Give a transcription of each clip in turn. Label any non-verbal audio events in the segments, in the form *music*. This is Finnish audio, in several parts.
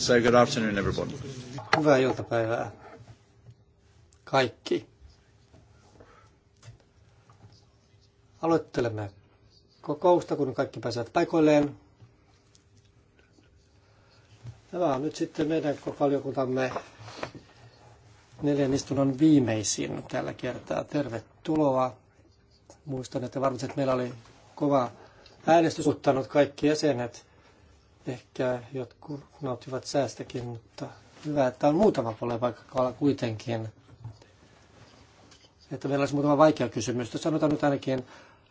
So good afternoon Hyvää iltapäivää kaikki. Aloittelemme kokousta, kun kaikki pääsevät paikoilleen. Tämä on nyt sitten meidän valiokuntamme neljän istunnon viimeisin tällä kertaa. Tervetuloa. Muistan, että varmasti että meillä oli kova äänestys ottanut kaikki jäsenet – Ehkä jotkut nauttivat säästäkin, mutta hyvä, että on muutama polvepaikka kuitenkin. Että meillä olisi muutama vaikea kysymys. Sanotaan nyt ainakin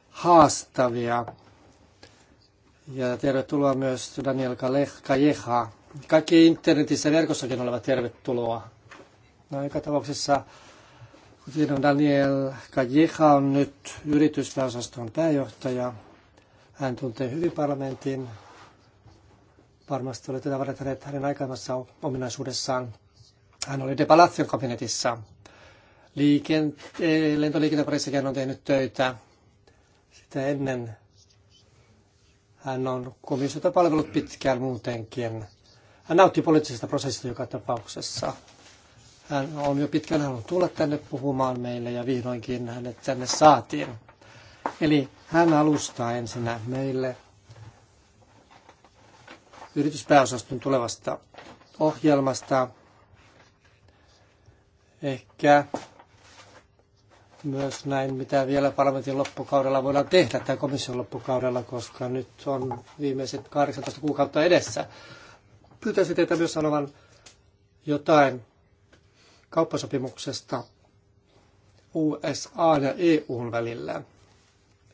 haastavia. Ja tervetuloa myös Daniel Kajeha. Kaikki internetissä ja verkossakin olevat tervetuloa. No joka tapauksessa Kuten Daniel Kajeha on nyt yritysväosaston pääjohtaja. Hän tuntee hyvin parlamentin, varmasti olette tavanneet hänen aikaisemmassa ominaisuudessaan. Hän oli De Palacion kabinetissa. Liikente- hän on tehnyt töitä. Sitä ennen hän on komissiota palvelut pitkään muutenkin. Hän nautti poliittisesta prosessista joka tapauksessa. Hän on jo pitkään halunnut tulla tänne puhumaan meille ja vihdoinkin hänet tänne saatiin. Eli hän alustaa ensinnä meille yrityspääosaston tulevasta ohjelmasta. Ehkä myös näin, mitä vielä parlamentin loppukaudella voidaan tehdä tai komission loppukaudella, koska nyt on viimeiset 18 kuukautta edessä. Pyytäisin teitä myös sanovan jotain kauppasopimuksesta USA ja EUn välillä.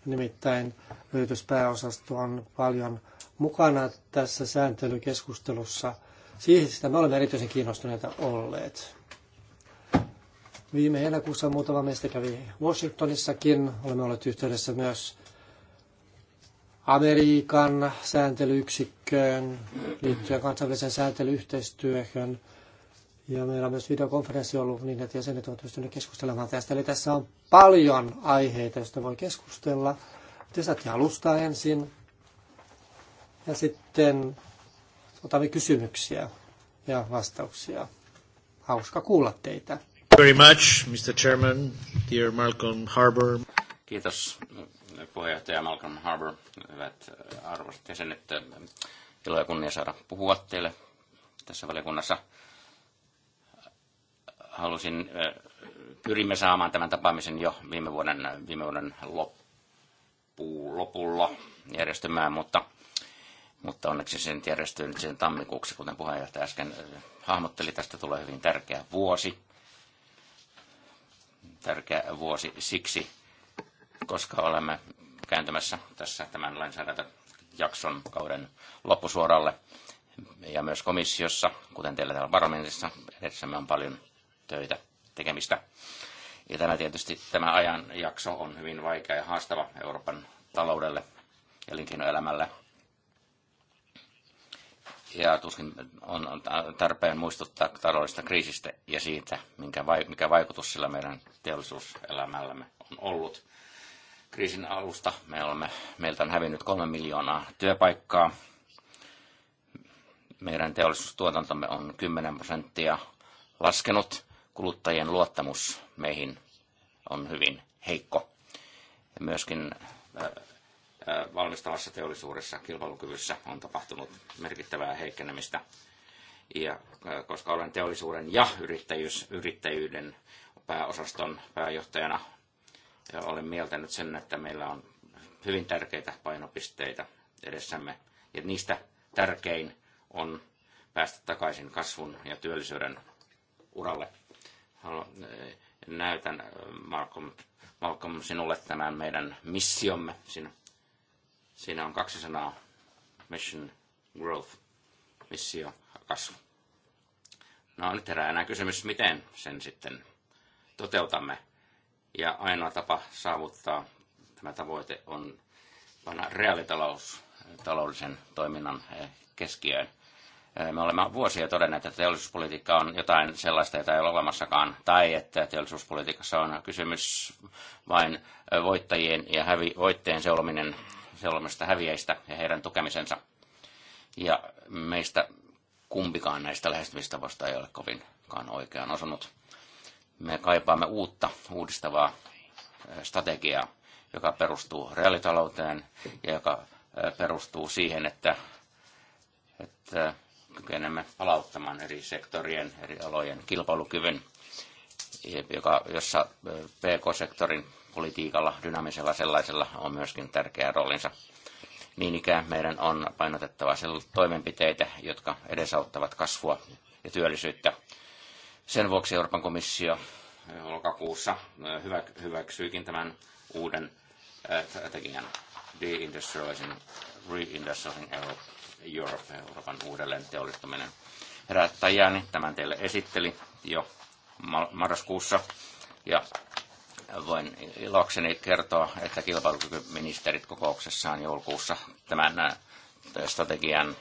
Nimittäin yrityspääosasto on paljon mukana tässä sääntelykeskustelussa. Siihen sitä me olemme erityisen kiinnostuneita olleet. Viime heinäkuussa muutama meistä kävi Washingtonissakin. Olemme olleet yhteydessä myös Amerikan sääntelyyksikköön liittyen kansainväliseen sääntelyyhteistyöhön. Ja meillä on myös videokonferenssi ollut niin, että jäsenet ovat pystyneet keskustelemaan tästä. Eli tässä on paljon aiheita, joista voi keskustella. Te saatte alustaa ensin. Ja sitten otamme kysymyksiä ja vastauksia. Hauska kuulla teitä. Very much, Mr. Chairman, dear Malcolm Harbour. Kiitos puheenjohtaja Malcolm Harbour, hyvät äh, arvoisat jäsenet. Äh, ilo ja kunnia saada puhua teille tässä valiokunnassa. Halusin, äh, pyrimme saamaan tämän tapaamisen jo viime vuoden, viime vuoden loppu, lopulla järjestämään, mutta mutta onneksi se nyt järjestyy nyt sen tammikuuksi, kuten puheenjohtaja äsken hahmotteli. Tästä tulee hyvin tärkeä vuosi. Tärkeä vuosi siksi, koska olemme kääntymässä tässä tämän lainsäädäntöjakson kauden loppusuoralle. Ja myös komissiossa, kuten teillä täällä parlamentissa, edessämme on paljon töitä tekemistä. Ja tämä tietysti tämä ajanjakso on hyvin vaikea ja haastava Euroopan taloudelle, ja elinkeinoelämälle ja tuskin on tarpeen muistuttaa taloudellisesta kriisistä ja siitä, mikä vaikutus sillä meidän teollisuuselämällämme on ollut. Kriisin alusta me olemme, meiltä on hävinnyt kolme miljoonaa työpaikkaa. Meidän teollisuustuotantomme on 10 prosenttia laskenut. Kuluttajien luottamus meihin on hyvin heikko. Myöskin valmistavassa teollisuudessa kilpailukyvyssä on tapahtunut merkittävää heikkenemistä. Ja koska olen teollisuuden ja yrittäjyys, yrittäjyyden pääosaston pääjohtajana, olen mieltänyt sen, että meillä on hyvin tärkeitä painopisteitä edessämme. Ja niistä tärkein on päästä takaisin kasvun ja työllisyyden uralle. Haluan, näytän Malcolm, Malcolm sinulle tämän meidän missiomme. Sinä Siinä on kaksi sanaa, mission, growth, missio, kasvu. No nyt herää enää kysymys, miten sen sitten toteutamme. Ja ainoa tapa saavuttaa tämä tavoite on panna reaalitalous taloudellisen toiminnan eh, keskiöön. Eh, me olemme vuosia todenneet, että teollisuuspolitiikka on jotain sellaista, jota ei ole olemassakaan, tai että teollisuuspolitiikassa on kysymys vain eh, voittajien ja hävi, voitteen seulominen sellaisista häviäjistä ja heidän tukemisensa. Ja meistä kumpikaan näistä lähestymistavoista ei ole kovinkaan oikeaan osunut. Me kaipaamme uutta, uudistavaa eh, strategiaa, joka perustuu reaalitalouteen ja joka eh, perustuu siihen, että, että kykenemme palauttamaan eri sektorien, eri alojen kilpailukyvyn, joka, jossa eh, PK-sektorin politiikalla, dynaamisella sellaisella, on myöskin tärkeä roolinsa. Niin ikään meidän on painotettava sellaisia toimenpiteitä, jotka edesauttavat kasvua ja työllisyyttä. Sen vuoksi Euroopan komissio eh, lokakuussa eh, hyväksyikin tämän uuden eh, strategian deindustrializing, reindustrializing Europe, Euroopan uudelleen teollistuminen. Herättäjäni tämän teille esitteli jo marraskuussa ja voin ilokseni kertoa, että kilpailukykyministerit kokouksessaan joulukuussa tämän strategian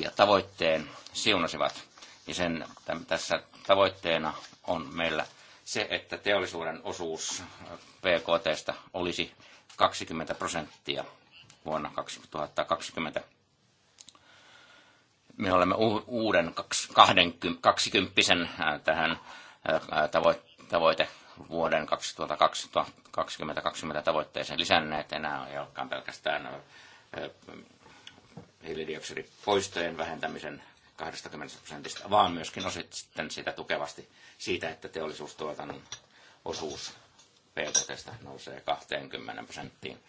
ja tavoitteen siunasivat. Ja sen, tässä tavoitteena on meillä se, että teollisuuden osuus PKT olisi 20 prosenttia vuonna 2020. Me olemme uuden 20 tähän tavoite vuoden 2020 tavoitteeseen lisänneet. Enää ei olekaan pelkästään hiilidioksidipoistojen vähentämisen 20 prosentista, vaan myöskin osittain sitä tukevasti siitä, että teollisuustuotannon osuus PKT nousee 20 prosenttiin.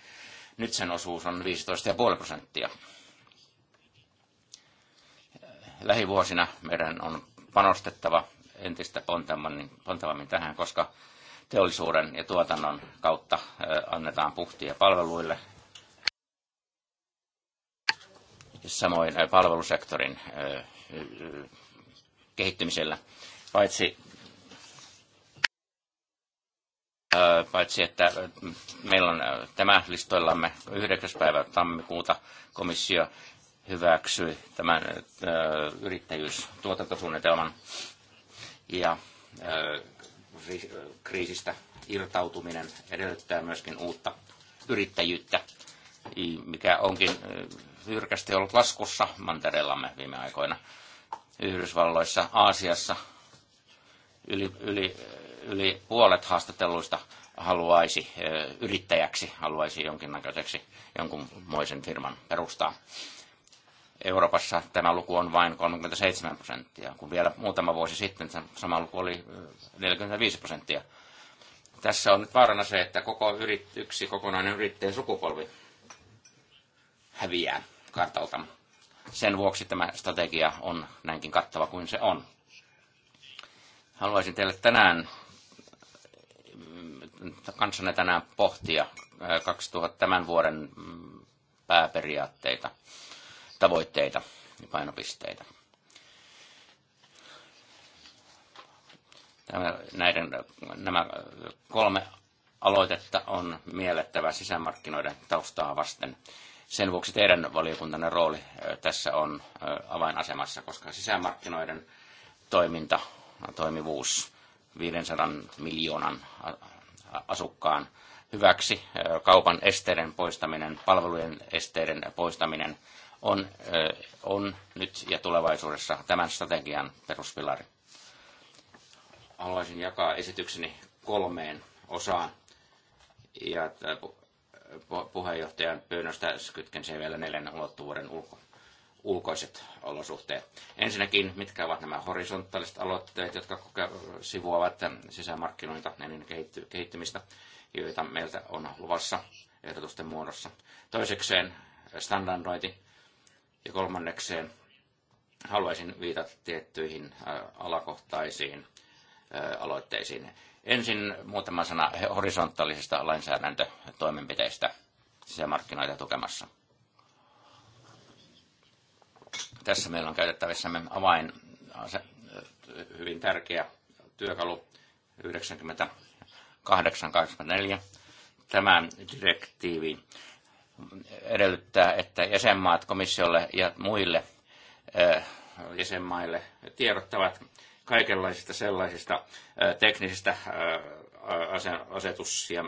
Nyt sen osuus on 15,5 prosenttia. Lähivuosina meidän on panostettava entistä pontevammin tähän, koska teollisuuden ja tuotannon kautta annetaan puhtia palveluille. Samoin palvelusektorin kehittymisellä. Paitsi, paitsi että meillä on tämä listoillamme 9. päivä tammikuuta komissio hyväksyi tämän yrittäjyystuotantosuunnitelman ja kriisistä irtautuminen edellyttää myöskin uutta yrittäjyyttä, mikä onkin jyrkästi ollut laskussa mantereellamme viime aikoina. Yhdysvalloissa, Aasiassa yli, yli, yli puolet haastatelluista haluaisi yrittäjäksi, haluaisi jonkinnäköiseksi jonkunmoisen firman perustaa. Euroopassa tämä luku on vain 37 prosenttia, kun vielä muutama vuosi sitten sama luku oli 45 prosenttia. Tässä on nyt vaarana se, että koko yrit, yksi kokonainen yrittäjän sukupolvi häviää kartalta. Sen vuoksi tämä strategia on näinkin kattava kuin se on. Haluaisin teille tänään, mm, kanssanne tänään pohtia 2000, tämän vuoden mm, pääperiaatteita tavoitteita ja painopisteitä. Tämä, näiden, nämä kolme aloitetta on miellettävä sisämarkkinoiden taustaa vasten. Sen vuoksi teidän valiokuntanne rooli tässä on avainasemassa, koska sisämarkkinoiden toiminta, toimivuus 500 miljoonan asukkaan hyväksi, kaupan esteiden poistaminen, palvelujen esteiden poistaminen on, on nyt ja tulevaisuudessa tämän strategian peruspilari. Haluaisin jakaa esitykseni kolmeen osaan ja puheenjohtajan pyynnöstä kytken sen vielä neljän ulottuvuuden ulko, ulkoiset olosuhteet. Ensinnäkin, mitkä ovat nämä horisontaaliset aloitteet, jotka sivuavat sisämarkkinoita ja niiden kehittymistä, joita meiltä on luvassa ehdotusten muodossa. Toisekseen standardointi, ja kolmannekseen haluaisin viitata tiettyihin alakohtaisiin aloitteisiin. Ensin muutama sana horisontaalisista lainsäädäntötoimenpiteistä sisämarkkinoita tukemassa. Tässä meillä on käytettävissämme avain, hyvin tärkeä työkalu 9884. Tämä Tämän edellyttää, että jäsenmaat komissiolle ja muille jäsenmaille tiedottavat kaikenlaisista sellaisista teknisistä asetus- ja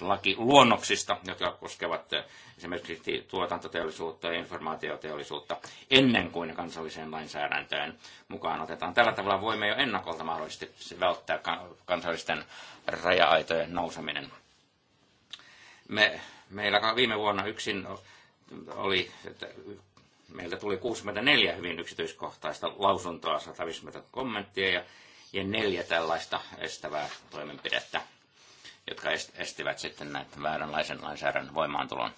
lakiluonnoksista, jotka koskevat esimerkiksi tuotantoteollisuutta ja informaatioteollisuutta ennen kuin kansalliseen lainsäädäntöön mukaan otetaan. Tällä tavalla voimme jo ennakolta mahdollisesti välttää kansallisten raja-aitojen nouseminen. Me Meillä viime vuonna yksin oli, että meiltä tuli 64 hyvin yksityiskohtaista lausuntoa, 150 kommenttia ja, ja neljä tällaista estävää toimenpidettä, jotka estivät sitten näitä vääränlaisen lainsäädännön voimaantulon.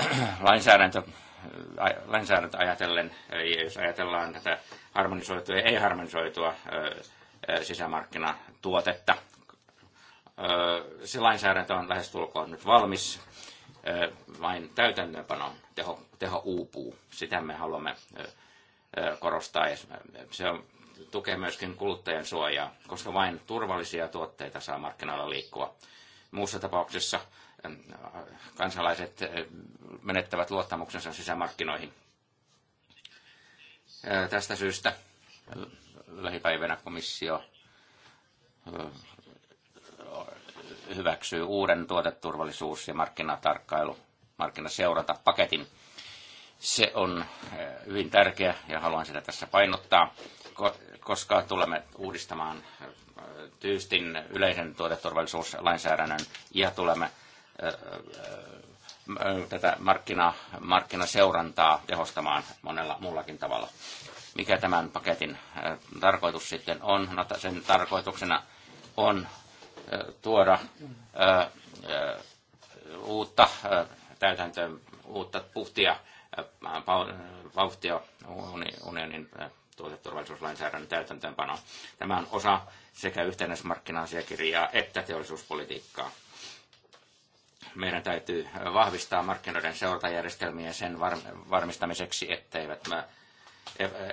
*clears throat* Lainsäädäntö, äh, lainsäädäntö ajatellen, jos ajatellaan tätä harmonisoitua ja ei-harmonisoitua äh, äh, sisämarkkinatuotetta, se lainsäädäntö on lähestulkoon nyt valmis, vain täytäntöönpanon teho, teho uupuu. Sitä me haluamme korostaa. Se on, tukee myöskin kuluttajien suojaa, koska vain turvallisia tuotteita saa markkinoilla liikkua. Muussa tapauksessa kansalaiset menettävät luottamuksensa sisämarkkinoihin. Tästä syystä lähipäivänä komissio hyväksyy uuden tuoteturvallisuus- ja markkinatarkkailu, markkinaseuranta paketin. Se on eh, hyvin tärkeä ja haluan sitä tässä painottaa, koska tulemme uudistamaan eh, tyystin yleisen tuoteturvallisuuslainsäädännön ja tulemme eh, tätä markkina, markkinaseurantaa tehostamaan monella muullakin tavalla. Mikä tämän paketin tarkoitus sitten on? No, sen tarkoituksena on tuoda uutta täytäntöön, uutta puhtia, vauhtia unionin tuoteturvallisuuslainsäädännön täytäntöönpanoon. Tämä on osa sekä yhtenäismarkkina-asiakirjaa että teollisuuspolitiikkaa. Meidän täytyy vahvistaa markkinoiden seurantajärjestelmiä sen varmistamiseksi, etteivät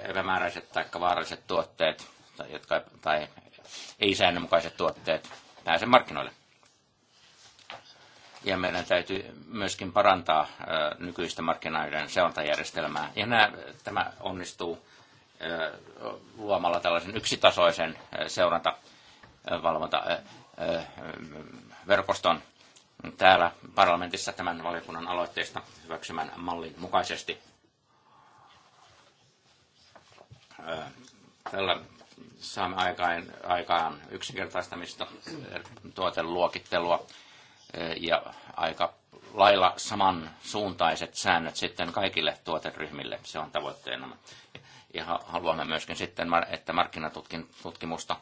epämääräiset tai vaaralliset tuotteet jotka, tai ei-säännönmukaiset tuotteet pääse markkinoille. Ja meidän täytyy myöskin parantaa nykyistä markkinoiden seontajärjestelmää Ja nämä, tämä onnistuu luomalla tällaisen yksitasoisen seurantavalvontaverkoston täällä parlamentissa tämän valiokunnan aloitteesta hyväksymän mallin mukaisesti. Tällä saamme aikaan, aikaan yksinkertaistamista, eh, tuoteluokittelua eh, ja aika lailla samansuuntaiset säännöt sitten kaikille tuoteryhmille. Se on tavoitteena. Ja haluamme myöskin sitten, että markkinatutkimusta,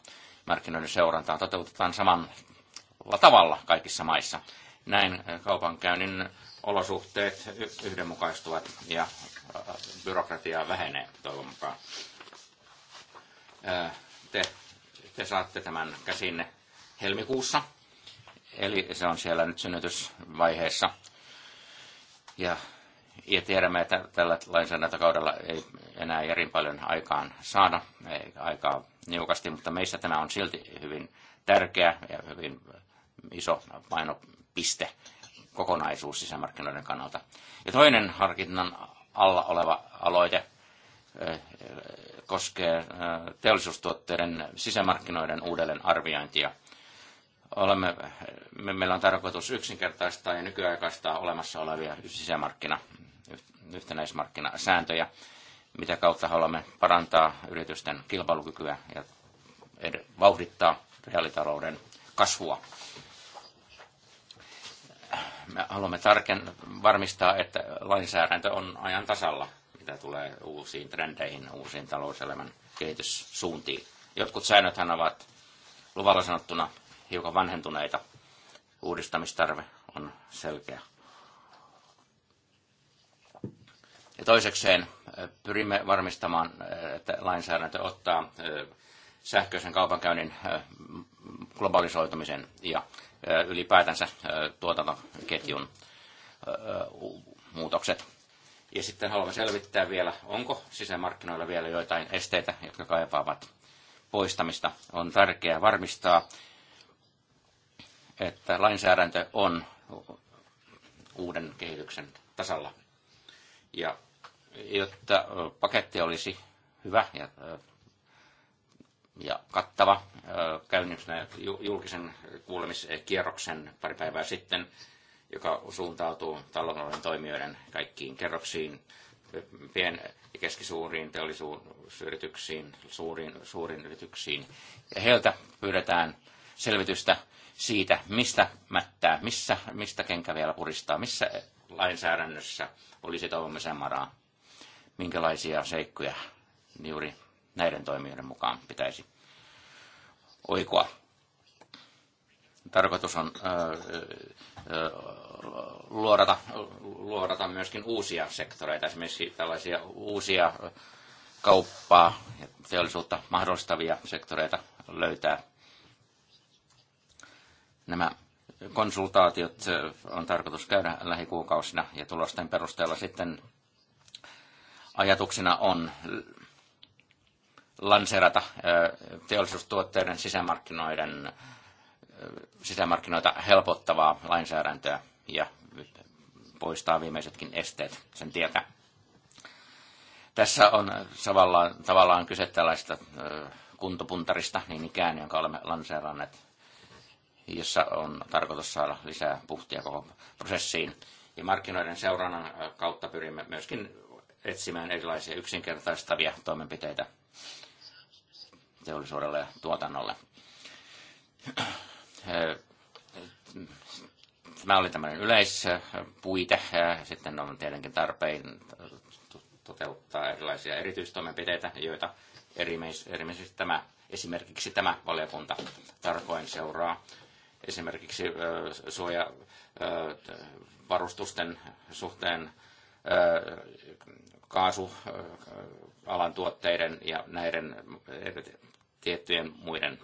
markkinoiden seurantaa toteutetaan samalla tavalla kaikissa maissa. Näin eh, kaupankäynnin olosuhteet yhdenmukaistuvat ja byrokratiaa vähenee toivon mukaan te, te saatte tämän käsinne helmikuussa. Eli se on siellä nyt synnytysvaiheessa. Ja, ja tiedämme, että tällä lainsäädäntökaudella ei enää järin paljon aikaan saada, ei aikaa niukasti, mutta meissä tämä on silti hyvin tärkeä ja hyvin iso painopiste kokonaisuus sisämarkkinoiden kannalta. Ja toinen harkinnan alla oleva aloite koskee teollisuustuotteiden sisämarkkinoiden uudelleen arviointia. Olemme, me, meillä on tarkoitus yksinkertaistaa ja nykyaikaistaa olemassa olevia sisämarkkina, yhtenäismarkkinasääntöjä, mitä kautta haluamme parantaa yritysten kilpailukykyä ja ed- vauhdittaa reaalitalouden kasvua. Me haluamme tarken varmistaa, että lainsäädäntö on ajan tasalla – mitä tulee uusiin trendeihin, uusiin talouselämän kehityssuuntiin. Jotkut säännöthän ovat luvalla sanottuna hiukan vanhentuneita. Uudistamistarve on selkeä. Ja toisekseen pyrimme varmistamaan, että lainsäädäntö ottaa sähköisen kaupankäynnin globalisoitumisen ja ylipäätänsä tuotantoketjun muutokset ja sitten haluamme selvittää vielä, onko sisämarkkinoilla vielä joitain esteitä, jotka kaipaavat poistamista. On tärkeää varmistaa, että lainsäädäntö on uuden kehityksen tasalla. Ja jotta paketti olisi hyvä ja, ja kattava, käynnissä julkisen kuulemiskierroksen pari päivää sitten joka suuntautuu talouden toimijoiden kaikkiin kerroksiin, pien- ja keskisuuriin teollisuusyrityksiin, suuriin, suuriin yrityksiin. Ja heiltä pyydetään selvitystä siitä, mistä mättää, missä, mistä kenkä vielä puristaa, missä lainsäädännössä olisi toivomisen maraa, minkälaisia seikkoja juuri näiden toimijoiden mukaan pitäisi oikoa. Tarkoitus on luodata, luodata myöskin uusia sektoreita, esimerkiksi tällaisia uusia kauppaa ja teollisuutta mahdollistavia sektoreita löytää. Nämä konsultaatiot on tarkoitus käydä lähikuukausina ja tulosten perusteella sitten ajatuksena on lanseerata teollisuustuotteiden sisämarkkinoiden sisämarkkinoita helpottavaa lainsäädäntöä ja poistaa viimeisetkin esteet sen tietä. Tässä on tavallaan, tavallaan kyse tällaista kuntopuntarista niin ikään, jonka olemme lanseeranneet, jossa on tarkoitus saada lisää puhtia koko prosessiin. Ja markkinoiden seurannan kautta pyrimme myöskin etsimään erilaisia yksinkertaistavia toimenpiteitä teollisuudelle ja tuotannolle. Äh, mm, tämä oli tämmöinen yleispuite. Äh, sitten on tietenkin tarpeen toteuttaa erilaisia erityistoimenpiteitä, joita erityisesti tämä, esimerkiksi tämä valiokunta tarkoin seuraa. Esimerkiksi äh, suojavarustusten suhteen kaasualan tuotteiden ja näiden tiettyjen muiden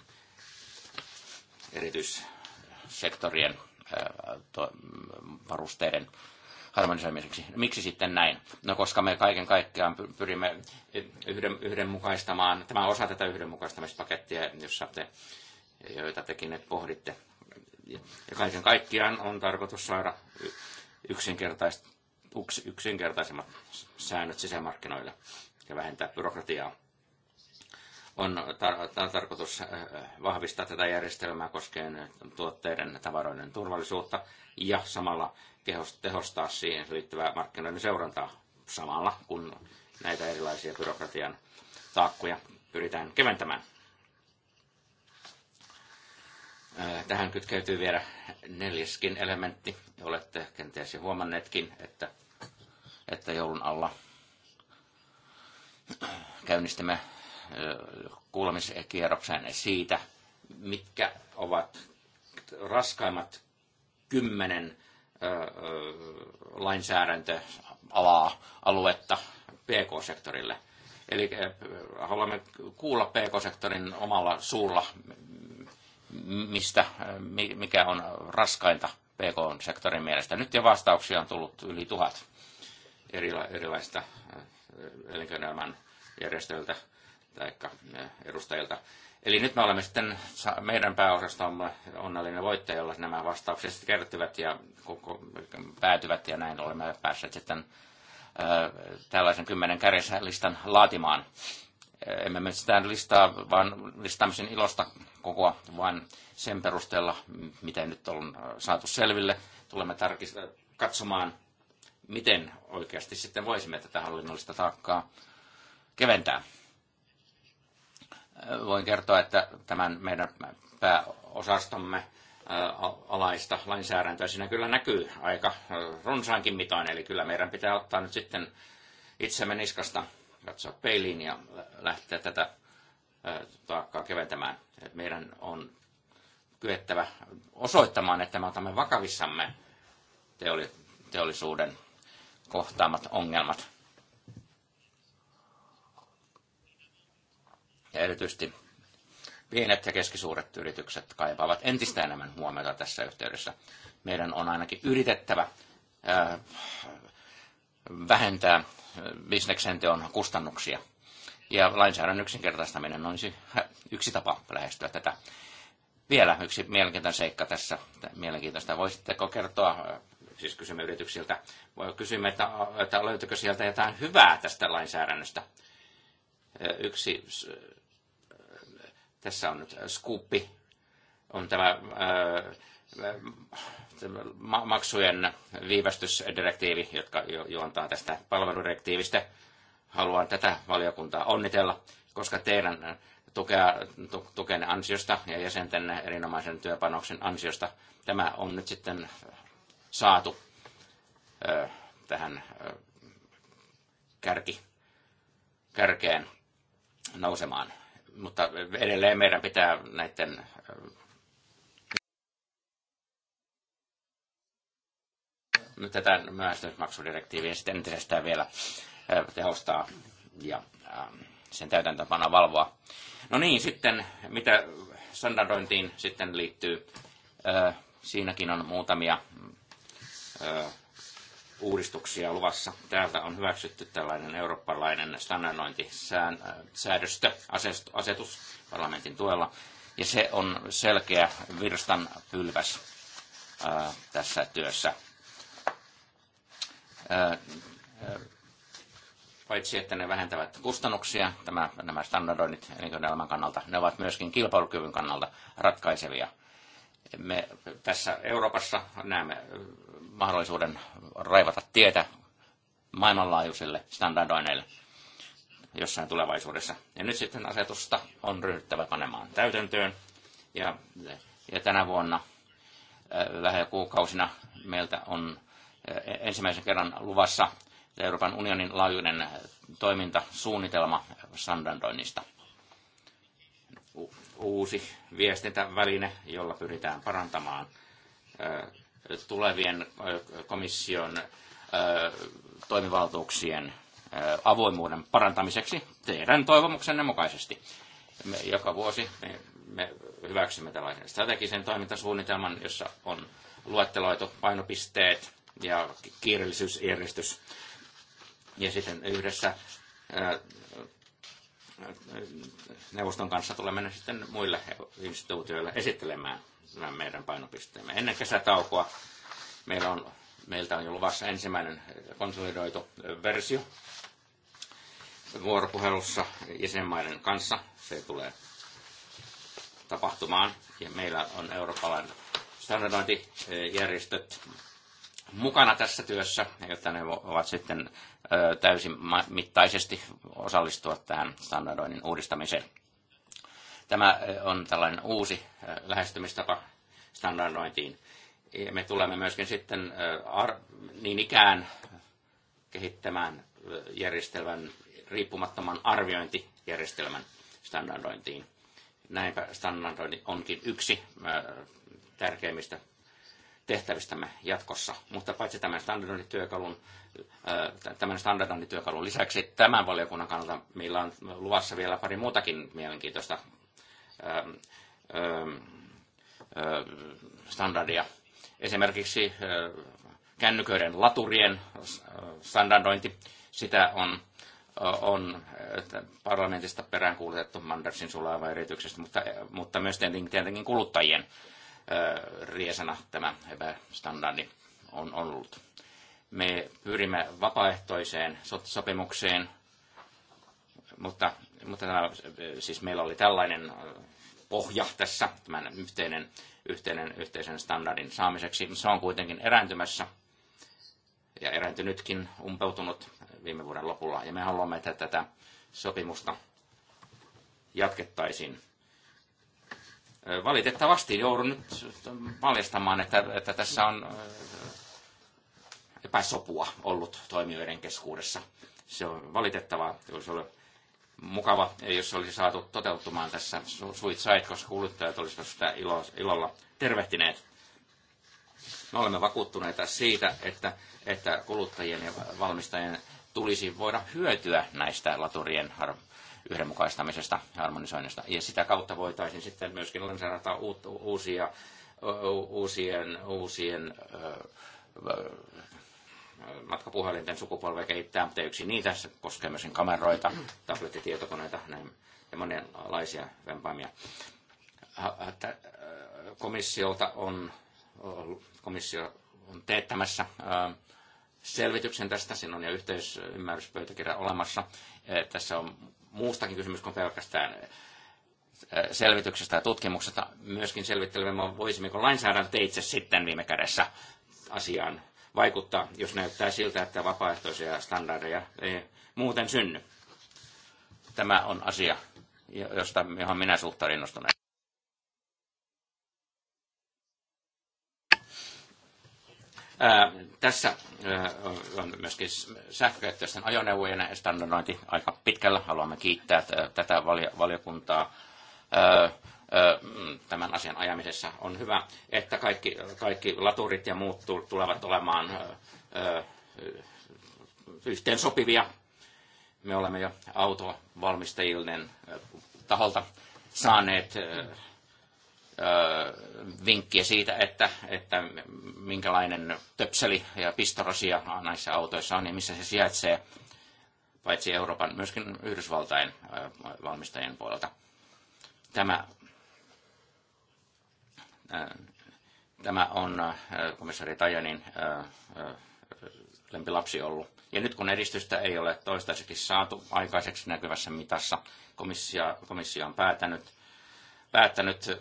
erityissektorien varusteiden harmonisoimiseksi. Miksi sitten näin? No koska me kaiken kaikkiaan pyrimme yhden, yhdenmukaistamaan, tämä osa tätä yhdenmukaistamispakettia, jossa te, joita tekin nyt pohditte. Ja kaiken kaikkiaan on tarkoitus saada yksinkertaiset yksinkertaisemmat säännöt sisämarkkinoille ja vähentää byrokratiaa on tar- tarkoitus äh, vahvistaa tätä järjestelmää koskien tuotteiden ja tavaroiden turvallisuutta ja samalla tehostaa siihen liittyvää markkinoiden seurantaa samalla, kun näitä erilaisia byrokratian taakkuja pyritään keventämään. Äh, tähän kytkeytyy vielä neljäskin elementti. Olette kenties jo huomanneetkin, että, että joulun alla käynnistämme kuulemiskierrokseen siitä, mitkä ovat raskaimmat kymmenen lainsäädäntöalaa, aluetta PK-sektorille. Eli haluamme kuulla PK-sektorin omalla suulla, mistä, mikä on raskainta PK-sektorin mielestä. Nyt jo vastauksia on tullut yli tuhat erila- erilaista elinkeinoelämän järjestöiltä tai eh, edustajilta. Eli nyt me olemme sitten, meidän pääosastomme onnellinen voittaja, jolla nämä vastaukset sitten kertyvät ja koko, päätyvät ja näin olemme päässeet sitten ää, eh, tällaisen kymmenen kärjessä listan laatimaan. Eh, emme me sitä listaa, vaan listaamisen ilosta kokoa, vaan sen perusteella, miten nyt on saatu selville, tulemme tarkista, katsomaan, miten oikeasti sitten voisimme tätä hallinnollista taakkaa keventää. Voin kertoa, että tämän meidän pääosastomme alaista lainsäädäntöä siinä kyllä näkyy aika runsaankin mitoin, eli kyllä meidän pitää ottaa nyt sitten itsemme niskasta, katsoa peiliin ja lähteä tätä taakkaa keventämään. Meidän on kyettävä osoittamaan, että me otamme vakavissamme teollisuuden kohtaamat ongelmat. ja erityisesti pienet ja keskisuuret yritykset kaipaavat entistä enemmän huomiota tässä yhteydessä. Meidän on ainakin yritettävä vähentää bisneksen teon kustannuksia. Ja lainsäädännön yksinkertaistaminen on yksi tapa lähestyä tätä. Vielä yksi mielenkiintoinen seikka tässä. Mielenkiintoista. Voisitteko kertoa, siis kysymme yrityksiltä, kysymme, että, että löytyykö sieltä jotain hyvää tästä lainsäädännöstä. Yksi tässä on nyt äh, skuppi, on tämä äh, äh, maksujen viivästysdirektiivi, jotka juontaa tästä palveludirektiivistä. Haluan tätä valiokuntaa onnitella, koska teidän tukea, tu, tukenne ansiosta ja jäsenten erinomaisen työpanoksen ansiosta tämä on nyt sitten saatu ää, tähän ää, kärki, kärkeen nousemaan mutta edelleen meidän pitää näiden tätä myöhästymismaksudirektiiviä sitten entisestään vielä tehostaa ja sen täytäntöpana valvoa. No niin, sitten mitä standardointiin sitten liittyy, siinäkin on muutamia uudistuksia luvassa. Täältä on hyväksytty tällainen eurooppalainen standardointisäädöstö, asetus parlamentin tuella, ja se on selkeä virstan pylväs ää, tässä työssä. Ää, paitsi että ne vähentävät kustannuksia, tämä, nämä standardoinnit elinkeinoelämän kannalta, ne ovat myöskin kilpailukyvyn kannalta ratkaisevia. Me tässä Euroopassa näemme mahdollisuuden raivata tietä maailmanlaajuisille standardoineille jossain tulevaisuudessa. Ja nyt sitten asetusta on ryhdyttävä panemaan täytäntöön. Ja, ja tänä vuonna vähän kuukausina meiltä on ensimmäisen kerran luvassa Euroopan unionin laajuinen toimintasuunnitelma standardoinnista – uusi viestintäväline, jolla pyritään parantamaan tulevien komission toimivaltuuksien avoimuuden parantamiseksi teidän toivomuksenne mukaisesti. Me joka vuosi me, me hyväksymme tällaisen strategisen toimintasuunnitelman, jossa on luetteloitu painopisteet ja kiireellisyysjärjestys. Ja sitten yhdessä neuvoston kanssa tulemme sitten muille instituutioille esittelemään nämä meidän painopisteemme. Ennen kesätaukoa meillä on, meiltä on jo luvassa ensimmäinen konsolidoitu versio vuoropuhelussa jäsenmaiden kanssa. Se tulee tapahtumaan ja meillä on eurooppalainen standardointijärjestöt mukana tässä työssä, jotta ne ovat sitten täysin mittaisesti osallistua tähän standardoinnin uudistamiseen. Tämä on tällainen uusi lähestymistapa standardointiin. Me tulemme myöskin sitten niin ikään kehittämään järjestelmän riippumattoman arviointijärjestelmän standardointiin. Näinpä standardointi onkin yksi tärkeimmistä tehtävistämme jatkossa. Mutta paitsi tämän standardointityökalun, tämän standardointityökalun lisäksi tämän valiokunnan kannalta meillä on luvassa vielä pari muutakin mielenkiintoista standardia. Esimerkiksi kännyköiden laturien standardointi, sitä on, on parlamentista peräänkuulutettu Mandersin sulava erityisesti, mutta, mutta myös tietenkin kuluttajien riesana tämä epästandardi on ollut. Me pyrimme vapaaehtoiseen sopimukseen, mutta, mutta tämä, siis meillä oli tällainen pohja tässä tämän yhteinen, yhteinen, yhteisen standardin saamiseksi. Se on kuitenkin erääntymässä ja erääntynytkin, umpeutunut viime vuoden lopulla. Ja me haluamme, että tätä sopimusta jatkettaisiin Valitettavasti joudun nyt paljastamaan, että, että tässä on epäsopua ollut toimijoiden keskuudessa. Se on valitettavaa. Olisi ollut mukava, jos olisi saatu toteutumaan tässä Sweet Side, koska kuluttajat olisivat sitä ilo, ilolla tervehtineet. Me olemme vakuuttuneita siitä, että, että kuluttajien ja valmistajien tulisi voida hyötyä näistä laturien yhdenmukaistamisesta, harmonisoinnista. Ja sitä kautta voitaisiin sitten myöskin lanseerata uusia, uusien, uusien matkapuhelinten sukupolvea kehittää, mutta yksi niitä se koskee myöskin kameroita, tablettitietokoneita näin, ja monenlaisia vempaimia. Komissiolta on, komissio on teettämässä selvityksen tästä, siinä on jo yhteisymmärryspöytäkirja olemassa. Tässä on muustakin kysymys kuin pelkästään selvityksestä ja tutkimuksesta. Myöskin selvittelemme, voisimmeko itse sitten viime kädessä asiaan vaikuttaa, jos näyttää siltä, että vapaaehtoisia standardeja ei muuten synny. Tämä on asia, josta, johon minä suhtaudun innostuneena. tässä on myöskin sähkökäyttöisten ajoneuvojen standardointi aika pitkällä. Haluamme kiittää tätä valiokuntaa mm, tämän asian ajamisessa. On hyvä, että kaikki, kaikki laturit ja muut tulevat olemaan yhteen sopivia. Me olemme jo autovalmistajien taholta saaneet vinkkiä siitä, että, että minkälainen töpseli ja pistorasia näissä autoissa on ja missä se sijaitsee, paitsi Euroopan, myöskin Yhdysvaltain valmistajien puolelta. Tämä, tämä on komissari Tajanin lempilapsi ollut. Ja nyt kun edistystä ei ole toistaiseksi saatu aikaiseksi näkyvässä mitassa, komissio, komissio on päätänyt – päättänyt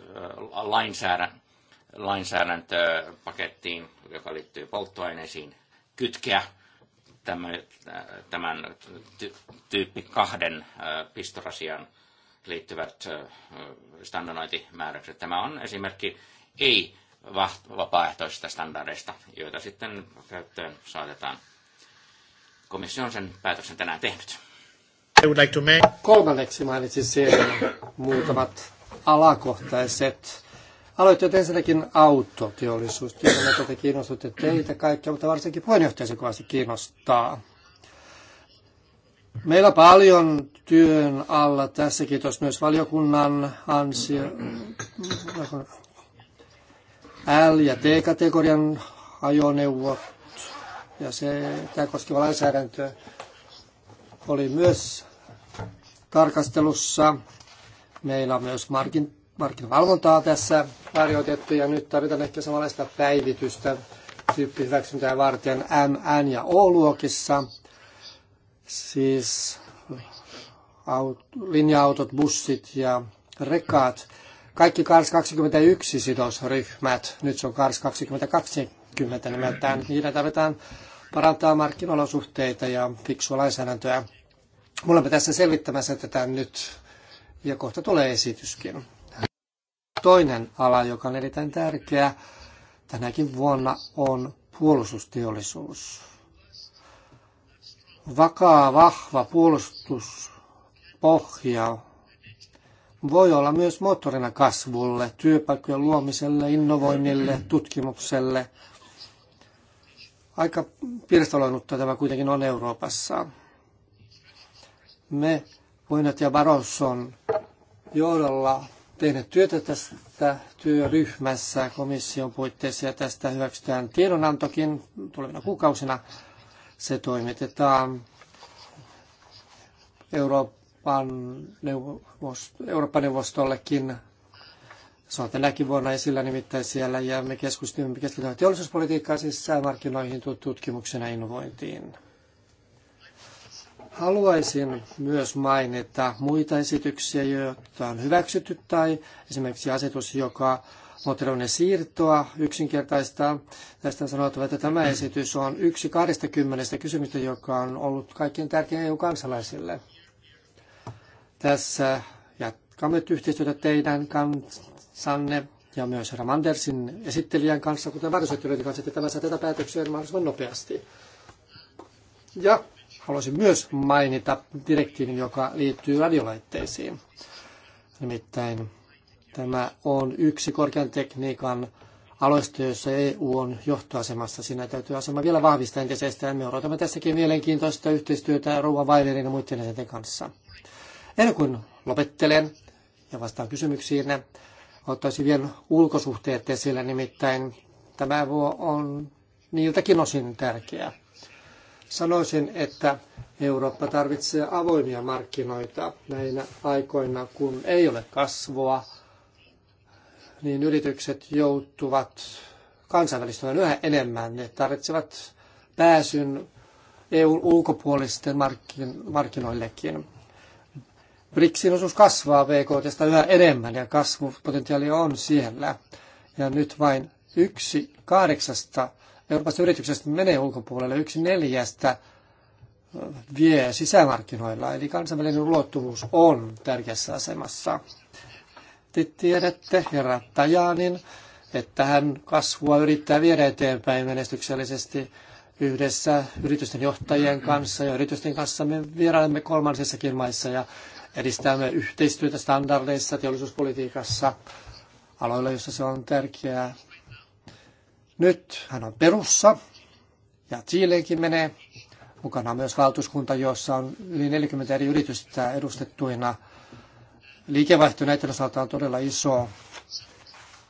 lainsäädäntöpakettiin, joka liittyy polttoaineisiin, kytkeä tämän, tämän tyyppi kahden pistorasian liittyvät standardointimääräykset. Tämä on esimerkki ei vapaaehtoisista standardeista, joita sitten käyttöön saatetaan. Komissio on sen päätöksen tänään tehnyt. I would like to make... Kolmanneksi mainitsin siellä muutamat alakohtaiset aloitteet. Ensinnäkin autoteollisuus. Tiedän, että te kiinnostutte teitä kaikkia, mutta varsinkin puheenjohtaja se kovasti kiinnostaa. Meillä paljon työn alla tässä. Kiitos myös valiokunnan ansio. L- ja T-kategorian ajoneuvot ja se, tämä koskeva lainsäädäntö oli myös tarkastelussa. Meillä on myös markkin, markkinavalvontaa tässä harjoitettu ja nyt tarvitaan ehkä samanlaista päivitystä tyyppihyväksyntää varten M, N ja O-luokissa. Siis aut, linja-autot, bussit ja rekaat. Kaikki Kars 21 sidosryhmät, nyt se on Kars 2020 nimeltään, niillä tarvitaan parantaa markkinolosuhteita ja fiksua lainsäädäntöä. Me olemme tässä selvittämässä tätä nyt ja kohta tulee esityskin. Toinen ala, joka on erittäin tärkeä tänäkin vuonna, on puolustusteollisuus. Vakaa, vahva puolustuspohja voi olla myös moottorina kasvulle, työpaikkojen luomiselle, innovoinnille, tutkimukselle. Aika pirstaloinutta tämä kuitenkin on Euroopassa. Me, ja Barosson, johdolla tehdä työtä tästä työryhmässä komission puitteissa ja tästä hyväksytään tiedonantokin tulevina kuukausina. Se toimitetaan Euroopan, neuvost- Euroopan neuvostollekin. Se on tänäkin vuonna esillä nimittäin siellä ja me keskustelemme, keskitymme teollisuuspolitiikkaan, siis säämarkkinoihin, ja innovointiin. Haluaisin myös mainita muita esityksiä, joita on hyväksytty, tai esimerkiksi asetus, joka mootoroinen siirtoa yksinkertaistaa. Tästä on sanottava, että tämä esitys on yksi 20 kysymystä, joka on ollut kaikkein tärkein EU-kansalaisille. Tässä jatkamme yhteistyötä teidän kanssanne ja myös herra Mandersin esittelijän kanssa, kuten varjoisettelijöiden kanssa, että tämä saa tätä päätöksiä mahdollisimman nopeasti. Ja haluaisin myös mainita direktiivin, joka liittyy radiolaitteisiin. Nimittäin tämä on yksi korkean tekniikan aloista, joissa EU on johtoasemassa. Siinä täytyy asema vielä vahvistaa entisestään. Me odotamme tässäkin mielenkiintoista yhteistyötä Rouva Weilerin ja muiden jäsenten kanssa. Ennen kuin lopettelen ja vastaan kysymyksiin, ottaisin vielä ulkosuhteet esille, nimittäin tämä on niiltäkin osin tärkeä. Sanoisin, että Eurooppa tarvitsee avoimia markkinoita näinä aikoina, kun ei ole kasvua, niin yritykset joutuvat kansainvälistymään yhä enemmän. Ne tarvitsevat pääsyn EUn ulkopuolisten markkin, markkinoillekin. BRICSin osuus kasvaa BKTstä yhä enemmän ja kasvupotentiaali on siellä. Ja nyt vain yksi kahdeksasta Euroopassa yrityksestä menee ulkopuolelle. Yksi neljästä vie sisämarkkinoilla, eli kansainvälinen ulottuvuus on tärkeässä asemassa. Te tiedätte herra Tajanin, että hän kasvua yrittää viedä eteenpäin menestyksellisesti yhdessä yritysten johtajien kanssa ja yritysten kanssa me vierailemme kolmansissakin maissa ja edistämme yhteistyötä standardeissa, teollisuuspolitiikassa, aloilla, joissa se on tärkeää. Nyt hän on Perussa ja Chileenkin menee. Mukana on myös valtuuskunta, jossa on yli 40 eri yritystä edustettuina. Liikevaihto näiden osalta on todella iso.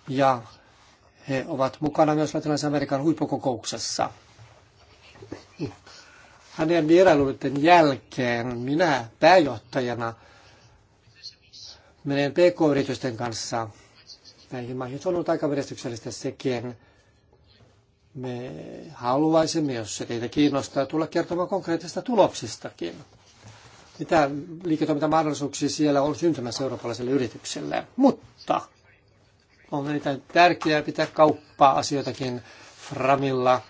Ja he ovat mukana myös Latinalaisen Amerikan huippukokouksessa. Hänen vierailuiden jälkeen minä pääjohtajana menen PK-yritysten kanssa näihin maihin. Se on ollut aika sekin. Me haluaisimme, jos se teitä kiinnostaa, tulla kertomaan konkreettista tuloksistakin. Mitä liiketoimintamahdollisuuksia siellä on syntymässä eurooppalaiselle yritykselle. Mutta on erittäin tärkeää pitää kauppaa asioitakin framilla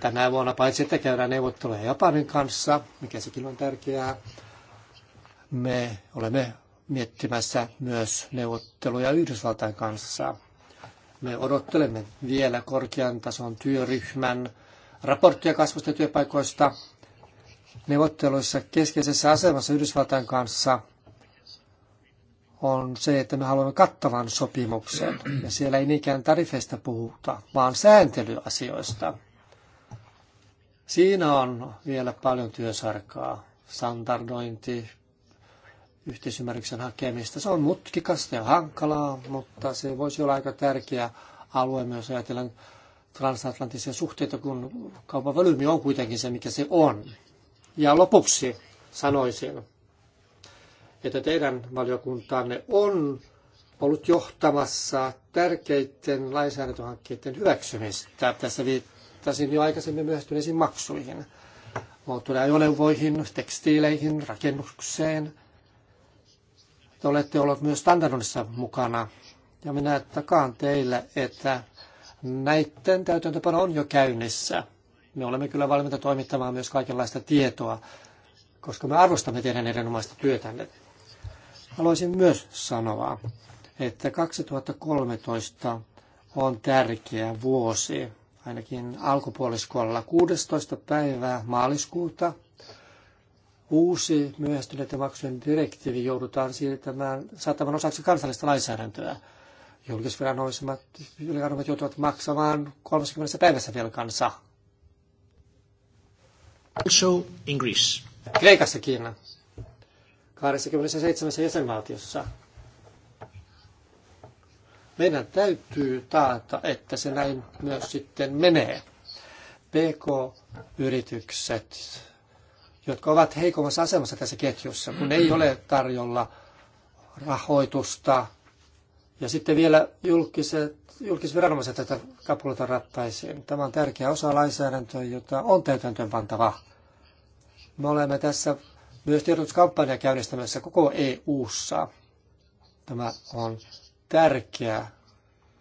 tänä vuonna, paitsi että käydään neuvotteluja Japanin kanssa, mikä sekin on tärkeää. Me olemme miettimässä myös neuvotteluja Yhdysvaltain kanssa. Me odottelemme vielä korkean tason työryhmän raporttia kasvusta työpaikoista neuvotteluissa keskeisessä asemassa Yhdysvaltain kanssa on se, että me haluamme kattavan sopimuksen. Ja siellä ei niinkään tarifeista puhuta, vaan sääntelyasioista. Siinä on vielä paljon työsarkaa. Standardointi, yhteisymmärryksen hakemista. Se on mutkikasta ja hankalaa, mutta se voisi olla aika tärkeä alue myös ajatellen transatlanttisia suhteita, kun kaupan volyymi on kuitenkin se, mikä se on. Ja lopuksi sanoisin, että teidän valiokuntanne on ollut johtamassa tärkeiden lainsäädäntöhankkeiden hyväksymistä. Tässä viittasin jo aikaisemmin myöhtyneisiin maksuihin, moottoriajoneuvoihin, tekstiileihin, rakennukseen – te olette olleet myös standardissa mukana. Ja minä takaan teille, että näiden täytäntöpano on jo käynnissä. Me olemme kyllä valmiita toimittamaan myös kaikenlaista tietoa, koska me arvostamme teidän erinomaista työtänne. Haluaisin myös sanoa, että 2013 on tärkeä vuosi, ainakin alkupuoliskolla 16. päivää maaliskuuta – Uusi myöhästyneiden maksujen direktiivi joudutaan siirtämään saattamaan osaksi kansallista lainsäädäntöä. Julkisviranomaiset joutuvat maksamaan 30 päivässä velkansa. Also in Greece. Kreikassakin. 27 jäsenvaltiossa. Meidän täytyy taata, että se näin myös sitten menee. PK-yritykset jotka ovat heikommassa asemassa tässä ketjussa, kun ei ole tarjolla rahoitusta. Ja sitten vielä julkiset, julkisviranomaiset tätä kapulata rattaisiin. Tämä on tärkeä osa lainsäädäntöä, jota on täytäntöön pantava. Me olemme tässä myös tiedotuskampanja käynnistämässä koko EU-ssa. Tämä on tärkeä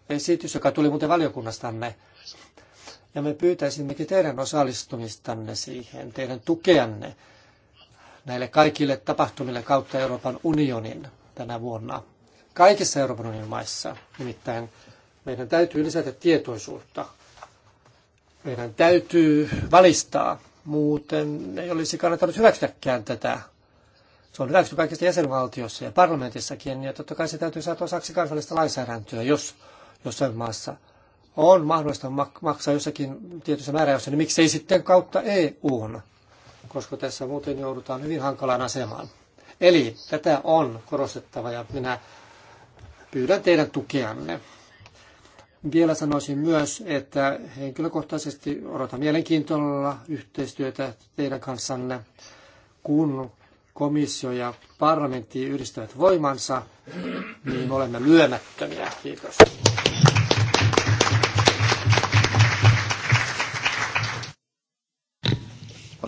esitys, joka tuli muuten valiokunnastanne ja me pyytäisimmekin teidän osallistumistanne siihen, teidän tukeanne näille kaikille tapahtumille kautta Euroopan unionin tänä vuonna. Kaikissa Euroopan unionin maissa nimittäin meidän täytyy lisätä tietoisuutta. Meidän täytyy valistaa, muuten ei olisi kannattanut hyväksyäkään tätä. Se on hyväksytty kaikissa jäsenvaltiossa ja parlamentissakin, ja totta kai se täytyy saada osaksi kansallista lainsäädäntöä, jos jossain maassa – on mahdollista maksaa jossakin tietyssä määräajassa, niin miksei sitten kautta e n, koska tässä muuten joudutaan hyvin hankalaan asemaan. Eli tätä on korostettava ja minä pyydän teidän tukeanne. Vielä sanoisin myös, että henkilökohtaisesti odotan mielenkiintoilla yhteistyötä teidän kanssanne, kun komissio ja parlamentti yhdistävät voimansa, niin olemme lyömättömiä. Kiitos.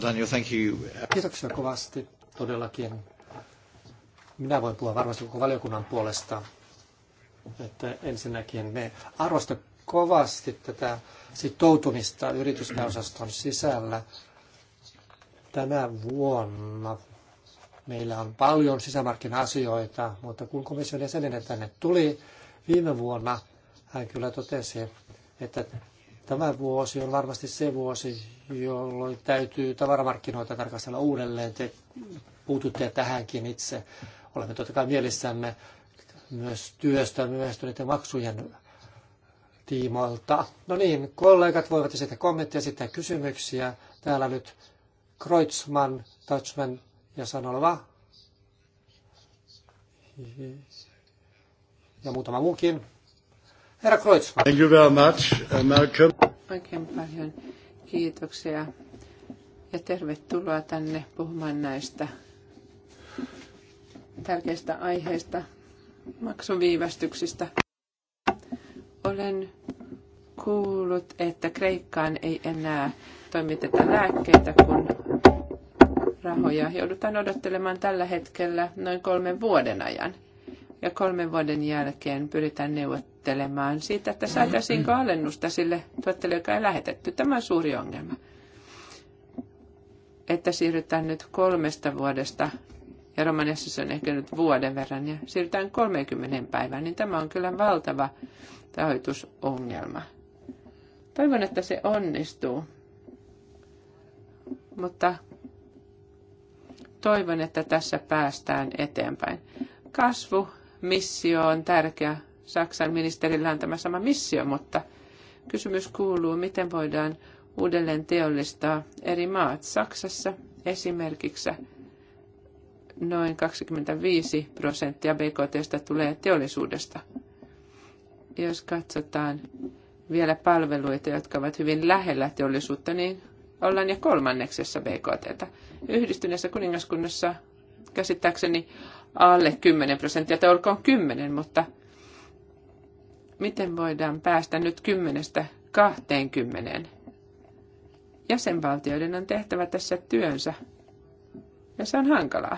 Daniel, thank you. Kiitoksia kovasti todellakin. Minä voin puhua varmasti koko valiokunnan puolesta. Että ensinnäkin me arvostamme kovasti tätä sitoutumista yritysosaston sisällä. Tänä vuonna meillä on paljon sisämarkkina-asioita, mutta kun komission jäsenenä tänne tuli viime vuonna, hän kyllä totesi, että Tämä vuosi on varmasti se vuosi, jolloin täytyy tavaramarkkinoita tarkastella uudelleen. Te puututte tähänkin itse. Olemme totta kai mielissämme myös työstä myöhästyneiden maksujen tiimoilta. No niin, kollegat voivat esittää kommentteja, esittää kysymyksiä. Täällä nyt Kreutzmann, Touchman ja Sanolva. Ja muutama muukin. Herra Kreutzmann. Thank you very much, uh, Malcolm. Oikein paljon kiitoksia ja tervetuloa tänne puhumaan näistä tärkeistä aiheista, maksuviivästyksistä. Olen kuullut, että Kreikkaan ei enää toimiteta lääkkeitä, kun rahoja joudutaan odottelemaan tällä hetkellä noin kolmen vuoden ajan. Ja kolmen vuoden jälkeen pyritään neuvottelemaan neuvottelemaan siitä, että saataisiinko alennusta sille tuotteelle, joka ei lähetetty. Tämä on suuri ongelma. Että siirrytään nyt kolmesta vuodesta, ja Romaniassa se on ehkä nyt vuoden verran, ja siirrytään 30 päivään, niin tämä on kyllä valtava rahoitusongelma. Toivon, että se onnistuu. Mutta toivon, että tässä päästään eteenpäin. Kasvu, missio on tärkeä Saksan ministerillä on tämä sama missio, mutta kysymys kuuluu, miten voidaan uudelleen teollistaa eri maat. Saksassa esimerkiksi noin 25 prosenttia BKTstä tulee teollisuudesta. Jos katsotaan vielä palveluita, jotka ovat hyvin lähellä teollisuutta, niin ollaan jo kolmanneksessa BKTtä. Yhdistyneessä kuningaskunnassa käsittääkseni alle 10 prosenttia, tai olkoon 10, mutta – miten voidaan päästä nyt kahteen kymmeneen? Jäsenvaltioiden on tehtävä tässä työnsä, ja se on hankalaa.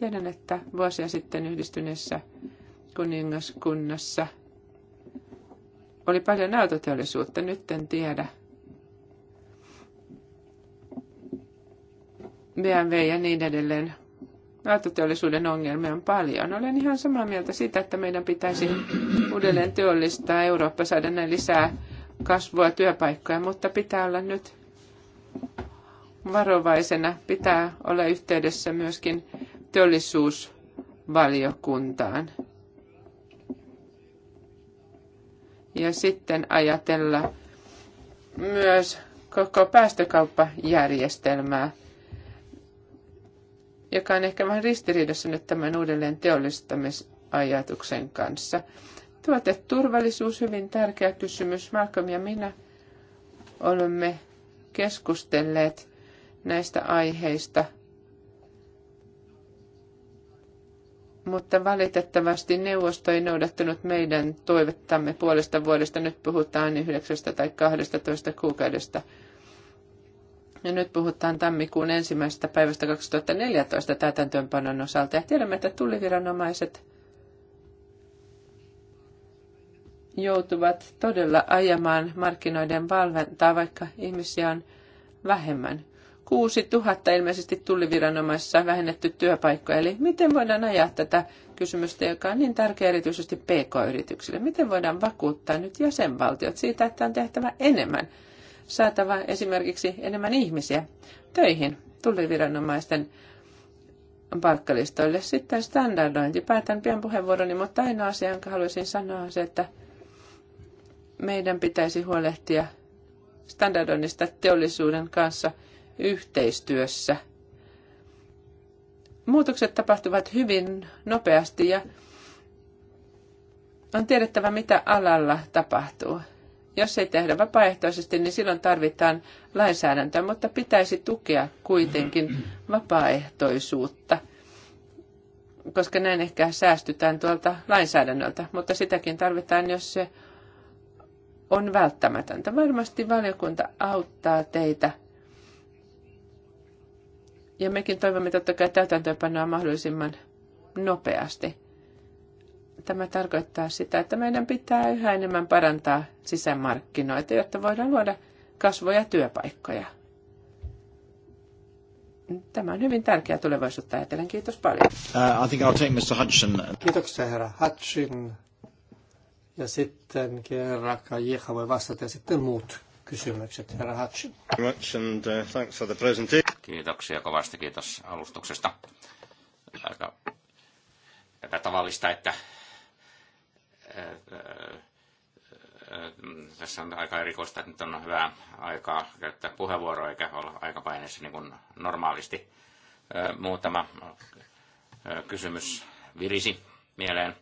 Tiedän, että vuosia sitten yhdistyneessä kuningaskunnassa oli paljon autoteollisuutta, nyt en tiedä. BMW ja niin edelleen autoteollisuuden ongelmia on paljon. Olen ihan samaa mieltä siitä, että meidän pitäisi uudelleen työllistää Eurooppa, saada näin lisää kasvua työpaikkoja, mutta pitää olla nyt varovaisena, pitää olla yhteydessä myöskin teollisuusvaliokuntaan. Ja sitten ajatella myös koko päästökauppajärjestelmää joka on ehkä vähän ristiriidassa nyt tämän uudelleen teollistamisajatuksen kanssa. Tuoteturvallisuus, hyvin tärkeä kysymys. Malcolm ja minä olemme keskustelleet näistä aiheista, mutta valitettavasti neuvosto ei noudattanut meidän toivettamme puolesta vuodesta. Nyt puhutaan 9 tai 12 kuukaudesta ja nyt puhutaan tammikuun ensimmäisestä päivästä 2014 täytäntöönpanon osalta. Ja tiedämme, että tulliviranomaiset joutuvat todella ajamaan markkinoiden valventaa, vaikka ihmisiä on vähemmän. 6000 ilmeisesti tulliviranomaisissa vähennetty työpaikkoja. Eli miten voidaan ajaa tätä kysymystä, joka on niin tärkeä erityisesti PK-yrityksille? Miten voidaan vakuuttaa nyt jäsenvaltiot siitä, että on tehtävä enemmän? saatava esimerkiksi enemmän ihmisiä töihin tulliviranomaisten palkkalistoille. Sitten standardointi. Päätän pian puheenvuoroni, mutta ainoa asia, jonka haluaisin sanoa, on se, että meidän pitäisi huolehtia standardoinnista teollisuuden kanssa yhteistyössä. Muutokset tapahtuvat hyvin nopeasti ja on tiedettävä, mitä alalla tapahtuu. Jos ei tehdä vapaaehtoisesti, niin silloin tarvitaan lainsäädäntöä, mutta pitäisi tukea kuitenkin mm-hmm. vapaaehtoisuutta, koska näin ehkä säästytään tuolta lainsäädännöltä, mutta sitäkin tarvitaan, jos se on välttämätöntä. Varmasti valiokunta auttaa teitä. Ja mekin toivomme totta kai täytäntöönpanoa mahdollisimman nopeasti tämä tarkoittaa sitä, että meidän pitää yhä enemmän parantaa sisämarkkinoita, jotta voidaan luoda kasvoja ja työpaikkoja. Tämä on hyvin tärkeää tulevaisuutta ajatellen. Kiitos paljon. Uh, I think I'll take Mr. Hudson. Kiitoksia herra Hudson. Ja sitten herra Kajeha voi vastata ja sitten muut kysymykset. Herra Hudson. Uh, Kiitoksia kovasti. Kiitos alustuksesta. Aika epätavallista, että Äh, äh, äh, tässä on aika erikoista, että nyt on hyvää aikaa käyttää puheenvuoroa eikä olla aikapaineessa niin kuin normaalisti. Muutama kysymys virisi mieleen.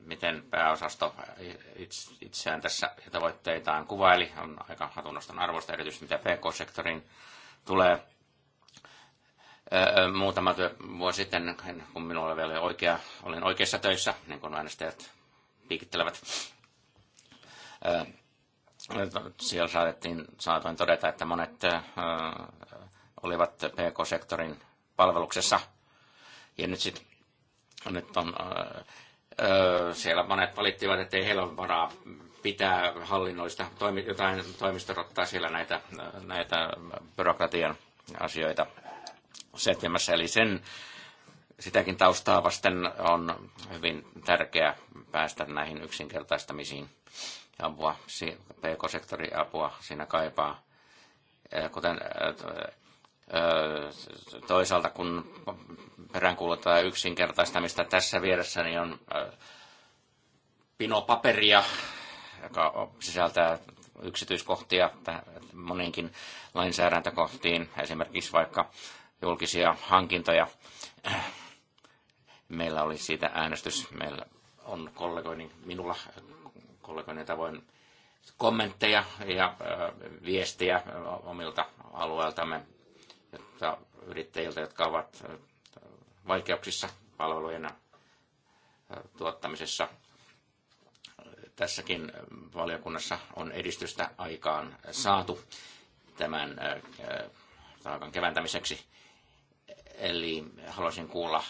Miten pääosasto itseään tässä ja tavoitteitaan kuvaili, on aika hatunnoston arvosta, erityisesti mitä PK-sektorin tulee muutama vuosi sitten, kun minulla vielä oli oikea, olin oikeassa töissä, niin kuin äänestäjät piikittelevät, siellä saatettiin, saatoin todeta, että monet olivat PK-sektorin palveluksessa. Ja nyt, sit, nyt on, siellä monet valittivat, että ei heillä ole varaa pitää hallinnoista toimi, jotain toimistorottaa siellä näitä, näitä byrokratian asioita setvimässä, eli sen, sitäkin taustaa vasten on hyvin tärkeää päästä näihin yksinkertaistamisiin. Apua, PK-sektori apua siinä kaipaa. Kuten toisaalta kun peräänkuulutetaan yksinkertaistamista tässä vieressä, niin on pinopaperia, joka sisältää yksityiskohtia moninkin lainsäädäntökohtiin, esimerkiksi vaikka julkisia hankintoja. Meillä oli siitä äänestys. Meillä on kollegoini, minulla kollegoini tavoin kommentteja ja viestejä omilta alueeltamme, jotta yrittäjiltä, jotka ovat vaikeuksissa palvelujen tuottamisessa. Tässäkin valiokunnassa on edistystä aikaan saatu tämän taakan keventämiseksi Eli haluaisin kuulla,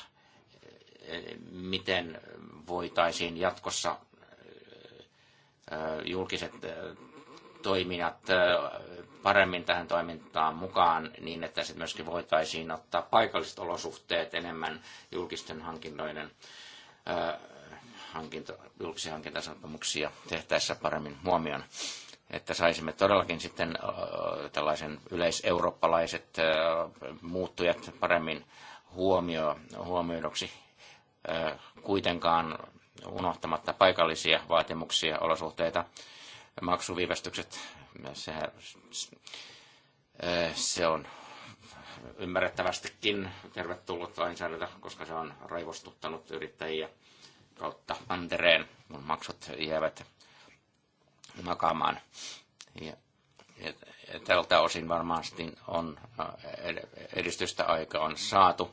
miten voitaisiin jatkossa julkiset toiminnat paremmin tähän toimintaan mukaan niin, että sitten myöskin voitaisiin ottaa paikalliset olosuhteet enemmän julkisten hankintoiden hankinta, julkisia hankintasopimuksia tehtäessä paremmin huomioon että saisimme todellakin sitten tällaisen yleiseurooppalaiset muuttujat paremmin huomio, huomioiduksi kuitenkaan unohtamatta paikallisia vaatimuksia, olosuhteita, maksuviivästykset, sehän, se on ymmärrettävästikin tervetullut lainsäädäntö, koska se on raivostuttanut yrittäjiä kautta Mantereen, kun maksut jäävät makaamaan. Ja, ja, ja tältä osin varmasti on edistystä aika on saatu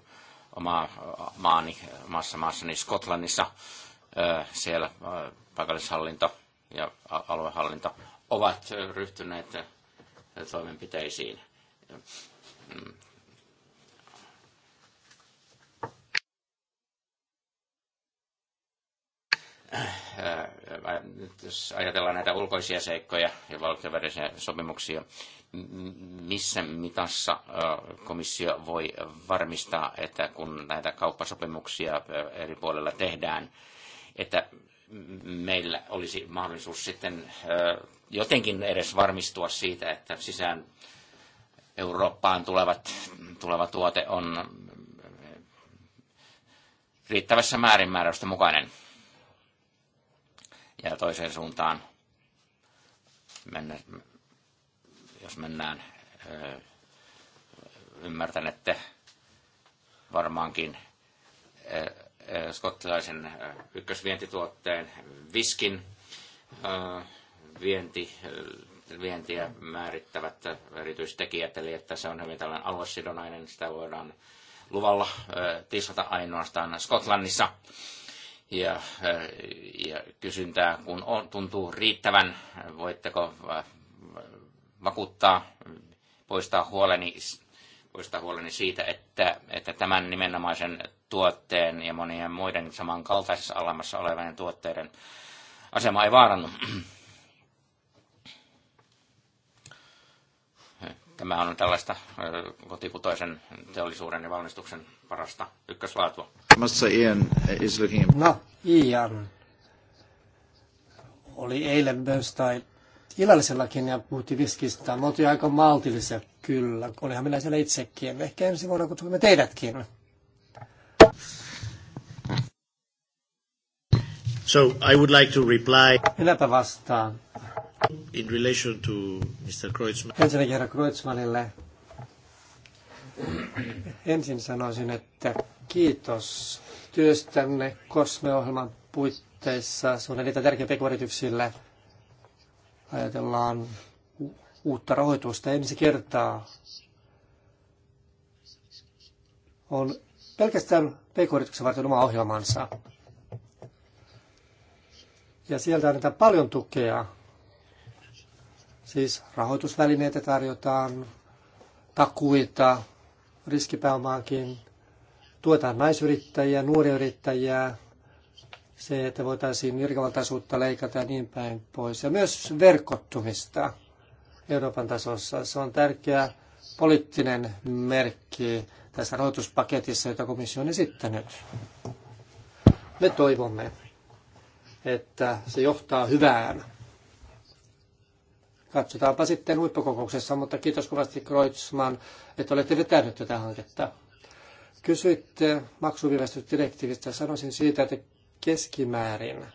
oma maani, maassa maassani Skotlannissa. Siellä paikallishallinto ja aluehallinto ovat ryhtyneet toimenpiteisiin mm, Äh, äh, jos ajatellaan näitä ulkoisia seikkoja ja valtiovälisiä sopimuksia, missä mitassa äh, komissio voi varmistaa, että kun näitä kauppasopimuksia eri puolilla tehdään, että meillä olisi mahdollisuus sitten jotenkin edes varmistua siitä, että sisään Eurooppaan tulevat, tuleva tuote on riittävässä määrin määräystä mukainen ja toiseen suuntaan mennä, jos mennään, ymmärtänette varmaankin skottilaisen ykkösvientituotteen viskin vienti, vientiä määrittävät erityistekijät, eli että se on hyvin tällainen aluesidonainen, sitä voidaan luvalla tisata ainoastaan Skotlannissa ja, eh, ja kysyntää, kun on, tuntuu riittävän, voitteko eh, vakuuttaa, poistaa huoleni, poistaa huoleni siitä, että, että tämän nimenomaisen tuotteen ja monien muiden samankaltaisessa alamassa olevien tuotteiden asema ei vaarannu. tämä on tällaista kotikutoisen teollisuuden ja valmistuksen parasta ykköslaatua. Massa Ian is looking... No, Ian oli eilen myös tai illallisellakin ja puhuttiin viskistä. Me oltiin aika maltillisia kyllä. Olihan minä siellä itsekin. Ehkä ensi vuonna kutsumme teidätkin. So I would like to reply. Minäpä vastaan In relation to Mr. Kreutzmann. Ensinnäkin herra Kreutzmannille. Ensin sanoisin, että kiitos työstänne COSME-ohjelman puitteissa. Se on erittäin tärkeä pekoyrityksille. Ajatellaan uutta rahoitusta ensi kertaa. On pelkästään pk-yrityksen varten oma ohjelmansa. Ja sieltä annetaan paljon tukea Siis rahoitusvälineitä tarjotaan, takuita, riskipääomaakin, tuetaan naisyrittäjiä, nuoria yrittäjiä, se, että voitaisiin virkavaltaisuutta leikata ja niin päin pois. Ja myös verkottumista Euroopan tasossa. Se on tärkeä poliittinen merkki tässä rahoituspaketissa, jota komissio on esittänyt. Me toivomme, että se johtaa hyvään Katsotaanpa sitten huippukokouksessa, mutta kiitos kovasti Kreutzmann, että olette vetänyt tätä hanketta. Kysyitte maksuviivästysdirektiivistä. Sanoisin siitä, että keskimäärin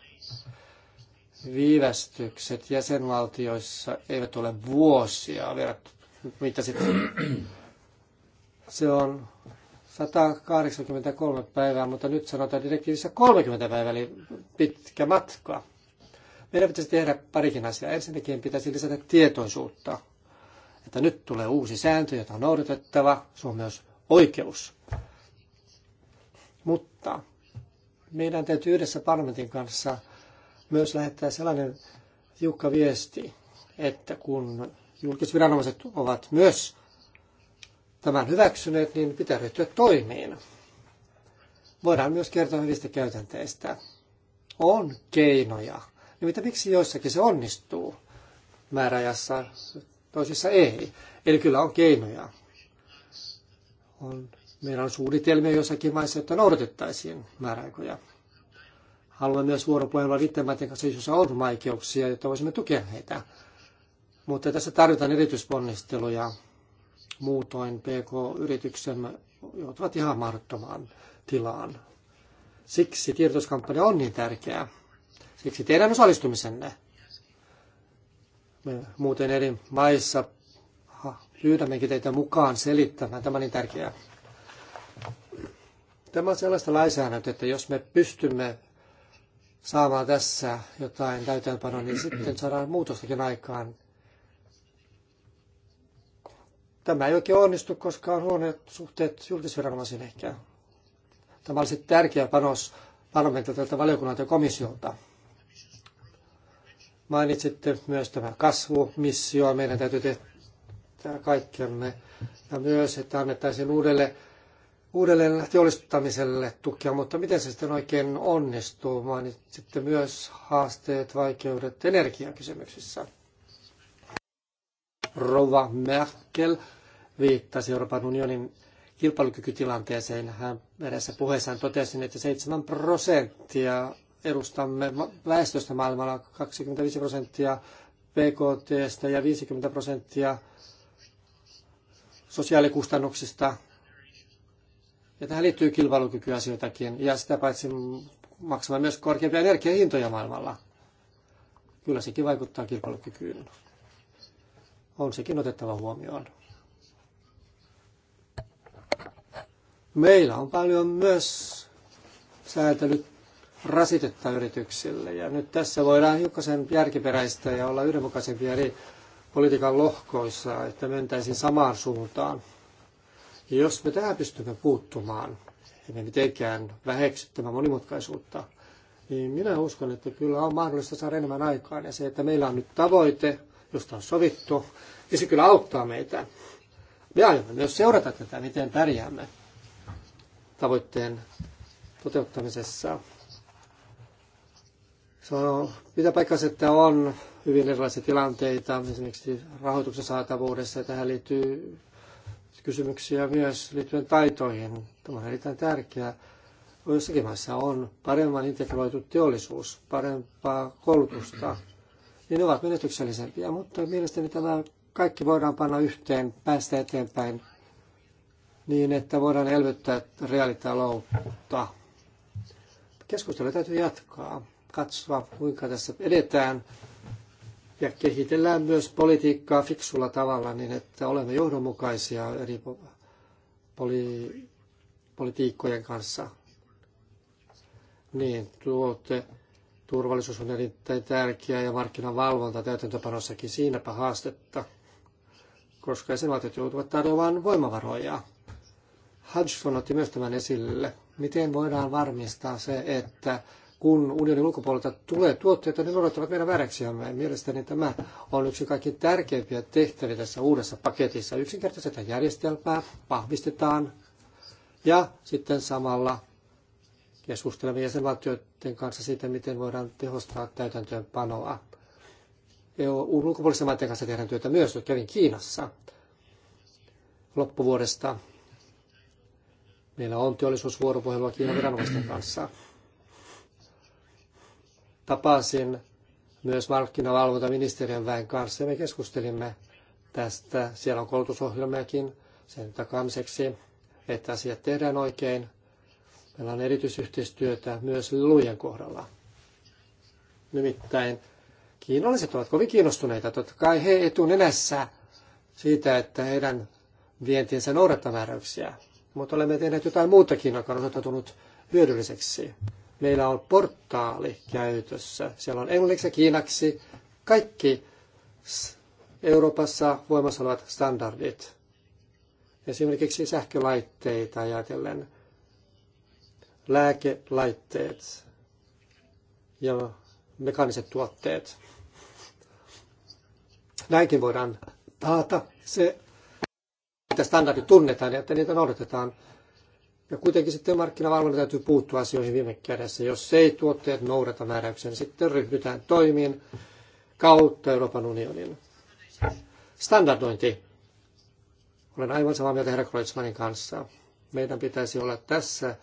viivästykset jäsenvaltioissa eivät ole vuosia verrattuna mitä sitten. Se on 183 päivää, mutta nyt sanotaan direktiivissä 30 päivää, eli pitkä matka. Meidän pitäisi tehdä parikin asiaa. Ensinnäkin pitäisi lisätä tietoisuutta, että nyt tulee uusi sääntö, jota on noudatettava. Se on myös oikeus. Mutta meidän täytyy yhdessä parlamentin kanssa myös lähettää sellainen tiukka viesti, että kun julkisviranomaiset ovat myös tämän hyväksyneet, niin pitää ryhtyä toimiin. Voidaan myös kertoa hyvistä käytänteistä. On keinoja Nimittäin no miksi joissakin se onnistuu määräajassa, toisissa ei. Eli kyllä on keinoja. On, meillä on suunnitelmia jossakin maissa, että noudatettaisiin määräaikoja. Haluamme myös vuoropuhelua niiden maiden kanssa, joissa on vaikeuksia, jotta voisimme tukea heitä. Mutta tässä tarvitaan erityisponnisteluja. Muutoin PK-yrityksemme joutuvat ihan mahdottomaan tilaan. Siksi tiedotuskampanja on niin tärkeää. Siksi teidän osallistumisenne. Me muuten eri maissa pyydämmekin teitä mukaan selittämään. Tämä on niin tärkeää. Tämä on sellaista lainsäädäntöä, että jos me pystymme saamaan tässä jotain täytäntöpanoa, niin sitten saadaan muutostakin aikaan. Tämä ei oikein onnistu, koska on huoneet suhteet julkisviranomaisiin ehkä. Tämä olisi tärkeä panos parlamentilta, valiokunnalta ja komissiolta. Mainitsitte myös tämä kasvumissio. Meidän täytyy tehdä kaikkemme. Ja myös, että annettaisiin uudelle, uudelleen teollistamiselle tukea, mutta miten se sitten oikein onnistuu? Mainitsitte myös haasteet, vaikeudet energiakysymyksissä. Rova Merkel viittasi Euroopan unionin kilpailukykytilanteeseen. Hän edessä puheessaan totesi, että 7 prosenttia edustamme väestöstä maailmalla 25 prosenttia BKTstä ja 50 prosenttia sosiaalikustannuksista. Ja tähän liittyy kilpailukykyasioitakin ja sitä paitsi maksamaan myös korkeampia energiahintoja maailmalla. Kyllä sekin vaikuttaa kilpailukykyyn. On sekin otettava huomioon. Meillä on paljon myös säätelyt rasitetta yrityksille. Ja nyt tässä voidaan hiukkasen järkiperäistä ja olla yhdenmukaisempia eri politiikan lohkoissa, että mentäisiin samaan suuntaan. Ja jos me tähän pystymme puuttumaan, emme mitenkään väheksy tämän monimutkaisuutta, niin minä uskon, että kyllä on mahdollista saada enemmän aikaan. Ja se, että meillä on nyt tavoite, josta on sovittu, niin se kyllä auttaa meitä. Me aiomme myös seurata tätä, miten pärjäämme tavoitteen toteuttamisessa. Se on, mitä paikka että on hyvin erilaisia tilanteita, esimerkiksi rahoituksen saatavuudessa. Tähän liittyy kysymyksiä myös liittyen taitoihin. Tämä on erittäin tärkeää. Jossakin maissa on paremman integroitu teollisuus, parempaa koulutusta, niin ne ovat menetyksellisempiä, mutta mielestäni tämä kaikki voidaan panna yhteen, päästä eteenpäin niin, että voidaan elvyttää reaalitaloutta. Keskustelua täytyy jatkaa katsoa, kuinka tässä edetään ja kehitellään myös politiikkaa fiksulla tavalla niin, että olemme johdonmukaisia eri poli- politiikkojen kanssa. Niin, tuote, turvallisuus on erittäin tärkeää ja markkinavalvonta täytäntöpanossakin siinäpä haastetta, koska jäsenvaltiot joutuvat tarjoamaan voimavaroja. Hudson otti myös tämän esille. Miten voidaan varmistaa se, että kun unionin ulkopuolelta tulee tuotteita, ne noudattavat meidän väreksiämme. Mielestäni tämä on yksi kaikkein tärkeimpiä tehtäviä tässä uudessa paketissa. Yksinkertaisesti järjestelmää vahvistetaan ja sitten samalla keskustelemme jäsenvaltioiden kanssa siitä, miten voidaan tehostaa täytäntöönpanoa. EUn ulkopuolisten maiden kanssa tehdään työtä myös. Nyt kävin Kiinassa loppuvuodesta. Meillä on teollisuusvuoropuhelua Kiinan viranomaisten kanssa Tapasin myös markkinavalvontaministeriön väen kanssa ja me keskustelimme tästä. Siellä on koulutusohjelmiakin sen takamiseksi, että asiat tehdään oikein. Meillä on erityisyhteistyötä myös lujen kohdalla. Nimittäin kiinalaiset ovat kovin kiinnostuneita. Totta kai he etunenässä siitä, että heidän vientinsä noudattaa määräyksiä. Mutta olemme tehneet jotain muutakin, joka on osoittautunut hyödylliseksi meillä on portaali käytössä. Siellä on englanniksi ja kiinaksi kaikki Euroopassa voimassa olevat standardit. Esimerkiksi sähkölaitteita ajatellen, lääkelaitteet ja mekaaniset tuotteet. Näinkin voidaan taata se, että standardit tunnetaan ja että niitä noudatetaan ja kuitenkin sitten markkinavalvonta täytyy puuttua asioihin viime kädessä. Jos ei tuotteet noudata määräyksiä, niin sitten ryhdytään toimiin kautta Euroopan unionin. Standardointi. Olen aivan samaa mieltä herra Kreutzmannin kanssa. Meidän pitäisi olla tässä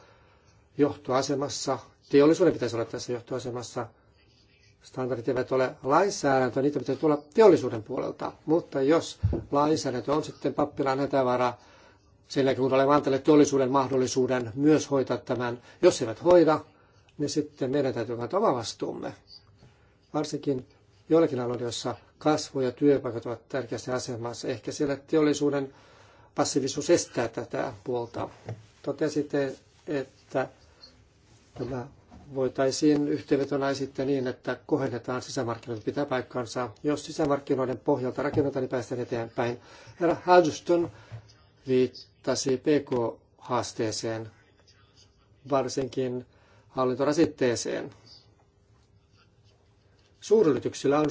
johtoasemassa, teollisuuden pitäisi olla tässä johtoasemassa. Standardit eivät ole lainsäädäntöä, niitä pitäisi tulla teollisuuden puolelta. Mutta jos lainsäädäntö on sitten pappilaan hätävara, sen kun olemme antaneet teollisuuden mahdollisuuden myös hoitaa tämän. Jos eivät hoida, niin sitten meidän täytyy kantaa oma vastuumme. Varsinkin joillakin aloilla, joissa kasvu ja työpaikat ovat tärkeässä asemassa. Ehkä siellä teollisuuden passiivisuus estää tätä puolta. Totesitte, että tämä voitaisiin yhteenvetona sitten niin, että kohennetaan sisämarkkinoita pitää paikkansa. Jos sisämarkkinoiden pohjalta rakennetaan, niin päästään eteenpäin. Herra Haldston viittasi PK-haasteeseen, varsinkin hallintorasitteeseen. Suuryrityksillä on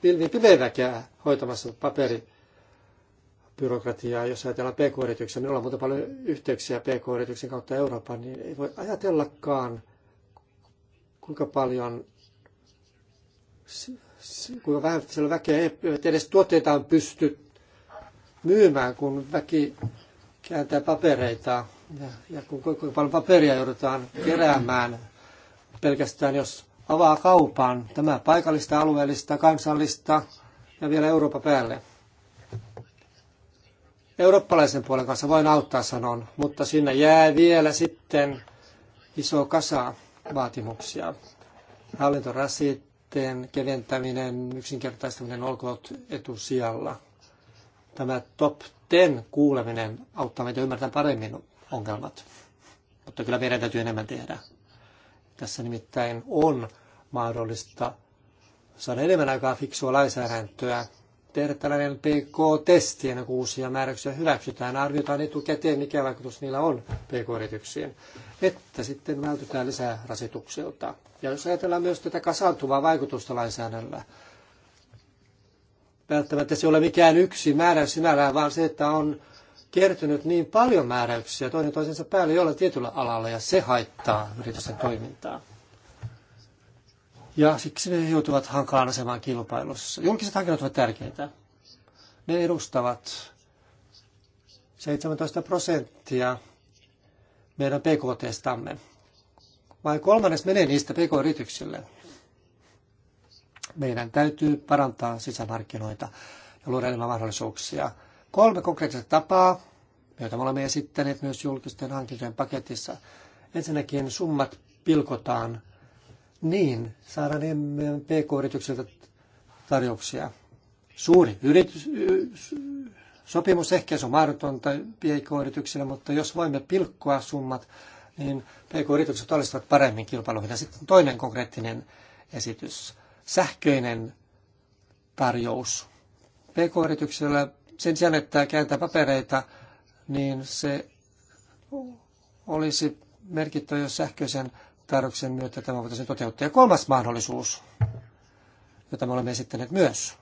pilvi pimeäväkää hoitamassa paperibyrokratiaa, jos ajatellaan PK-yrityksiä. Minulla niin on muuten paljon yhteyksiä PK-yrityksen kautta Euroopan, niin ei voi ajatellakaan, kuinka paljon kuinka vähän siellä väkeä ei edes tuotteitaan pysty myymään, kun väki kääntää papereita. Ja, ja kun paljon paperia joudutaan keräämään pelkästään, jos avaa kaupan, tämä paikallista, alueellista, kansallista ja vielä Eurooppa päälle. Eurooppalaisen puolen kanssa voin auttaa sanon, mutta sinne jää vielä sitten iso kasa vaatimuksia. Hallintorasitteen keventäminen, yksinkertaistaminen olkoot etusijalla. Tämä top niiden kuuleminen auttaa meitä ymmärtämään paremmin ongelmat. Mutta kyllä meidän täytyy enemmän tehdä. Tässä nimittäin on mahdollista saada enemmän aikaa fiksua lainsäädäntöä, tehdä tällainen PK-testi ennen kuin uusia määräyksiä hyväksytään. Arvioitaan etukäteen, mikä vaikutus niillä on PK-yrityksiin, että sitten vältytään lisää rasitukselta. Ja jos ajatellaan myös tätä kasaantuvaa vaikutusta lainsäädännöllä, välttämättä se ole mikään yksi määräys sinällään, vaan se, että on kertynyt niin paljon määräyksiä toinen toisensa päälle jollain tietyllä alalla, ja se haittaa yritysten toimintaa. Ja siksi ne joutuvat hankalaan asemaan kilpailussa. Julkiset hankinnat ovat tärkeitä. Ne edustavat 17 prosenttia meidän PKT-stamme. Vain kolmannes menee niistä PK-yrityksille. Meidän täytyy parantaa sisämarkkinoita ja luoda enemmän mahdollisuuksia. Kolme konkreettista tapaa, joita me olemme esittäneet myös julkisten hankintojen paketissa. Ensinnäkin summat pilkotaan niin, saadaan enemmän pk-yrityksiltä tarjouksia. Suuri yritys, sopimus ehkä se on mahdotonta pk-yrityksille, mutta jos voimme pilkkoa summat, niin pk-yritykset olisivat paremmin kilpailuihin. Sitten toinen konkreettinen esitys sähköinen tarjous. PK-yrityksellä sen sijaan, että kääntää papereita, niin se olisi merkittävä, jos sähköisen tarjouksen myötä tämä voitaisiin toteuttaa. Ja kolmas mahdollisuus, jota me olemme esittäneet myös.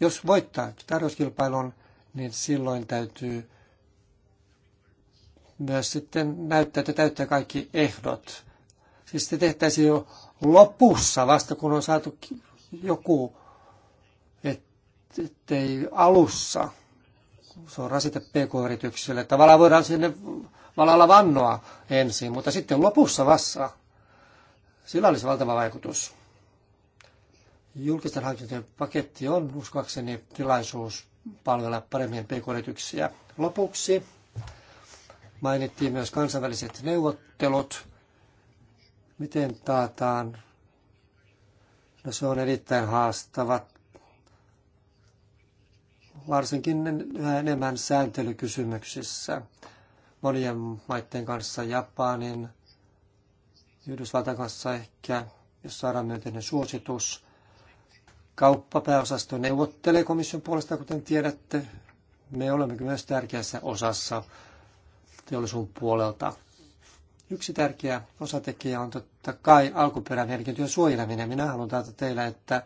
Jos voittaa tarjouskilpailun, niin silloin täytyy myös sitten näyttää, että täyttää kaikki ehdot. Siis se tehtäisiin jo lopussa vasta, kun on saatu joku, et, ettei alussa. Se on rasite pk-yritykselle. Tavallaan voidaan sinne valalla vannoa ensin, mutta sitten lopussa vasta. Sillä olisi valtava vaikutus. Julkisten hankintojen paketti on uskoakseni tilaisuus palvella paremmin pk-yrityksiä. Lopuksi mainittiin myös kansainväliset neuvottelut. Miten taataan? No se on erittäin haastava, varsinkin enemmän sääntelykysymyksissä monien maiden kanssa, Japanin, Yhdysvaltain kanssa ehkä, jos saadaan myönteinen suositus. Kauppapääosasto neuvottelee komission puolesta, kuten tiedätte. Me olemme myös tärkeässä osassa teollisuuden puolelta. Yksi tärkeä osatekijä on totta kai alkuperämerkintöjen suojeleminen. Minä haluan taata teille, että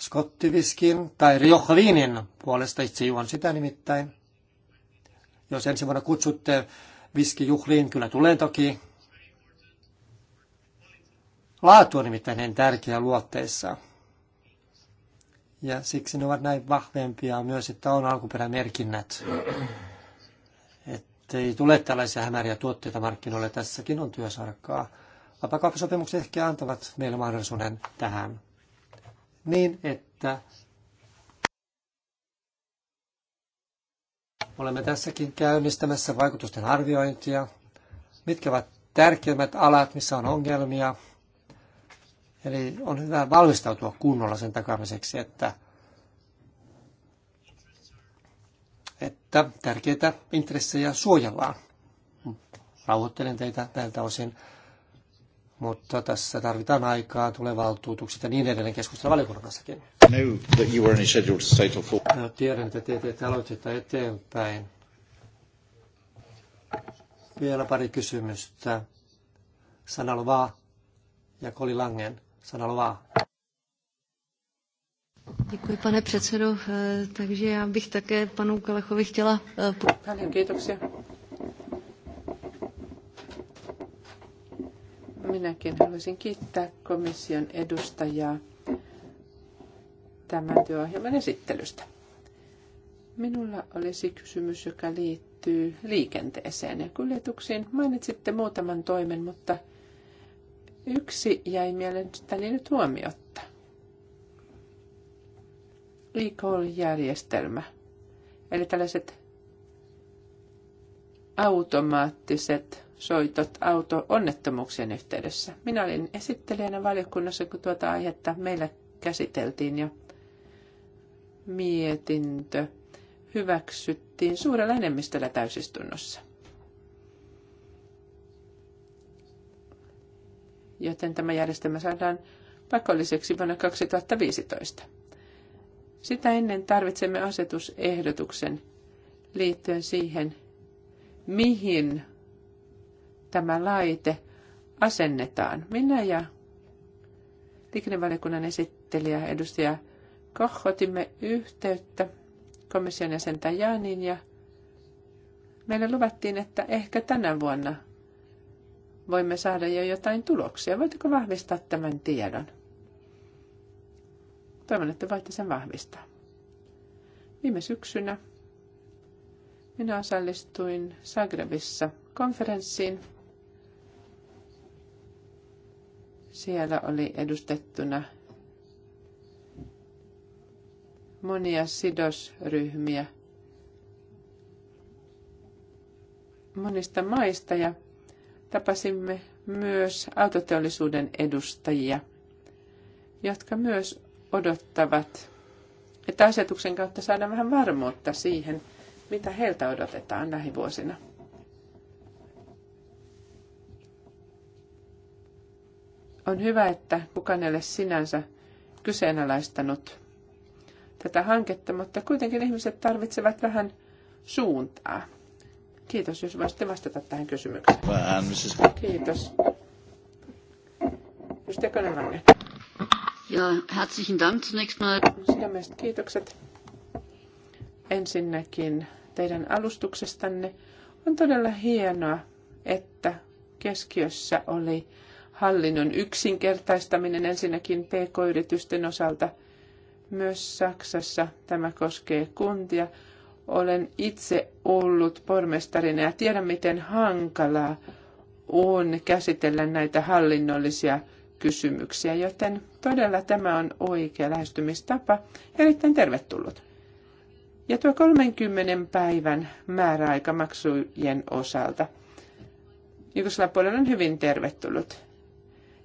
Skottiviskin tai riohviinin puolesta itse juon sitä nimittäin. Jos ensi vuonna kutsutte viskijuhliin, kyllä tulee toki. Laatu on nimittäin niin tärkeä luotteissa. Ja siksi ne ovat näin vahvempia myös, että on alkuperämerkinnät ettei tule tällaisia hämäriä tuotteita markkinoille. Tässäkin on työsarkaa. Vapakauppasopimukset ehkä antavat meille mahdollisuuden tähän. Niin, että olemme tässäkin käynnistämässä vaikutusten arviointia. Mitkä ovat tärkeimmät alat, missä on ongelmia. Eli on hyvä valmistautua kunnolla sen takaamiseksi, että että tärkeitä intressejä suojellaan. Rauhoittelen teitä tältä osin, mutta tässä tarvitaan aikaa, tulee valtuutukset ja niin edelleen keskustella valiokunnan no, no, tiedän, että te teette aloitetta eteenpäin. Vielä pari kysymystä. vaan ja Koli Langen. vaan. Děkuji, pane předsedo. Eh, takže já bych také panu Kalechovi chtěla... Eh, kiitoksia. Minäkin haluaisin kiittää komission edustajaa tämän työohjelman esittelystä. Minulla olisi kysymys, joka liittyy liikenteeseen ja kuljetuksiin. Mainitsitte muutaman toimen, mutta yksi jäi mielestäni nyt huomiotta – recall-järjestelmä. Eli tällaiset automaattiset soitot auto-onnettomuuksien yhteydessä. Minä olin esittelijänä valiokunnassa, kun tuota aihetta meillä käsiteltiin ja mietintö hyväksyttiin suurella enemmistöllä täysistunnossa. Joten tämä järjestelmä saadaan pakolliseksi vuonna 2015. Sitä ennen tarvitsemme asetusehdotuksen liittyen siihen, mihin tämä laite asennetaan. Minä ja liikennevaliokunnan esittelijä edustaja Koch otimme yhteyttä komission jäsentä Jaanin ja meille luvattiin, että ehkä tänä vuonna voimme saada jo jotain tuloksia. Voitteko vahvistaa tämän tiedon? Toivon, että voitte sen vahvistaa. Viime syksynä minä osallistuin Zagrebissa konferenssiin. Siellä oli edustettuna monia sidosryhmiä monista maista ja tapasimme myös autoteollisuuden edustajia, jotka myös odottavat, että asetuksen kautta saadaan vähän varmuutta siihen, mitä heiltä odotetaan lähivuosina. On hyvä, että kukaan ei ole sinänsä kyseenalaistanut tätä hanketta, mutta kuitenkin ihmiset tarvitsevat vähän suuntaa. Kiitos, jos voisitte vastata tähän kysymykseen. Kiitos. Edustaja ja herzlichen Dank zunächst mal. kiitokset ensinnäkin teidän alustuksestanne. On todella hienoa, että keskiössä oli hallinnon yksinkertaistaminen ensinnäkin pk-yritysten osalta. Myös Saksassa tämä koskee kuntia. Olen itse ollut pormestarina ja tiedän, miten hankalaa on käsitellä näitä hallinnollisia kysymyksiä, joten todella tämä on oikea lähestymistapa, erittäin tervetullut. Ja tuo 30 päivän määräaika maksujen osalta puolella on hyvin tervetullut.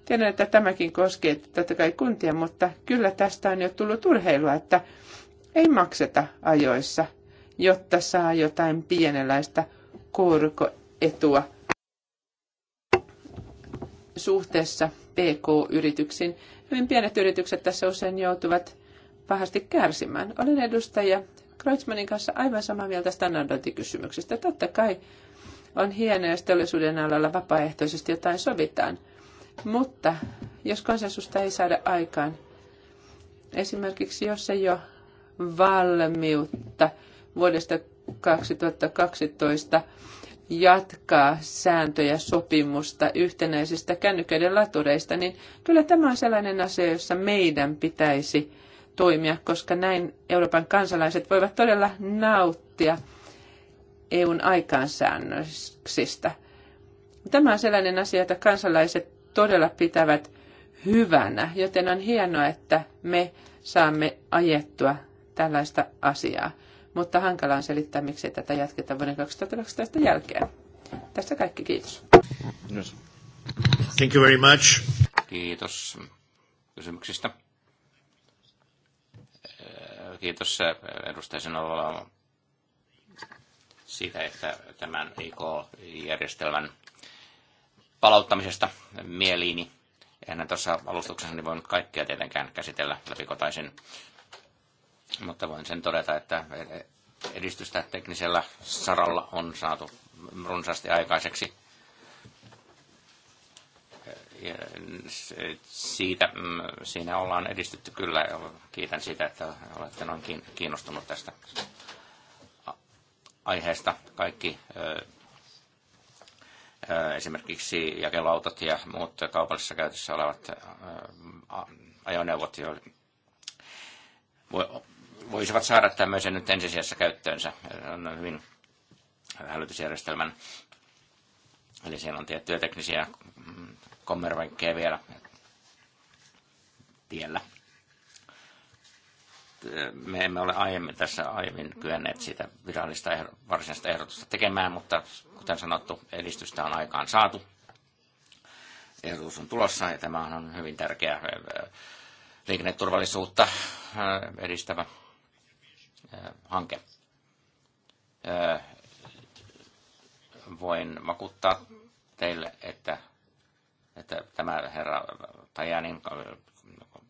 Tiedän, että tämäkin koskee totta kai kuntia, mutta kyllä tästä on jo tullut urheilua, että ei makseta ajoissa, jotta saa jotain pienenlaista korkoetua suhteessa PK-yrityksiin. Hyvin pienet yritykset tässä usein joutuvat pahasti kärsimään. Olen edustaja Kreutzmannin kanssa aivan samaa mieltä standardointikysymyksestä. Totta kai on hienoa, jos teollisuuden alalla vapaaehtoisesti jotain sovitaan. Mutta jos konsensusta ei saada aikaan, esimerkiksi jos ei ole valmiutta vuodesta 2012 jatkaa sääntöjä sopimusta yhtenäisistä kännyköiden latureista, niin kyllä tämä on sellainen asia, jossa meidän pitäisi toimia, koska näin Euroopan kansalaiset voivat todella nauttia EUn aikaansäännöksistä. Tämä on sellainen asia, jota kansalaiset todella pitävät hyvänä, joten on hienoa, että me saamme ajettua tällaista asiaa mutta hankala on selittää, miksi tätä jatketaan vuoden 2012 jälkeen. Tässä kaikki, kiitos. Yes. Thank you very much. Kiitos kysymyksistä. Äh, kiitos äh, edustaja Sinolla siitä, että tämän IK-järjestelmän palauttamisesta mieliini. Eihän tuossa alustuksessa niin voinut kaikkia tietenkään käsitellä läpikotaisin mutta voin sen todeta, että edistystä teknisellä saralla on saatu runsaasti aikaiseksi. Ja siitä, mm, siinä ollaan edistytty kyllä. Kiitän siitä, että olette noin kiinnostunut tästä aiheesta. Kaikki esimerkiksi jakelautot ja muut kaupallisessa käytössä olevat ajoneuvot, voisivat saada tämmöisen nyt ensisijassa käyttöönsä. Se on hyvin hälytysjärjestelmän. Eli siellä on tiettyjä teknisiä mm, kommervenkkeja vielä tiellä. Me emme ole aiemmin tässä aiemmin kyenneet sitä virallista ehdo, varsinaista ehdotusta tekemään, mutta kuten sanottu, edistystä on aikaan saatu. Ehdotus on tulossa ja tämä on hyvin tärkeä liikenneturvallisuutta edistävä hanke. Voin vakuuttaa teille, että, että tämä herra Tajanin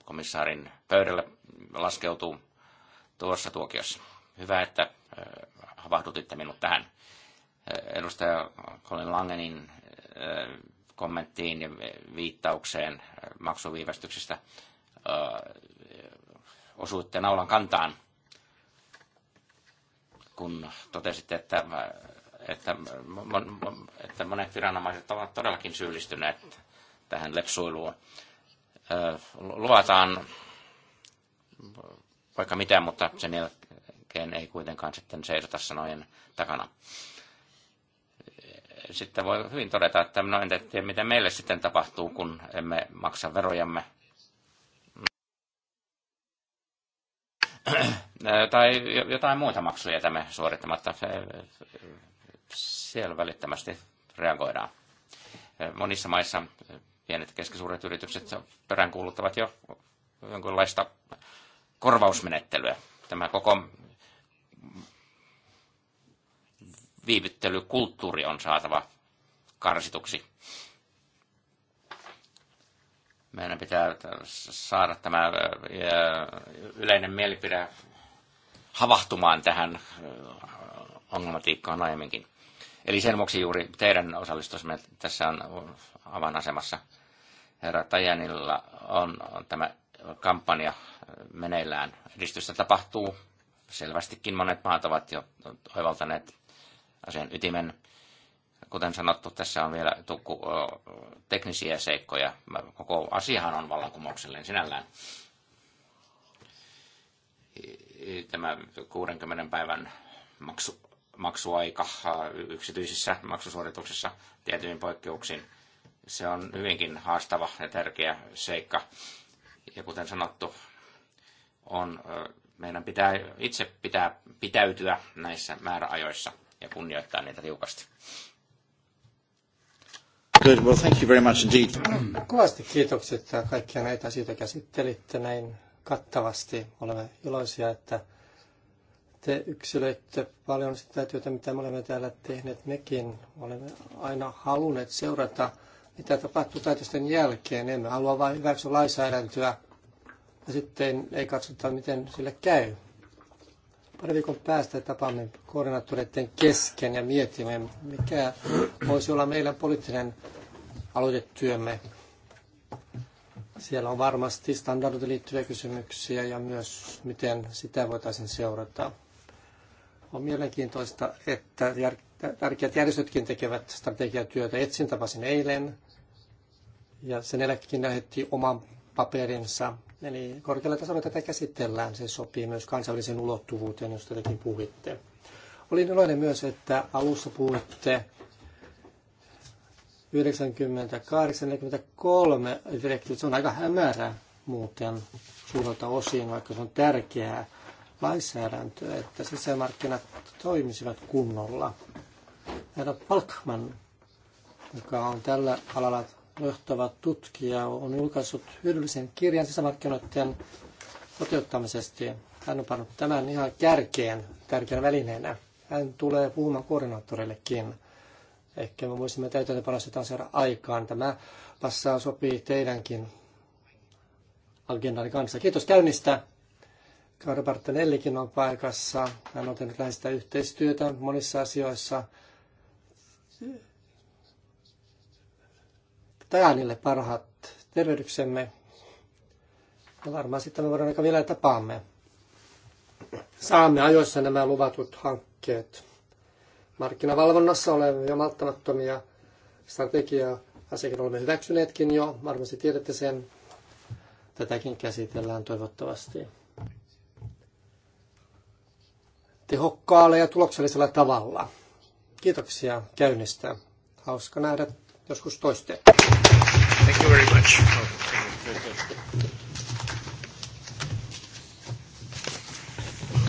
komissaarin pöydälle laskeutuu tuossa tuokiossa. Hyvä, että havahdutitte minut tähän edustaja Colin Langenin kommenttiin ja viittaukseen maksuviivästyksestä osuitte naulan kantaan kun totesitte, että, että, että monet viranomaiset ovat todellakin syyllistyneet tähän lepsuiluun. Luvataan vaikka mitä, mutta sen jälkeen ei kuitenkaan sitten seisota sanojen takana. Sitten voi hyvin todeta, että no en tiedä, mitä meille sitten tapahtuu, kun emme maksa verojamme – Äh, tai jotain muita maksuja tämä suorittamatta. Äh, siellä välittömästi reagoidaan. Äh, monissa maissa pienet ja keskisuuret yritykset peräänkuuluttavat jo jonkinlaista korvausmenettelyä. Tämä koko viivyttelykulttuuri on saatava karsituksi. Meidän pitää saada tämä yleinen mielipide havahtumaan tähän ongelmatiikkaan aiemminkin. Eli sen vuoksi juuri teidän osallistusmme tässä on avainasemassa. Herra Tajanilla on, on tämä kampanja meneillään. Edistystä tapahtuu. Selvästikin monet maat ovat jo oivaltaneet asian ytimen. Kuten sanottu, tässä on vielä tukku, teknisiä seikkoja. Koko asiahan on vallankumouksellinen sinällään. Tämä 60 päivän maksu, maksuaika yksityisissä maksusuorituksissa tietyin poikkeuksiin. Se on hyvinkin haastava ja tärkeä seikka. Ja kuten sanottu, on, meidän pitää itse pitää pitäytyä näissä määräajoissa ja kunnioittaa niitä tiukasti. Good. Well, thank you very much indeed. *clears throat* Kovasti kiitokset, kaikkia näitä asioita käsittelitte näin kattavasti. Olemme iloisia, että te yksilöitte paljon sitä työtä, mitä me olemme täällä tehneet mekin. Olemme aina halunneet seurata, mitä tapahtuu taitosten jälkeen. Emme halua vain hyväksyä lainsäädäntöä ja sitten ei katsota, miten sille käy pari viikon päästä tapaamme koordinaattoreiden kesken ja mietimme, mikä voisi olla meidän poliittinen aloitetyömme. Siellä on varmasti standardit liittyviä kysymyksiä ja myös miten sitä voitaisiin seurata. On mielenkiintoista, että tärkeät järjestötkin tekevät strategiatyötä. Etsin tapasin eilen ja sen eläkin lähetti oman paperinsa Eli korkealla tasolla tätä käsitellään. Se sopii myös kansainvälisen ulottuvuuteen, josta tekin puhuitte. Olin iloinen myös, että alussa puhuitte 98-43 direktiivit. Se on aika hämärä muuten suurelta osin, vaikka se on tärkeää lainsäädäntöä, että sisämarkkinat toimisivat kunnolla. Herra Palkman, joka on tällä alalla johtava tutkija on julkaissut hyödyllisen kirjan sisämarkkinoiden toteuttamisesta. Hän on pannut tämän ihan kärkeen tärkeänä välineenä. Hän tulee puhumaan koordinaattoreillekin. Ehkä me voisimme täytäntöpanossa jotain saada aikaan. Tämä passaa sopii teidänkin agendan kanssa. Kiitos käynnistä. Kaara Bartanellikin on paikassa. Hän on tehnyt läheistä yhteistyötä monissa asioissa Tajanille parhaat tervehdyksemme. Ja varmaan sitten me voidaan aika vielä tapaamme. Saamme ajoissa nämä luvatut hankkeet. Markkinavalvonnassa olemme jo malttamattomia strategiaa. Asiakin olemme hyväksyneetkin jo, varmasti tiedätte sen. Tätäkin käsitellään toivottavasti tehokkaalla ja tuloksellisella tavalla. Kiitoksia käynnistä. Hauska nähdä joskus toiste. Thank you very much. Oh, thank you.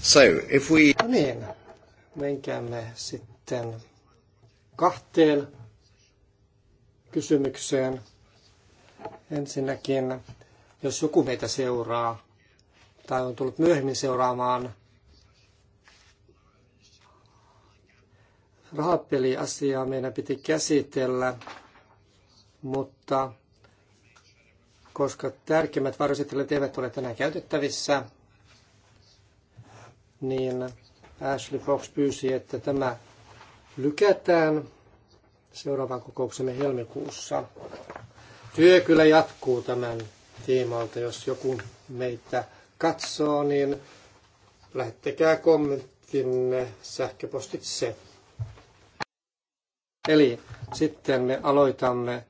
So, if we... No niin, menkäämme sitten kahteen kysymykseen. Ensinnäkin, jos joku meitä seuraa tai on tullut myöhemmin seuraamaan rahapeliasiaa, meidän piti käsitellä, mutta koska tärkeimmät varjoesittelijät eivät ole tänään käytettävissä, niin Ashley Fox pyysi, että tämä lykätään seuraavan kokouksemme helmikuussa. Työ kyllä jatkuu tämän tiimalta. Jos joku meitä katsoo, niin lähettäkää kommenttinne sähköpostitse. Eli sitten me aloitamme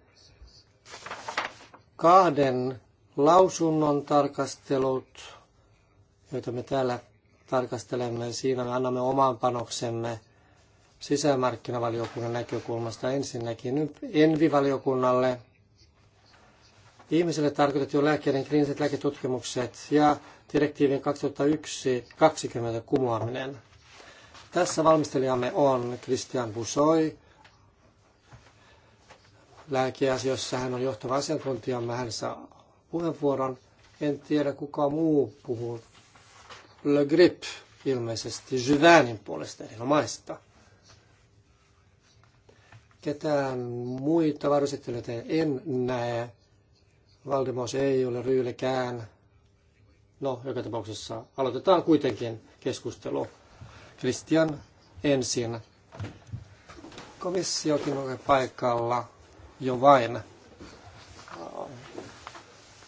kahden lausunnon tarkastelut, joita me täällä tarkastelemme. Siinä me annamme oman panoksemme sisämarkkinavaliokunnan näkökulmasta ensinnäkin Envivaliokunnalle, ihmisille tarkoitettujen lääkkeiden kliiniset lääketutkimukset ja direktiivin 2001-20 kumoaminen. Tässä valmistelijamme on Christian Busoi. Lääkeasioissa hän on johtava mä hän saa puheenvuoron. En tiedä kuka muu puhuu. Le Grip ilmeisesti Jyvänin puolesta erinomaista. Ketään muita varusettelijoita en näe. Valdemos ei ole ryylekään. No, joka tapauksessa aloitetaan kuitenkin keskustelu. Christian ensin. Komissiokin on paikalla jo vain.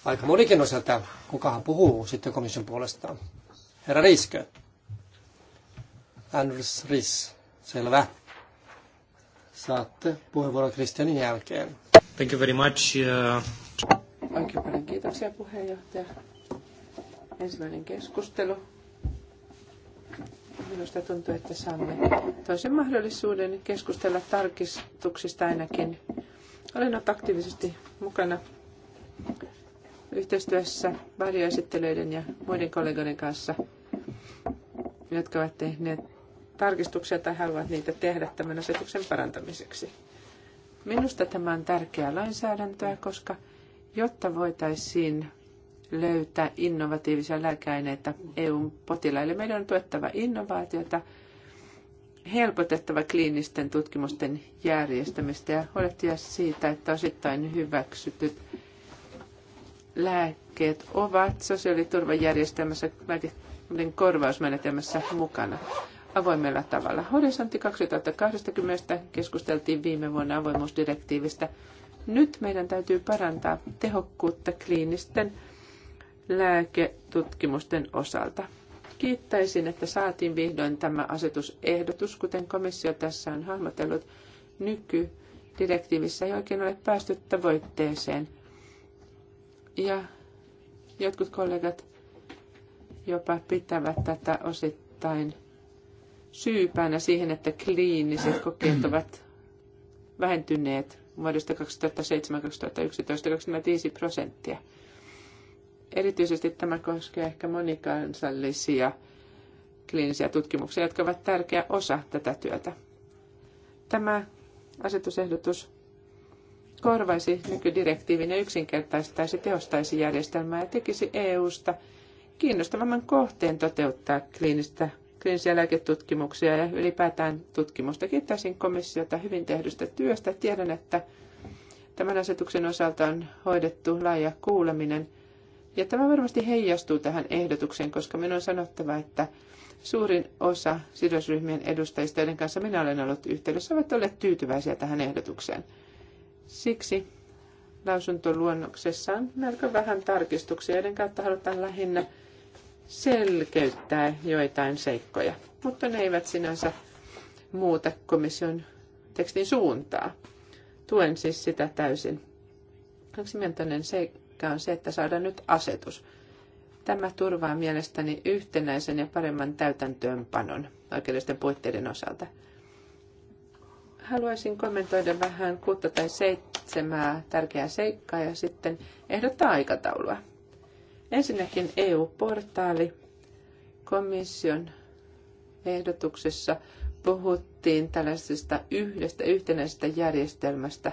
Aika monikin on sieltä, kukahan puhuu sitten komission puolestaan. Herra Riiskö. Anders Ris, selvä. Saatte puheenvuoron Kristianin jälkeen. Thank you very much. Uh, Oikein paljon kiitoksia puheenjohtaja. Ensimmäinen keskustelu. Minusta tuntuu, että saamme toisen mahdollisuuden keskustella tarkistuksista ainakin. Olen ollut aktiivisesti mukana yhteistyössä varjoesittelyiden ja muiden kollegoiden kanssa, jotka ovat tehneet tarkistuksia tai haluavat niitä tehdä tämän asetuksen parantamiseksi. Minusta tämä on tärkeää lainsäädäntöä, koska jotta voitaisiin löytää innovatiivisia lääkeaineita EUn potilaille, meidän on tuettava innovaatiota, helpotettava kliinisten tutkimusten järjestämistä ja huolehtia siitä, että osittain hyväksytyt lääkkeet ovat sosiaaliturvajärjestelmässä korvausmenetelmässä mukana avoimella tavalla. Horisontti 2020 keskusteltiin viime vuonna avoimuusdirektiivistä. Nyt meidän täytyy parantaa tehokkuutta kliinisten lääketutkimusten osalta. Kiittäisin, että saatiin vihdoin tämä asetusehdotus, kuten komissio tässä on hahmotellut. Nykydirektiivissä ei oikein ole päästy tavoitteeseen. Ja jotkut kollegat jopa pitävät tätä osittain syypäänä siihen, että kliiniset kokeet ovat vähentyneet vuodesta 2007-2011 25 prosenttia. Erityisesti tämä koskee ehkä monikansallisia kliinisiä tutkimuksia, jotka ovat tärkeä osa tätä työtä. Tämä asetusehdotus korvaisi nykydirektiivin ja yksinkertaistaisi tehostaisi järjestelmää ja tekisi EUsta kiinnostavamman kohteen toteuttaa kliinistä kliinisiä lääketutkimuksia ja ylipäätään tutkimusta. Kiittäisin komissiota hyvin tehdystä työstä. Tiedän, että tämän asetuksen osalta on hoidettu laaja kuuleminen. Ja tämä varmasti heijastuu tähän ehdotukseen, koska minun on sanottava, että suurin osa sidosryhmien edustajista, joiden kanssa minä olen ollut yhteydessä, ovat olleet tyytyväisiä tähän ehdotukseen. Siksi lausuntoluonnoksessa on melko vähän tarkistuksia, joiden kautta halutaan lähinnä – selkeyttää joitain seikkoja, mutta ne eivät sinänsä muuta komission tekstin suuntaa. Tuen siis sitä täysin. Yksimielinen seikka on se, että saadaan nyt asetus. Tämä turvaa mielestäni yhtenäisen ja paremman täytäntöönpanon oikeudellisten puitteiden osalta. Haluaisin kommentoida vähän kuutta tai seitsemää tärkeää seikkaa ja sitten ehdottaa aikataulua. Ensinnäkin EU-portaali komission ehdotuksessa puhuttiin tällaisesta yhdestä yhtenäisestä järjestelmästä.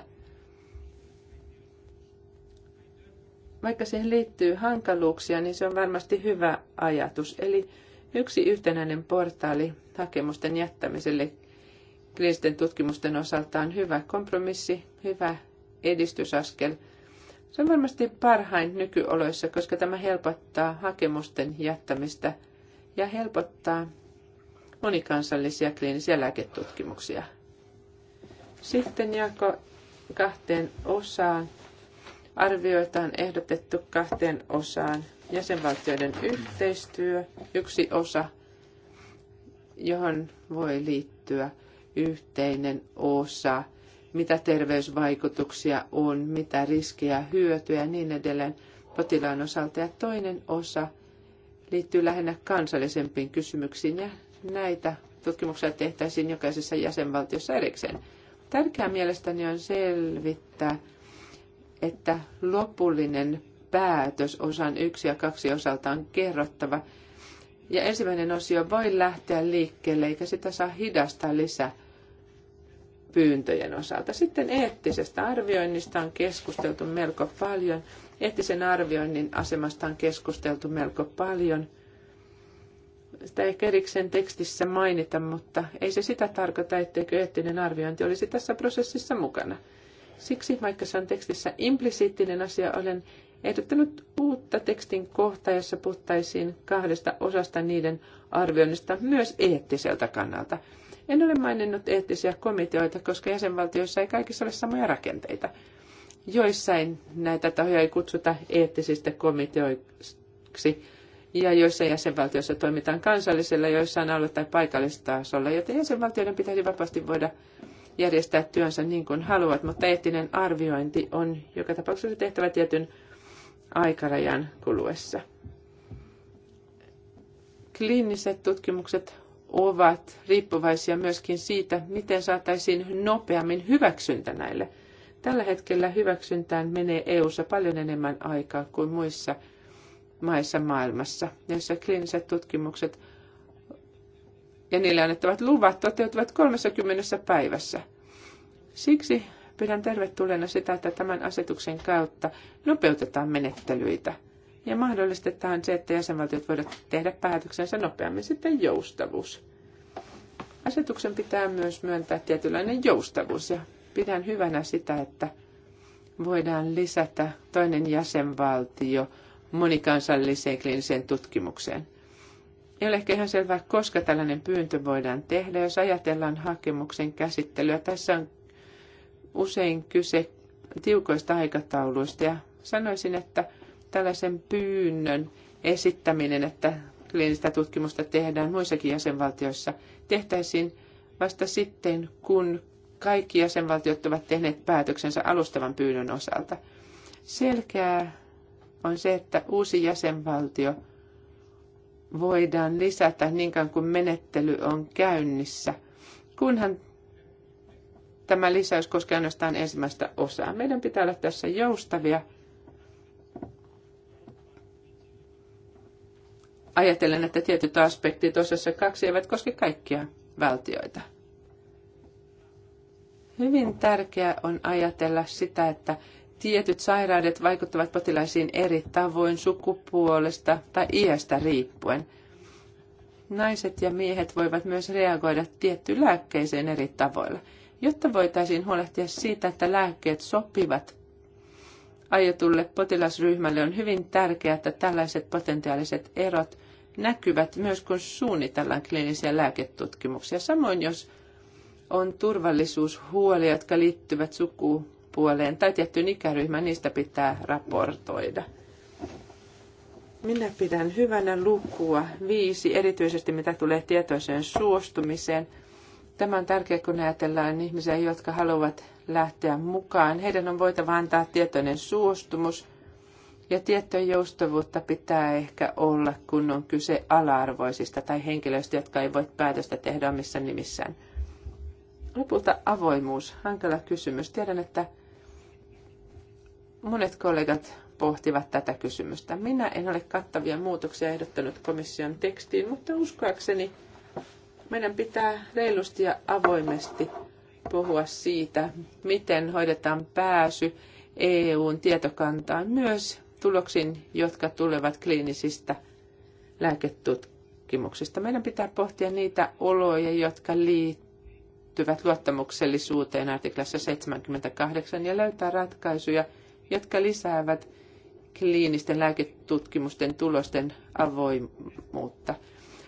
Vaikka siihen liittyy hankaluuksia, niin se on varmasti hyvä ajatus. Eli yksi yhtenäinen portaali hakemusten jättämiselle kliinisten tutkimusten osalta on hyvä kompromissi, hyvä edistysaskel – se on varmasti parhain nykyoloissa, koska tämä helpottaa hakemusten jättämistä ja helpottaa monikansallisia kliinisiä lääketutkimuksia. Sitten jako kahteen osaan. Arvioitaan ehdotettu kahteen osaan. Jäsenvaltioiden yhteistyö, yksi osa, johon voi liittyä yhteinen osa mitä terveysvaikutuksia on, mitä riskejä, hyötyjä ja niin edelleen potilaan osalta. Ja toinen osa liittyy lähinnä kansallisempiin kysymyksiin ja näitä tutkimuksia tehtäisiin jokaisessa jäsenvaltiossa erikseen. Tärkeää mielestäni on selvittää, että lopullinen päätös osan yksi ja kaksi osalta on kerrottava. Ja ensimmäinen osio voi lähteä liikkeelle, eikä sitä saa hidastaa lisää pyyntöjen osalta. Sitten eettisestä arvioinnista on keskusteltu melko paljon. Eettisen arvioinnin asemasta on keskusteltu melko paljon. Sitä ei erikseen tekstissä mainita, mutta ei se sitä tarkoita, etteikö eettinen arviointi olisi tässä prosessissa mukana. Siksi, vaikka se on tekstissä implisiittinen asia, olen ehdottanut uutta tekstin kohtaa, jossa puhuttaisiin kahdesta osasta niiden arvioinnista myös eettiseltä kannalta – en ole maininnut eettisiä komiteoita, koska jäsenvaltioissa ei kaikissa ole samoja rakenteita. Joissain näitä tahoja ei kutsuta eettisistä komiteoiksi, ja joissa jäsenvaltioissa toimitaan kansallisella, joissain alue- tai paikallistasolla, joten jäsenvaltioiden pitäisi vapaasti voida järjestää työnsä niin kuin haluavat, mutta eettinen arviointi on joka tapauksessa tehtävä tietyn aikarajan kuluessa. Kliiniset tutkimukset ovat riippuvaisia myöskin siitä, miten saataisiin nopeammin hyväksyntä näille. Tällä hetkellä hyväksyntään menee EU:ssa paljon enemmän aikaa kuin muissa maissa maailmassa, joissa kliiniset tutkimukset ja niille annettavat luvat toteutuvat 30 päivässä. Siksi pidän tervetulleena sitä, että tämän asetuksen kautta nopeutetaan menettelyitä – ja mahdollistetaan se, että jäsenvaltiot voivat tehdä päätöksensä nopeammin sitten joustavuus. Asetuksen pitää myös myöntää tietynlainen joustavuus ja pidän hyvänä sitä, että voidaan lisätä toinen jäsenvaltio monikansalliseen kliiniseen tutkimukseen. Ei ole ehkä ihan selvää, koska tällainen pyyntö voidaan tehdä. Jos ajatellaan hakemuksen käsittelyä, tässä on usein kyse tiukoista aikatauluista ja sanoisin, että – tällaisen pyynnön esittäminen, että kliinistä tutkimusta tehdään muissakin jäsenvaltioissa, tehtäisiin vasta sitten, kun kaikki jäsenvaltiot ovat tehneet päätöksensä alustavan pyynnön osalta. Selkeää on se, että uusi jäsenvaltio voidaan lisätä niin kauan kuin menettely on käynnissä, kunhan tämä lisäys koskee ainoastaan ensimmäistä osaa. Meidän pitää olla tässä joustavia ajatellen, että tietyt aspektit osassa kaksi eivät koske kaikkia valtioita. Hyvin tärkeää on ajatella sitä, että tietyt sairaudet vaikuttavat potilaisiin eri tavoin sukupuolesta tai iästä riippuen. Naiset ja miehet voivat myös reagoida tietty lääkkeeseen eri tavoilla, jotta voitaisiin huolehtia siitä, että lääkkeet sopivat Ajatulle potilasryhmälle on hyvin tärkeää, että tällaiset potentiaaliset erot näkyvät myös, kun suunnitellaan kliinisiä lääketutkimuksia. Samoin, jos on turvallisuushuolia, jotka liittyvät sukupuoleen tai tiettyyn ikäryhmään, niistä pitää raportoida. Minä pidän hyvänä lukua viisi, erityisesti mitä tulee tietoiseen suostumiseen. Tämä on tärkeää, kun ajatellaan ihmisiä, jotka haluavat lähteä mukaan. Heidän on voitava antaa tietoinen suostumus – ja tiettyä joustavuutta pitää ehkä olla, kun on kyse ala-arvoisista tai henkilöistä, jotka ei voi päätöstä tehdä omissa nimissään. Lopulta avoimuus, hankala kysymys. Tiedän, että monet kollegat pohtivat tätä kysymystä. Minä en ole kattavia muutoksia ehdottanut komission tekstiin, mutta uskoakseni meidän pitää reilusti ja avoimesti puhua siitä, miten hoidetaan pääsy EUn tietokantaan myös tuloksiin, jotka tulevat kliinisistä lääketutkimuksista. Meidän pitää pohtia niitä oloja, jotka liittyvät luottamuksellisuuteen artiklassa 78 ja löytää ratkaisuja, jotka lisäävät kliinisten lääketutkimusten tulosten avoimuutta.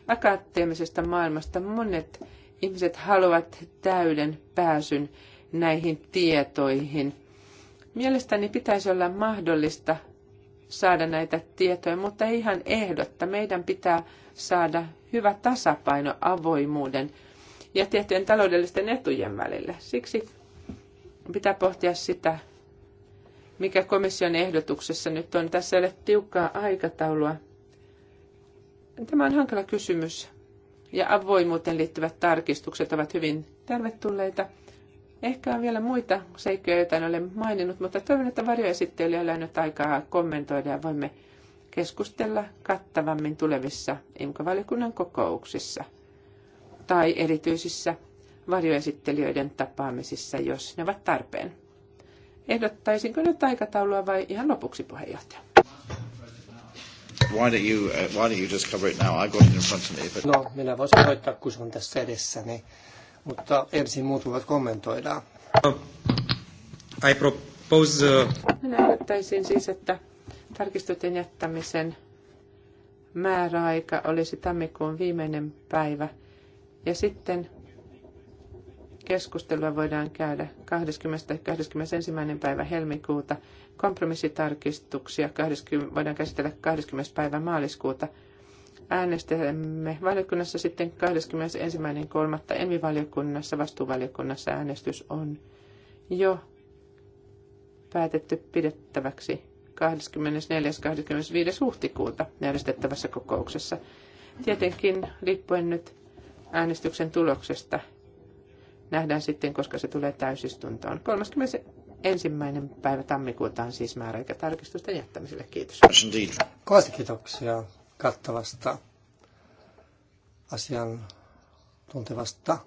Akateemisesta maailmasta monet ihmiset haluavat täyden pääsyn näihin tietoihin. Mielestäni pitäisi olla mahdollista saada näitä tietoja, mutta ihan ehdotta. Meidän pitää saada hyvä tasapaino avoimuuden ja tiettyjen taloudellisten etujen välillä. Siksi pitää pohtia sitä, mikä komission ehdotuksessa nyt on. Tässä ei ole tiukkaa aikataulua. Tämä on hankala kysymys ja avoimuuteen liittyvät tarkistukset ovat hyvin tervetulleita. Ehkä on vielä muita seikkoja, joita en ole maininnut, mutta toivon, että varjoesittelijöillä on nyt aikaa kommentoida ja voimme keskustella kattavammin tulevissa imkovaliokunnan kokouksissa tai erityisissä varjoesittelijöiden tapaamisissa, jos ne ovat tarpeen. Ehdottaisinko nyt aikataulua vai ihan lopuksi puheenjohtaja? Why don't you, uh, why don't you just cover it now? got it in front of me. But... No, minä voisin hoitaa, kun se on tässä edessäni. Niin mutta ensin muut voivat kommentoida. I propose... Uh, Minä ehdottaisin siis, että tarkistuksen jättämisen määräaika olisi tammikuun viimeinen päivä ja sitten keskustelua voidaan käydä 20. 21. päivä helmikuuta. Kompromissitarkistuksia 20, voidaan käsitellä 20. päivä maaliskuuta – äänestämme valiokunnassa sitten 21.3. Envivaliokunnassa, vastuuvaliokunnassa äänestys on jo päätetty pidettäväksi 24.–25. huhtikuuta järjestettävässä kokouksessa. Tietenkin riippuen nyt äänestyksen tuloksesta nähdään sitten, koska se tulee täysistuntoon. 31. päivä tammikuuta on siis määräaika tarkistusten jättämiselle. Kiitos. kiitoksia kattavasta asian tuntevasta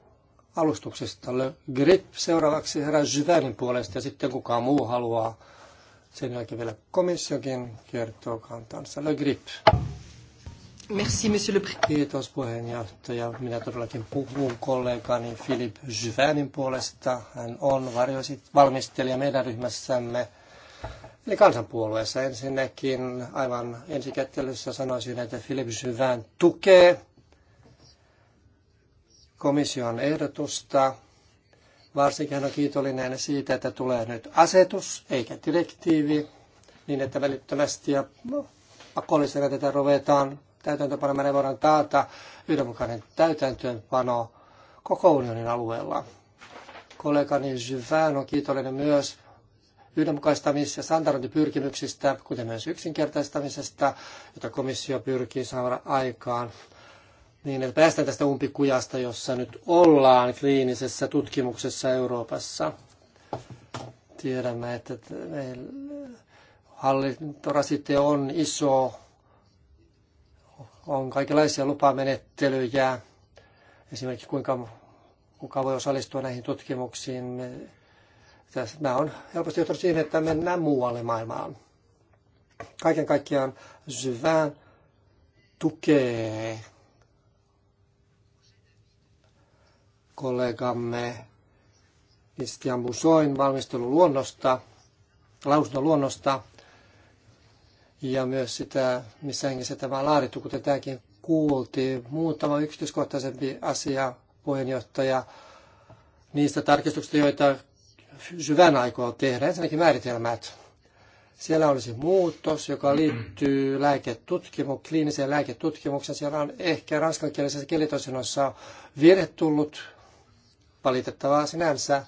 alustuksesta. Le Grip seuraavaksi herra Jyvänin puolesta ja sitten kukaan muu haluaa. Sen jälkeen vielä komissiokin kertoo kantansa. Le Grip. Merci, monsieur le Kiitos puheenjohtaja. Minä todellakin puhun kollegani Philip Jyvänin puolesta. Hän on varjoisit valmistelija meidän ryhmässämme – Eli kansanpuolueessa ensinnäkin aivan ensikättelyssä sanoisin, että Philip Syvään tukee komission ehdotusta. Varsinkin hän on kiitollinen siitä, että tulee nyt asetus eikä direktiivi, niin että välittömästi ja pakollisena tätä ruvetaan täytäntöpanoa. Me voidaan taata yhdenmukainen täytäntöönpano koko unionin alueella. Kollegani Syvään on kiitollinen myös yhdenmukaistamis- ja standardointipyrkimyksistä, kuten myös yksinkertaistamisesta, jota komissio pyrkii saada aikaan. Niin, että päästään tästä umpikujasta, jossa nyt ollaan kliinisessä tutkimuksessa Euroopassa. Tiedämme, että hallintorasite on iso, on kaikenlaisia lupamenettelyjä, esimerkiksi kuinka kuka voi osallistua näihin tutkimuksiin. Tämä on helposti johtanut siihen, että mennään muualle maailmaan. Kaiken kaikkiaan syvään tukee kollegamme Christian Busoin valmisteluluonnosta, lausunnoluonnosta ja myös sitä, missä hengessä tämä on laadittu, kuten tämäkin kuultiin. Muutama yksityiskohtaisempi asia, puheenjohtaja, niistä tarkistuksista, joita syvän aikoa tehdä. Ensinnäkin määritelmät. Siellä olisi muutos, joka liittyy lääketutkimu- kliiniseen lääketutkimukseen. Siellä on ehkä ranskankielisessä kielitoisinnossa virhe tullut valitettavaa sinänsä,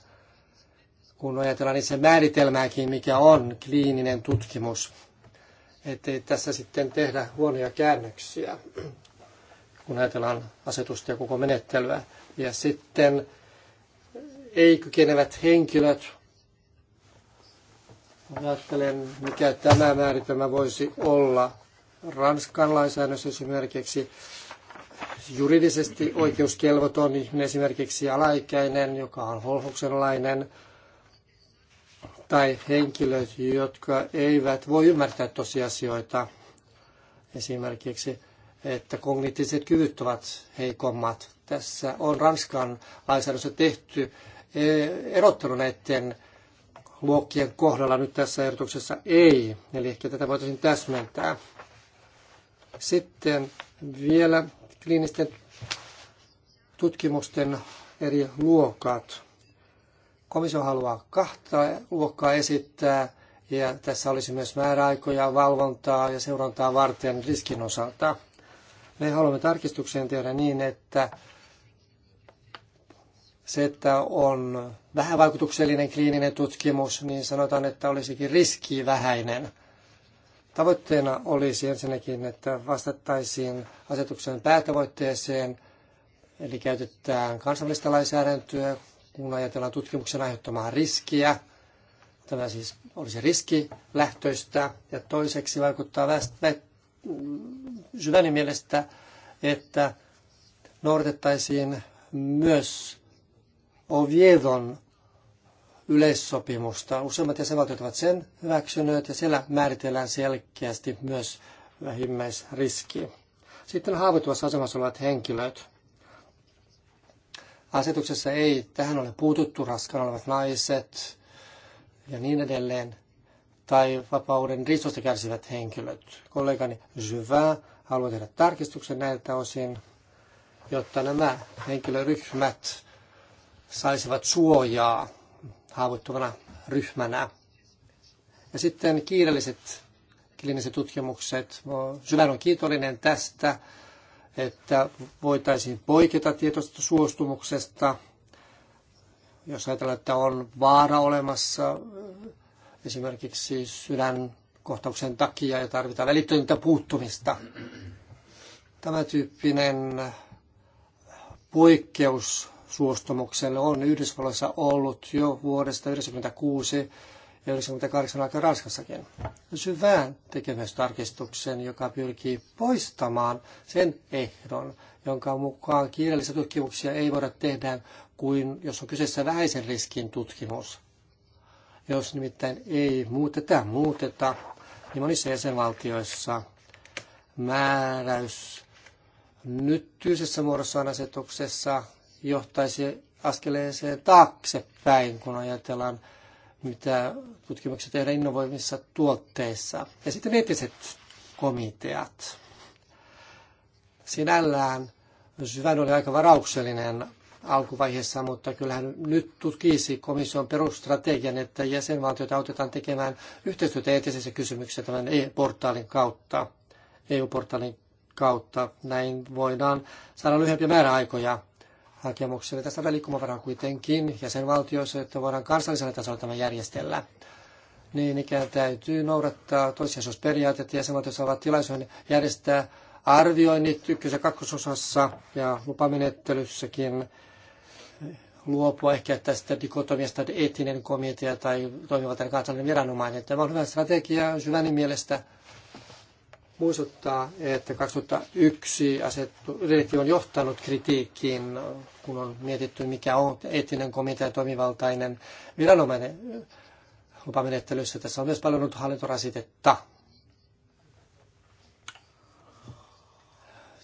kun ajatellaan itse määritelmääkin, mikä on kliininen tutkimus. että tässä sitten tehdä huonoja käännöksiä, kun ajatellaan asetusta ja koko menettelyä. Ja sitten ei kykenevät henkilöt. Ajattelen, mikä tämä määritelmä voisi olla. Ranskan lainsäädännössä esimerkiksi juridisesti oikeuskelvoton ihminen, esimerkiksi alaikäinen, joka on holhoksenlainen, tai henkilöt, jotka eivät voi ymmärtää tosiasioita, esimerkiksi, että kognitiiviset kyvyt ovat heikommat. Tässä on Ranskan lainsäädännössä tehty Eh, erottelu näiden luokkien kohdalla nyt tässä ehdotuksessa ei. Eli ehkä tätä voitaisiin täsmentää. Sitten vielä kliinisten tutkimusten eri luokat. Komissio haluaa kahta luokkaa esittää ja tässä olisi myös määräaikoja, valvontaa ja seurantaa varten riskin osalta. Me haluamme tarkistukseen tehdä niin, että se, että on vähän vaikutuksellinen kliininen tutkimus, niin sanotaan, että olisikin riski vähäinen. Tavoitteena olisi ensinnäkin, että vastattaisiin asetuksen päätavoitteeseen, eli käytetään kansallista lainsäädäntöä, kun ajatellaan tutkimuksen aiheuttamaa riskiä. Tämä siis olisi riskilähtöistä ja toiseksi vaikuttaa syväni mielestä, että noudatettaisiin myös Oviedon yleissopimusta. Useimmat jäsenvaltiot ovat sen hyväksyneet ja siellä määritellään selkeästi myös vähimmäisriski. Sitten haavoittuvassa asemassa olevat henkilöt. Asetuksessa ei tähän ole puututtu raskaana olevat naiset ja niin edelleen, tai vapauden riistosta kärsivät henkilöt. Kollegani Jyvä haluaa tehdä tarkistuksen näiltä osin, jotta nämä henkilöryhmät saisivat suojaa haavoittuvana ryhmänä. Ja sitten kiireelliset kliiniset tutkimukset. Syvän on kiitollinen tästä, että voitaisiin poiketa tietoisesta suostumuksesta, jos ajatellaan, että on vaara olemassa esimerkiksi sydänkohtauksen takia ja tarvitaan välittöntä puuttumista. Tämä tyyppinen poikkeus suostumukselle on Yhdysvalloissa ollut jo vuodesta 1996 ja 1998 aika Ranskassakin. Syvään tekemistarkistuksen, joka pyrkii poistamaan sen ehdon, jonka mukaan kiireellisiä tutkimuksia ei voida tehdä kuin jos on kyseessä vähäisen riskin tutkimus. Jos nimittäin ei muuteta, muuteta, niin monissa jäsenvaltioissa määräys nykyisessä muodossaan asetuksessa johtaisi askeleeseen taaksepäin, kun ajatellaan, mitä tutkimuksia tehdään innovoivissa tuotteissa. Ja sitten eettiset komiteat. Sinällään Syvän oli aika varauksellinen alkuvaiheessa, mutta kyllähän nyt tutkisi komission perustrategian, että jäsenvaltiot autetaan tekemään yhteistyötä eettisissä kysymyksissä tämän e-portaalin kautta, EU-portaalin kautta. Näin voidaan saada lyhyempiä määräaikoja hakemukselle. Tässä on kuitenkin jäsenvaltioissa, että voidaan kansallisella tasolla tämä järjestellä. Niin ikään täytyy noudattaa toissijaisuusperiaatetta. Jäsenvaltioissa ovat tilaisuuden järjestää arvioinnit ykkös- ja kakkososassa ja lupamenettelyssäkin luopua ehkä tästä dikotomiasta etinen komitea tai toimivaltainen kansallinen viranomainen. Tämä on hyvä strategia Syvänin mielestä muistuttaa, että 2001 asettu reitti on johtanut kritiikkiin, kun on mietitty, mikä on eettinen komitea toimivaltainen viranomainen lupamenettelyssä. Tässä on myös paljon ollut hallintorasitetta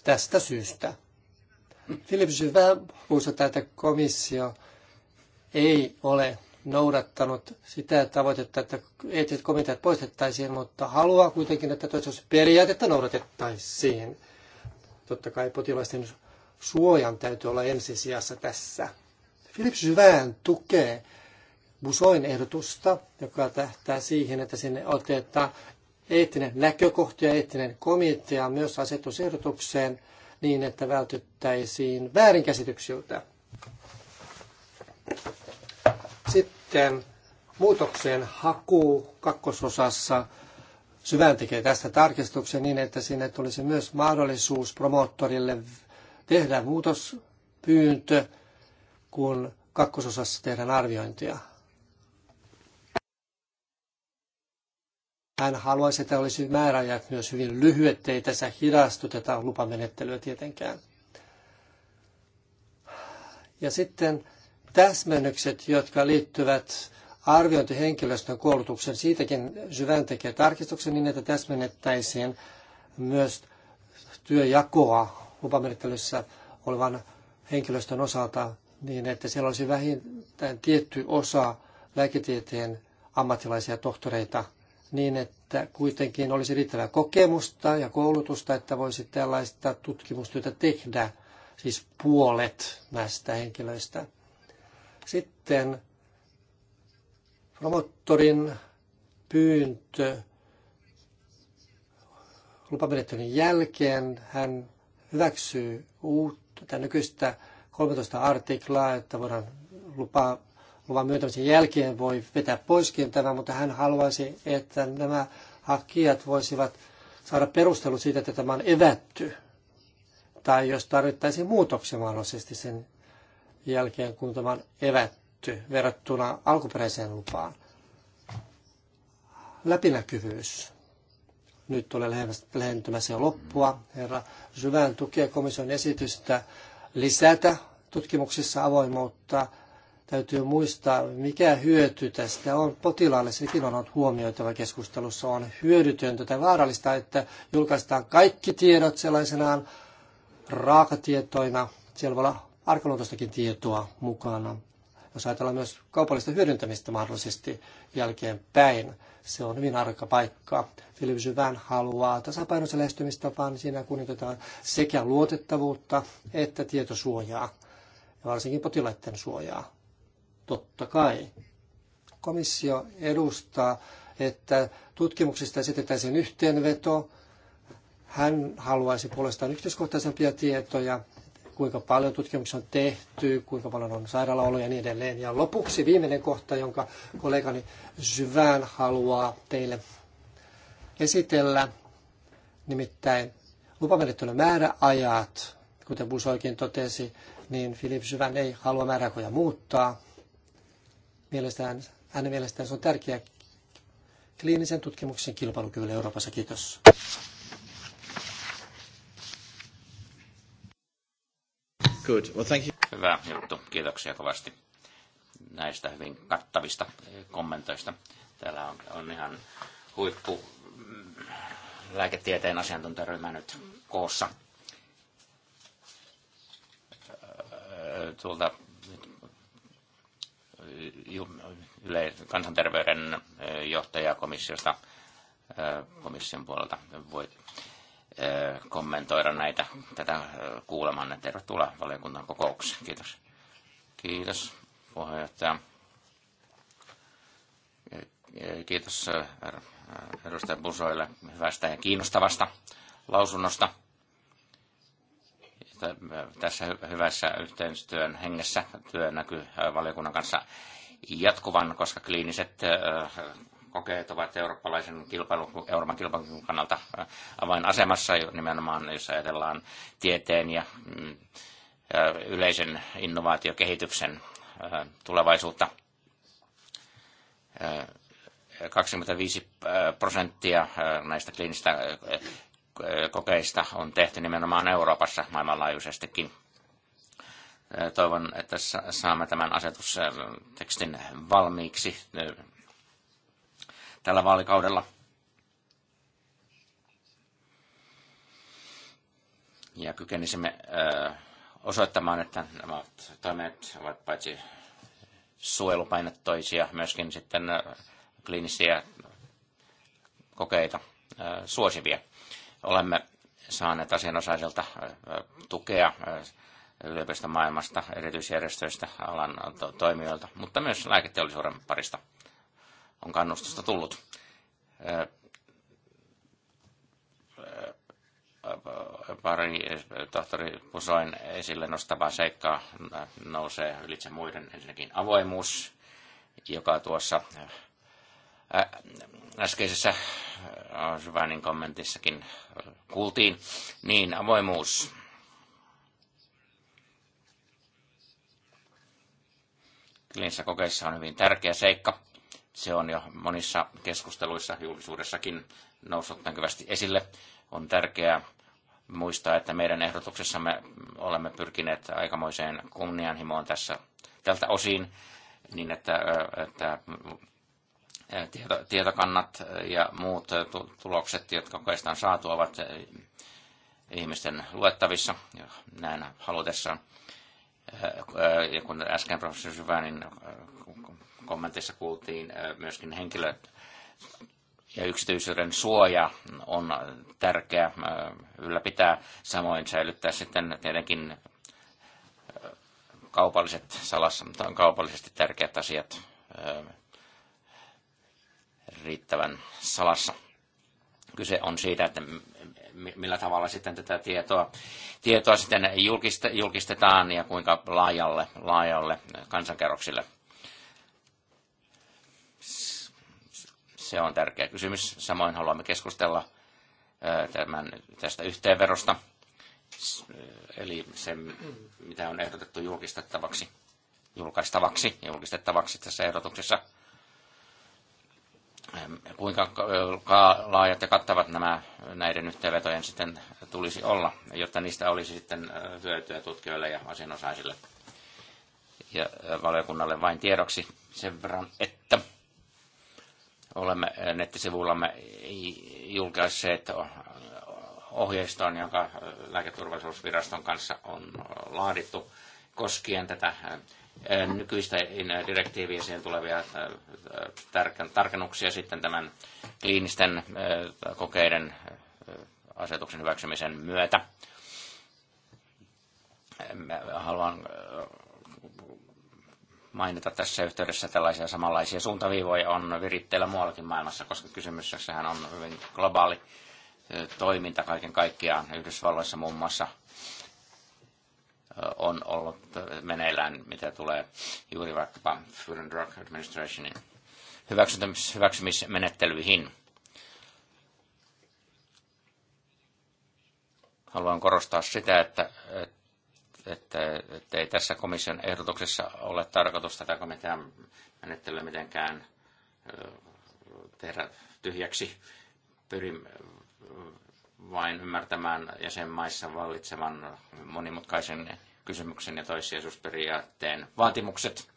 tästä syystä. Philips hyvä muistuttaa, että komissio ei ole noudattanut sitä tavoitetta, että eettiset komiteat poistettaisiin, mutta haluaa kuitenkin, että toisuusperiaatetta noudatettaisiin. Totta kai potilaisten suojan täytyy olla ensisijassa tässä. Philips Syvään tukee Busoin ehdotusta, joka tähtää siihen, että sinne otetaan eettinen näkökohta ja eettinen komitea myös asetusehdotukseen niin, että vältyttäisiin väärinkäsityksiltä. Sitten muutokseen haku kakkososassa syvään tekee tästä tarkistuksen niin, että sinne tulisi myös mahdollisuus promoottorille tehdä muutospyyntö, kun kakkososassa tehdään arviointia. Hän haluaisi, että olisi määräajat myös hyvin lyhyet, ettei tässä hidastuteta lupamenettelyä tietenkään. Ja sitten täsmennykset, jotka liittyvät arviointihenkilöstön koulutuksen. Siitäkin Syvän tekee tarkistuksen niin, että täsmennettäisiin myös työjakoa lupamenettelyssä olevan henkilöstön osalta niin, että siellä olisi vähintään tietty osa lääketieteen ammattilaisia tohtoreita niin, että kuitenkin olisi riittävää kokemusta ja koulutusta, että voisi tällaista tutkimustyötä tehdä, siis puolet näistä henkilöistä. Sitten promottorin pyyntö lupamenettelyn jälkeen hän hyväksyy uutta, tämän nykyistä 13 artiklaa, että voidaan lupa, luvan myöntämisen jälkeen voi vetää poiskin tämä, mutta hän haluaisi, että nämä hakijat voisivat saada perustelu siitä, että tämä on evätty. Tai jos tarvittaisiin muutoksia mahdollisesti sen jälkeen, kun tämä on evätty verrattuna alkuperäiseen lupaan. Läpinäkyvyys. Nyt tulee lähentymässä jo loppua. Herra syvään tukee komission esitystä lisätä tutkimuksissa avoimuutta. Täytyy muistaa, mikä hyöty tästä on potilaalle. Sekin on huomioitava keskustelussa. On hyödytöntä tai vaarallista, että julkaistaan kaikki tiedot sellaisenaan raakatietoina. Siellä voi olla arkaluontoistakin tietoa mukana. Jos ajatellaan myös kaupallista hyödyntämistä mahdollisesti jälkeenpäin, se on hyvin arka paikka. Philip Syvän haluaa tasapainoisen vaan niin siinä kunnioitetaan sekä luotettavuutta että tietosuojaa, ja varsinkin potilaiden suojaa. Totta kai. Komissio edustaa, että tutkimuksista sen yhteenveto. Hän haluaisi puolestaan yksityiskohtaisempia tietoja kuinka paljon tutkimuksia on tehty, kuinka paljon on sairaalaoloja ja niin edelleen. Ja lopuksi viimeinen kohta, jonka kollegani Syvään haluaa teille esitellä, nimittäin lupamenettelyn määräajat. Kuten Busoikin totesi, niin Philip Syvän ei halua määräkoja muuttaa. Mielestään, hänen mielestään se on tärkeä kliinisen tutkimuksen kilpailukyvylle Euroopassa. Kiitos. Good. Well, thank you. Hyvä juttu. Kiitoksia kovasti näistä hyvin kattavista kommentoista. Täällä on, on ihan huippu mm, lääketieteen asiantuntijaryhmä nyt koossa. Öö, tuolta yle, kansanterveyden öö, johtajakomissiosta öö, komission puolelta voi kommentoida näitä, tätä kuulemanne. Tervetuloa valiokunnan kokoukseen. Kiitos. Kiitos puheenjohtaja. Kiitos edustaja Busoille hyvästä ja kiinnostavasta lausunnosta. Tässä hyvässä yhteistyön hengessä työ näkyy valiokunnan kanssa jatkuvan, koska kliiniset kokeet ovat eurooppalaisen kilpailu, Euroopan kilpailun kannalta äh, avainasemassa, nimenomaan jos ajatellaan tieteen ja mm, yleisen innovaatiokehityksen äh, tulevaisuutta. 25 äh, prosenttia näistä kliinistä kokeista on tehty nimenomaan Euroopassa maailmanlaajuisestikin. Toivon, että saamme tämän asetustekstin valmiiksi tällä vaalikaudella. Ja kykenisimme osoittamaan, että nämä toimet ovat paitsi suojelupainettoisia, myöskin sitten kliinisiä kokeita suosivia. Olemme saaneet asianosaisilta tukea yliopiston maailmasta, erityisjärjestöistä, alan toimijoilta, mutta myös lääketeollisuuden parista on kannustusta tullut. Pari tohtori Pusoin esille nostavaa seikkaa nousee ylitse muiden. Ensinnäkin avoimuus, joka tuossa äskeisessä Syvänin kommentissakin kuultiin. Niin, avoimuus. Kliinisissä kokeissa on hyvin tärkeä seikka. Se on jo monissa keskusteluissa julkisuudessakin noussut näkyvästi esille. On tärkeää muistaa, että meidän ehdotuksessamme olemme pyrkineet aikamoiseen kunnianhimoon tässä tältä osin, niin että, että tieto, tietokannat ja muut tulokset, jotka kokeista saatu, ovat ihmisten luettavissa näin halutessaan. Ja kun äsken professori Syvänin kommenteissa kuultiin myöskin henkilö ja yksityisyyden suoja on tärkeä ylläpitää, samoin säilyttää sitten tietenkin kaupalliset salassa, mutta on kaupallisesti tärkeät asiat riittävän salassa. Kyse on siitä, että millä tavalla sitten tätä tietoa, tietoa sitten julkistetaan ja kuinka laajalle, laajalle kansankerroksille Se on tärkeä kysymys. Samoin haluamme keskustella tämän, tästä yhteenverosta, eli se, mitä on ehdotettu julkistettavaksi, julkaistavaksi, julkistettavaksi tässä ehdotuksessa. Kuinka laajat ja kattavat nämä näiden yhteenvetojen sitten tulisi olla, jotta niistä olisi sitten hyötyä tutkijoille ja asianosaisille ja valiokunnalle vain tiedoksi sen verran, että Olemme eh, nettisivuillamme julkaisseet ohjeiston, jonka eh, lääketurvallisuusviraston kanssa on eh, laadittu koskien tätä nykyistä direktiiviä siihen tulevia tarkennuksia sitten tämän kliinisten kokeiden asetuksen hyväksymisen myötä. Haluan mainita tässä yhteydessä tällaisia samanlaisia suuntaviivoja on viritteillä muuallakin maailmassa, koska kysymyksessähän on hyvin globaali toiminta kaiken kaikkiaan. Yhdysvalloissa muun muassa on ollut meneillään, mitä tulee juuri vaikkapa Food and Drug Administrationin hyväksymis- hyväksymismenettelyihin. Haluan korostaa sitä, että, että että, että ei tässä komission ehdotuksessa ole tarkoitus tätä komitean menettelyä mitenkään tehdä tyhjäksi. Pyrin vain ymmärtämään jäsenmaissa vallitsevan monimutkaisen kysymyksen ja toissijaisuusperiaatteen vaatimukset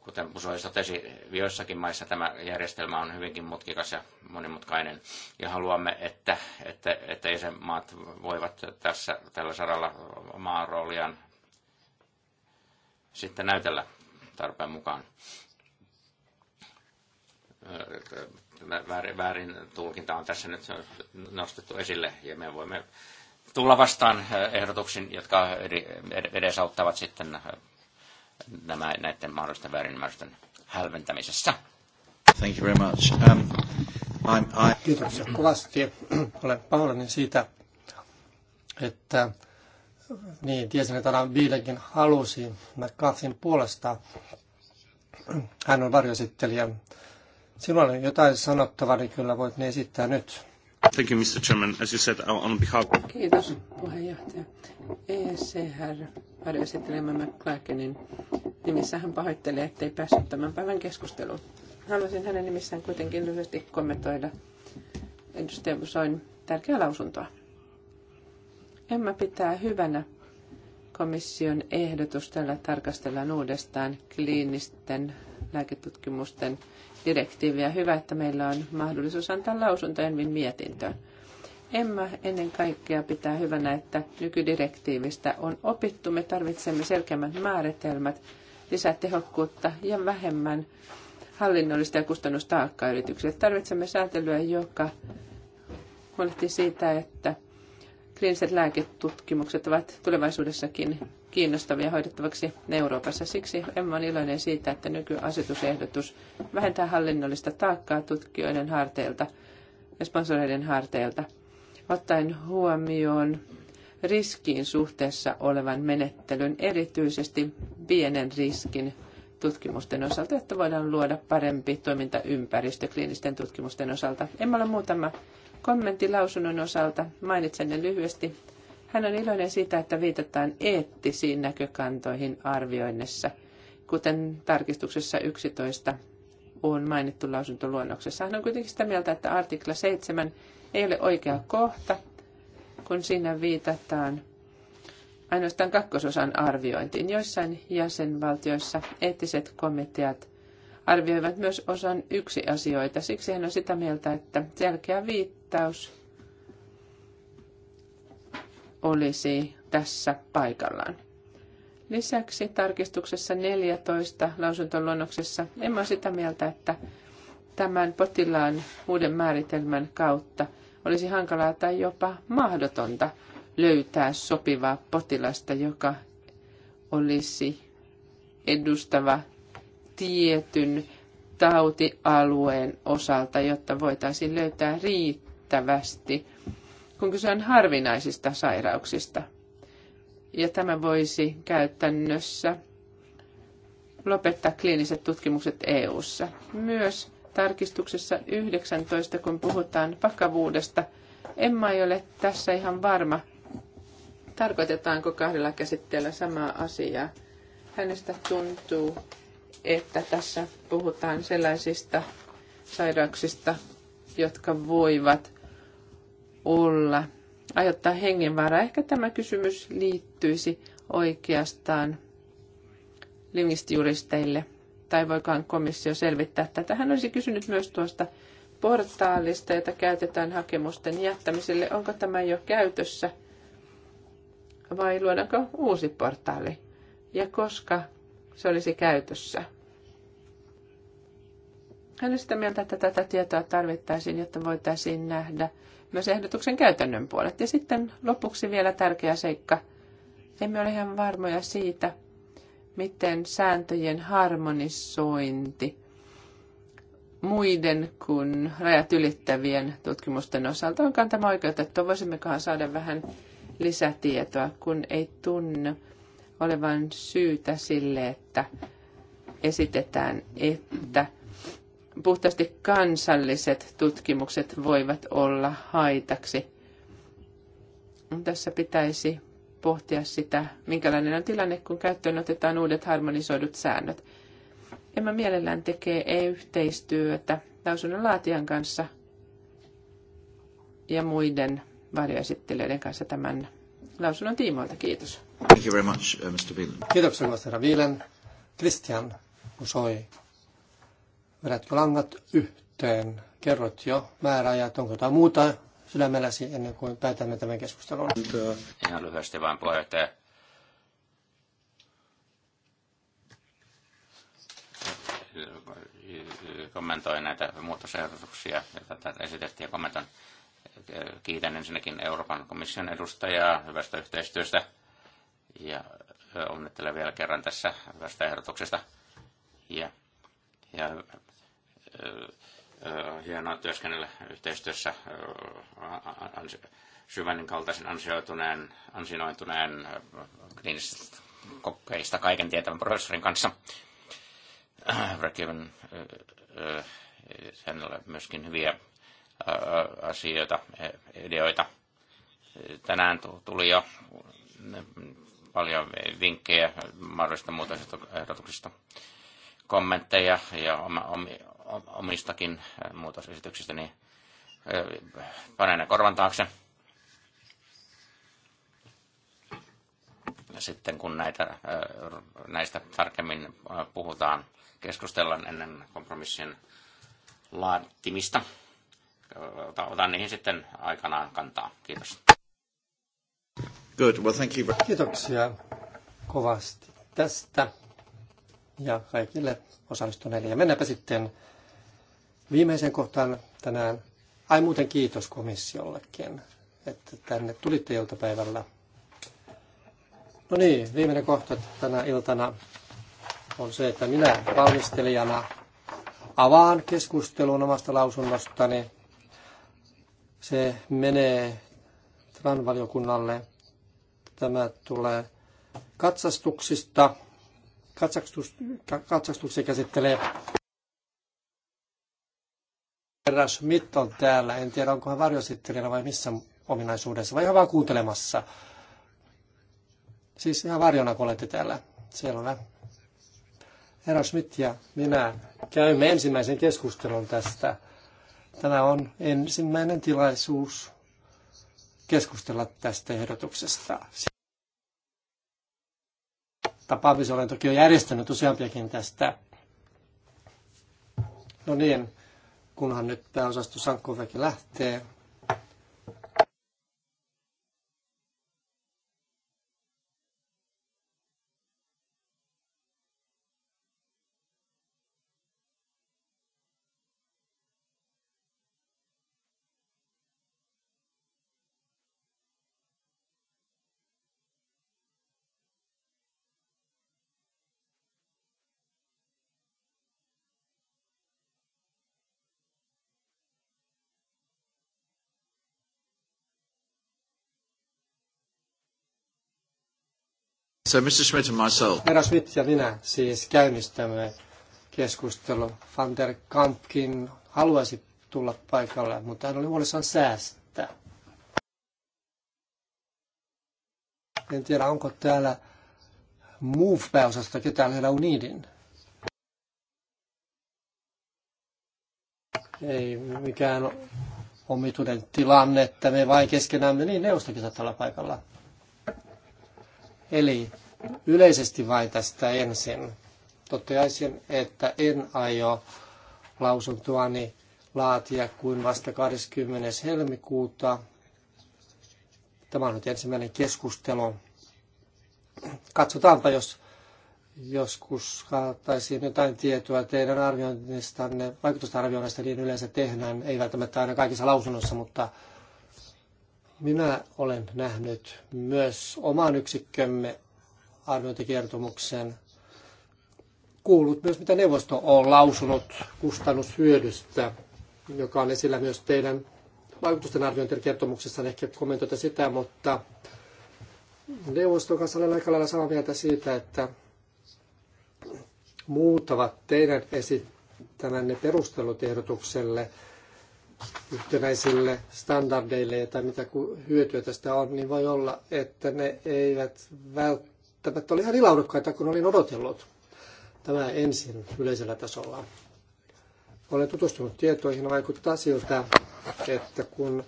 Kuten Musoli totesi, joissakin maissa tämä järjestelmä on hyvinkin mutkikas ja monimutkainen. Ja haluamme, että, että, että jäsenmaat voivat tässä tällä saralla omaa rooliaan sitten näytellä tarpeen mukaan väärin, väärin tulkinta on tässä nyt nostettu esille ja me voimme tulla vastaan ehdotuksin, jotka edesauttavat sitten nämä, näiden mahdollisten väärinymmärrysten hälventämisessä. Thank you very much. Um, I'm, I... Kiitoksia mm-hmm. kovasti. Olen pahoillani siitä, että niin, tiesin, että Alan Biilekin halusi McCarthyn puolesta. Hän on varjosittelijä. Silloin jotain sanottavaa, niin kyllä voit ne esittää nyt. Thank you, Mr. Chairman. As you said, on behalf... Kiitos, puheenjohtaja. ECR varjoesittelemä McClarkinin nimissä hän pahoittelee, ettei päässyt tämän päivän keskusteluun. Haluaisin hänen nimissään kuitenkin lyhyesti kommentoida edustaja Busoin tärkeää lausuntoa. Emma pitää hyvänä komission ehdotus. Tällä tarkastellaan uudestaan kliinisten lääketutkimusten direktiiviä. Hyvä, että meillä on mahdollisuus antaa lausunto Envin mietintöön. Emma ennen kaikkea pitää hyvänä, että nykydirektiivistä on opittu. Me tarvitsemme selkeämmät määritelmät, lisätehokkuutta ja vähemmän hallinnollista ja kustannustaakkaa yrityksille. Tarvitsemme säätelyä joka huolehtii siitä, että kliiniset lääketutkimukset ovat tulevaisuudessakin kiinnostavia hoidettavaksi Euroopassa. Siksi Emma on iloinen siitä, että nykyasetusehdotus vähentää hallinnollista taakkaa tutkijoiden harteilta ja sponsoreiden harteilta, ottaen huomioon riskiin suhteessa olevan menettelyn, erityisesti pienen riskin tutkimusten osalta, että voidaan luoda parempi toimintaympäristö kliinisten tutkimusten osalta. Emmalla muutama Kommentti lausunnon osalta, mainitsen ne lyhyesti. Hän on iloinen siitä, että viitataan eettisiin näkökantoihin arvioinnissa, kuten tarkistuksessa 11 on mainittu lausuntoluonnoksessa. Hän on kuitenkin sitä mieltä, että artikla 7 ei ole oikea kohta, kun siinä viitataan ainoastaan kakkososan arviointiin. Joissain jäsenvaltioissa eettiset komiteat arvioivat myös osan yksi asioita. Siksi hän on sitä mieltä, että selkeä viitta viittaus olisi tässä paikallaan. Lisäksi tarkistuksessa 14 lausuntoluonnoksessa en ole sitä mieltä, että tämän potilaan uuden määritelmän kautta olisi hankalaa tai jopa mahdotonta löytää sopivaa potilasta, joka olisi edustava tietyn tautialueen osalta, jotta voitaisiin löytää riittävä riittävästi, kun kyse on harvinaisista sairauksista. Ja tämä voisi käytännössä lopettaa kliiniset tutkimukset EU:ssa. Myös tarkistuksessa 19, kun puhutaan vakavuudesta, Emma ei ole tässä ihan varma, tarkoitetaanko kahdella käsitteellä samaa asiaa. Hänestä tuntuu, että tässä puhutaan sellaisista sairauksista, jotka voivat olla, Aiottaa hengenvaara. Ehkä tämä kysymys liittyisi oikeastaan lingvistijuristeille, tai voikaan komissio selvittää tätä. Hän olisi kysynyt myös tuosta portaalista, jota käytetään hakemusten jättämiselle. Onko tämä jo käytössä vai luodaanko uusi portaali? Ja koska se olisi käytössä? Olen sitä mieltä, että tätä tietoa tarvittaisiin, jotta voitaisiin nähdä myös ehdotuksen käytännön puolet. Ja sitten lopuksi vielä tärkeä seikka. Emme ole ihan varmoja siitä, miten sääntöjen harmonisointi muiden kuin rajat ylittävien tutkimusten osalta on kantama oikeutettu. Voisimmekohan saada vähän lisätietoa, kun ei tunne olevan syytä sille, että esitetään, että puhtaasti kansalliset tutkimukset voivat olla haitaksi. Tässä pitäisi pohtia sitä, minkälainen on tilanne, kun käyttöön otetaan uudet harmonisoidut säännöt. Emma mielellään tekee e-yhteistyötä lausunnon laatijan kanssa ja muiden varjoesittelijöiden kanssa tämän lausunnon tiimoilta. Kiitos. Thank you very much, uh, Mr. Kiitoksia, herra Wieland. Christian Usoi vedät langat yhteen? Kerrot jo määräajat, onko jotain muuta sydämelläsi ennen kuin päätämme tämän keskustelun? Ihan lyhyesti vain puheenjohtaja. kommentoin näitä muutosehdotuksia, joita esitettiin ja kommentoin. Kiitän ensinnäkin Euroopan komission edustajaa hyvästä yhteistyöstä ja onnittelen vielä kerran tässä hyvästä ehdotuksesta. Ja, ja hienoa työskennellä yhteistyössä syvännin kaltaisen ansioituneen, ansinoituneen kliinisistä kokeista kaiken tietävän professorin kanssa. Brekiven, hänellä myöskin hyviä asioita, e, ideoita. Tänään tuli jo paljon vinkkejä mahdollisista ehdotuksista kommentteja ja omistakin muutosesityksistä, niin panen ne korvan taakse. Sitten kun näitä, näistä tarkemmin puhutaan, keskustellaan ennen kompromissien laatimista. Otan niihin sitten aikanaan kantaa. Kiitos. Good. Well, thank you. Kiitoksia kovasti tästä ja kaikille osallistuneille. Ja mennäänpä sitten viimeisen kohtaan tänään. Ai muuten kiitos komissiollekin, että tänne tulitte iltapäivällä. No niin, viimeinen kohta tänä iltana on se, että minä valmistelijana avaan keskustelun omasta lausunnostani. Se menee Tranvaliokunnalle. valiokunnalle Tämä tulee katsastuksista. Katsastus, katsastuksia käsittelee Herra Schmidt on täällä. En tiedä, onko hän varjosittelijana vai missä ominaisuudessa, vai ihan vaan kuuntelemassa. Siis ihan varjona, kun olette täällä. Selvä. Herra Schmidt ja minä käymme ensimmäisen keskustelun tästä. Tämä on ensimmäinen tilaisuus keskustella tästä ehdotuksesta. Tapaamisen olen toki jo järjestänyt useampiakin tästä. No niin, kunhan nyt pääosasto Sankkoväki lähtee. So Mr. Schmidt and myself. Herra Schmidt ja minä siis käynnistämme keskustelu. Van der Kampkin haluaisi tulla paikalle, mutta hän oli huolissaan säästä. En tiedä, onko täällä Move-pääosasta ketään herra Unidin. Ei mikään omituinen tilanne, että me vain keskenämme, niin neuvostokin saattaa olla paikalla. Eli yleisesti vain tästä ensin toteaisin, että en aio lausuntoani laatia kuin vasta 20. helmikuuta. Tämä on nyt ensimmäinen keskustelu. Katsotaanpa, jos joskus saattaisiin jotain tietoa teidän arvioinnistanne, arvioinnista, niin yleensä tehdään, ei välttämättä aina kaikissa lausunnossa, mutta minä olen nähnyt myös oman yksikkömme arviointikertomuksen, kuullut myös mitä neuvosto on lausunut kustannushyödystä, joka on esillä myös teidän vaikutusten arviointikertomuksessa. Ehkä kommentoita sitä, mutta neuvoston kanssa olen aika lailla samaa mieltä siitä, että muuttavat teidän esittämänne perustelutehdotukselle ehdotukselle – yhtenäisille standardeille ja tai mitä hyötyä tästä on, niin voi olla, että ne eivät välttämättä ole ihan ilaudukkaita, niin kun olin odotellut. Tämä ensin yleisellä tasolla. Olen tutustunut tietoihin vaikuttaa siltä, että kun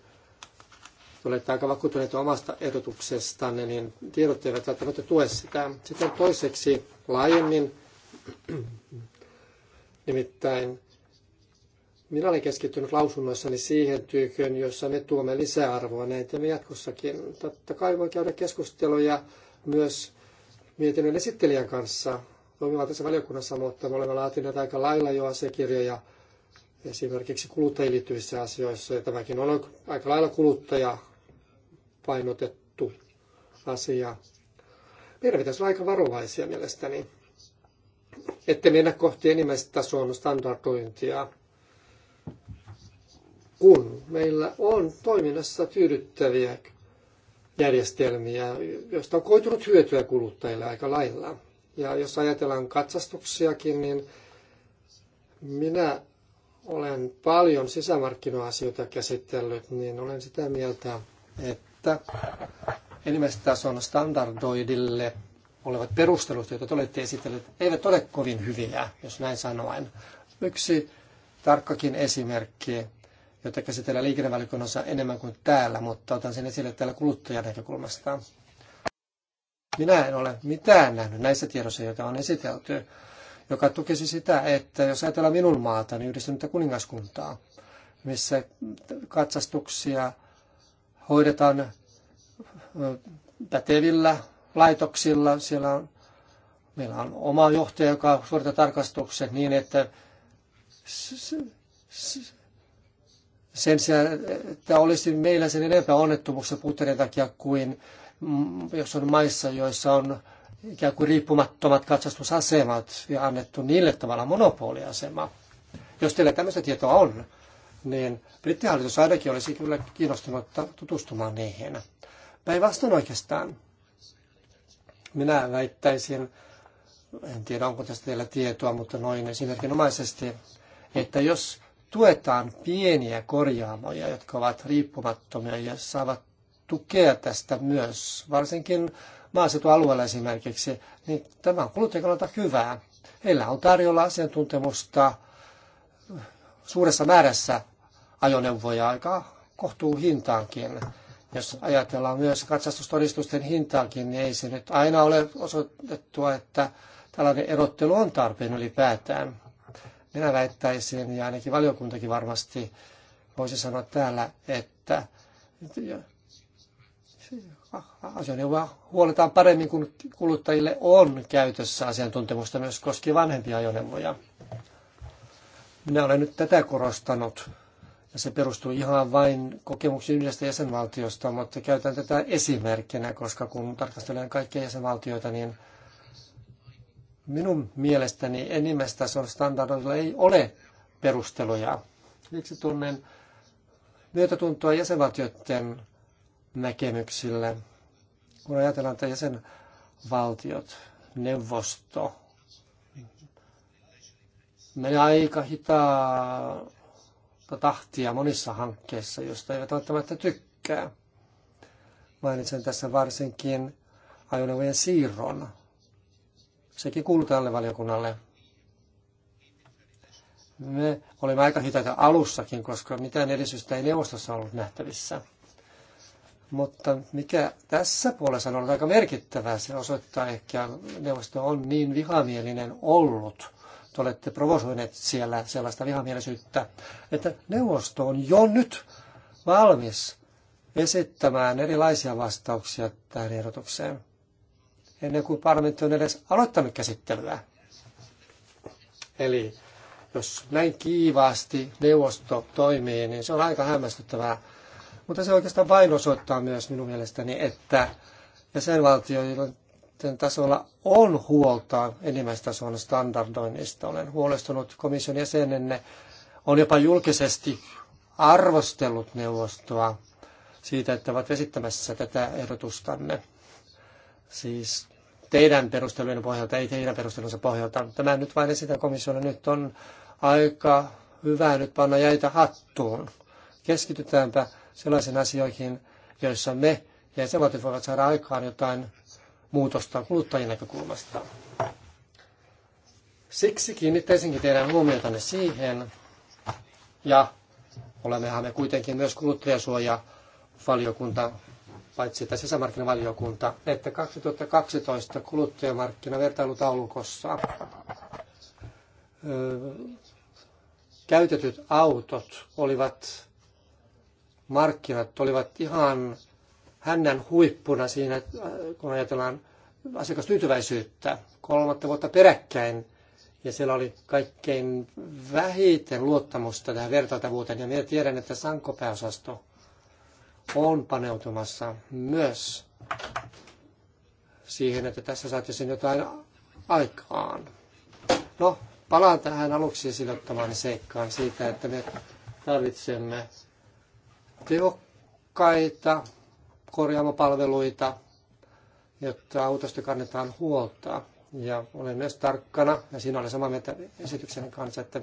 olette aika vakuuttuneita omasta ehdotuksestanne, niin tiedot eivät välttämättä tue sitä. Sitten toiseksi laajemmin, *clears throat* nimittäin minä olen keskittynyt lausunnoissani siihen tyykyyn, jossa me tuomme lisäarvoa näitä me jatkossakin. Totta kai voi käydä keskusteluja myös mietinnön esittelijän kanssa toimimaan tässä valiokunnassa, mutta me olemme laatineet aika lailla jo asiakirjoja esimerkiksi kuluttajien liittyvissä asioissa. Ja tämäkin on aika lailla kuluttaja painotettu asia. Meidän pitäisi olla aika varovaisia mielestäni, ettei mennä kohti enimmäistason standardointia kun meillä on toiminnassa tyydyttäviä järjestelmiä, joista on koitunut hyötyä kuluttajille aika lailla. Ja jos ajatellaan katsastuksiakin, niin minä olen paljon sisämarkkinoasioita käsitellyt, niin olen sitä mieltä, että enimmäistason standardoidille olevat perustelut, joita te olette esitelleet, eivät ole kovin hyviä, jos näin sanoen. Yksi tarkkakin esimerkki jota käsitellään liikennevaliokunnassa enemmän kuin täällä, mutta otan sen esille täällä kuluttajan näkökulmasta. Minä en ole mitään nähnyt näissä tiedoissa, joita on esitelty, joka tukisi sitä, että jos ajatellaan minun maata, niin yhdistynyttä kuningaskuntaa, missä katsastuksia hoidetaan pätevillä laitoksilla. Siellä on, meillä on oma johtaja, joka suorittaa tarkastukset niin, että sen sijaan, että olisi meillä sen enempää onnettomuuksia puutteiden takia kuin mm, jos on maissa, joissa on ikään kuin riippumattomat katsastusasemat ja annettu niille tavalla monopoliasema. Jos teillä tämmöistä tietoa on, niin brittihallitus ainakin olisi kyllä kiinnostunut tutustumaan niihin. Päinvastoin oikeastaan. Minä väittäisin, en tiedä onko tästä teillä tietoa, mutta noin esimerkinomaisesti, että jos tuetaan pieniä korjaamoja, jotka ovat riippumattomia ja saavat tukea tästä myös, varsinkin maaseutualueella esimerkiksi, niin tämä on kuluttajan kannalta hyvää. Heillä on tarjolla asiantuntemusta suuressa määrässä ajoneuvoja aika kohtuu hintaankin. Jos ajatellaan myös katsastustodistusten hintaakin, niin ei se nyt aina ole osoitettua, että tällainen erottelu on tarpeen ylipäätään. Minä väittäisin, ja ainakin valiokuntakin varmasti voisi sanoa täällä, että ajoneuvoa huoletaan paremmin, kun kuluttajille on käytössä asiantuntemusta myös koskien vanhempia ajoneuvoja. Minä olen nyt tätä korostanut, ja se perustuu ihan vain kokemuksiin yhdestä jäsenvaltiosta, mutta käytän tätä esimerkkinä, koska kun tarkastelen kaikkia jäsenvaltioita, niin Minun mielestäni enimmäistason standardoilla ei ole perusteluja. Siksi tunnen myötätuntoa jäsenvaltioiden näkemyksille, kun ajatellaan, että jäsenvaltiot, neuvosto, menee aika hitaa tahtia monissa hankkeissa, joista eivät välttämättä tykkää. Mainitsen tässä varsinkin ajoneuvojen siirron Sekin kuuluu tälle valiokunnalle. Me olimme aika hitaita alussakin, koska mitään edistystä ei neuvostossa ollut nähtävissä. Mutta mikä tässä puolessa on ollut aika merkittävää, se osoittaa ehkä, neuvosto on niin vihamielinen ollut. Te olette provosoineet siellä sellaista vihamielisyyttä, että neuvosto on jo nyt valmis esittämään erilaisia vastauksia tähän ehdotukseen ennen kuin parlamentti on edes aloittanut käsittelyä. Eli jos näin kiivaasti neuvosto toimii, niin se on aika hämmästyttävää. Mutta se oikeastaan vain osoittaa myös minun mielestäni, että jäsenvaltioiden tasolla on huolta enimmäistason standardoinnista. Olen huolestunut komission jäsenenne, on jopa julkisesti arvostellut neuvostoa siitä, että ovat vesittämässä tätä ehdotustanne. Siis teidän perustelujen pohjalta, ei teidän perustelunsa pohjalta. Tämä nyt vain esitän komissiolle. Nyt on aika hyvä nyt panna jäitä hattuun. Keskitytäänpä sellaisiin asioihin, joissa me ja jäsenvaltiot voivat saada aikaan jotain muutosta kuluttajien näkökulmasta. Siksi kiinnittäisinkin teidän huomiotanne siihen, ja olemmehan me kuitenkin myös kuluttajasuoja valiokunta paitsi että sisämarkkinavaliokunta, että 2012 kuluttajamarkkinavertailutaulukossa käytetyt autot olivat, markkinat olivat ihan hännän huippuna siinä, kun ajatellaan asiakastyytyväisyyttä kolmatta vuotta peräkkäin. Ja siellä oli kaikkein vähiten luottamusta tähän vertailtavuuteen. Ja minä tiedän, että Sanko pääosasto on paneutumassa myös siihen, että tässä saataisiin jotain aikaan. No, palaan tähän aluksi esilottamaan seikkaan siitä, että me tarvitsemme tehokkaita korjaamapalveluita, jotta autosta kannetaan huolta. Ja olen myös tarkkana, ja siinä olen sama mieltä esityksen kanssa, että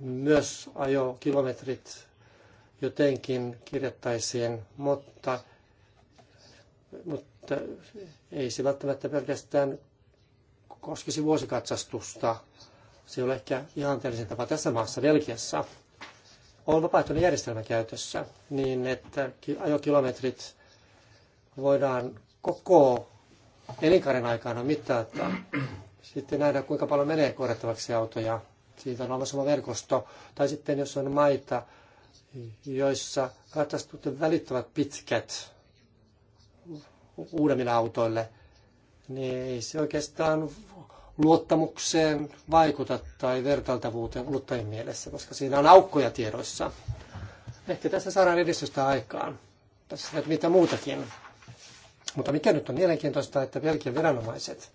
myös ajokilometrit jotenkin kirjattaisiin, mutta, mutta ei se välttämättä pelkästään koskisi vuosikatsastusta. Se ei ole ehkä ihanteellisen tapa tässä maassa, Belgiassa. On vapaaehtoinen järjestelmä käytössä, niin että ajokilometrit voidaan koko elinkaaren aikana mitata. Sitten nähdään, kuinka paljon menee korjattavaksi autoja. Siitä on olemassa verkosto. Tai sitten, jos on maita, joissa katastuten välit ovat pitkät uudemmille autoille, niin ei se oikeastaan luottamukseen vaikuta tai vertailtavuuteen kuluttajien mielessä, koska siinä on aukkoja tiedoissa. Ehkä tässä saadaan edistystä aikaan. Tässä on mitä muutakin. Mutta mikä nyt on mielenkiintoista, että Belgian viranomaiset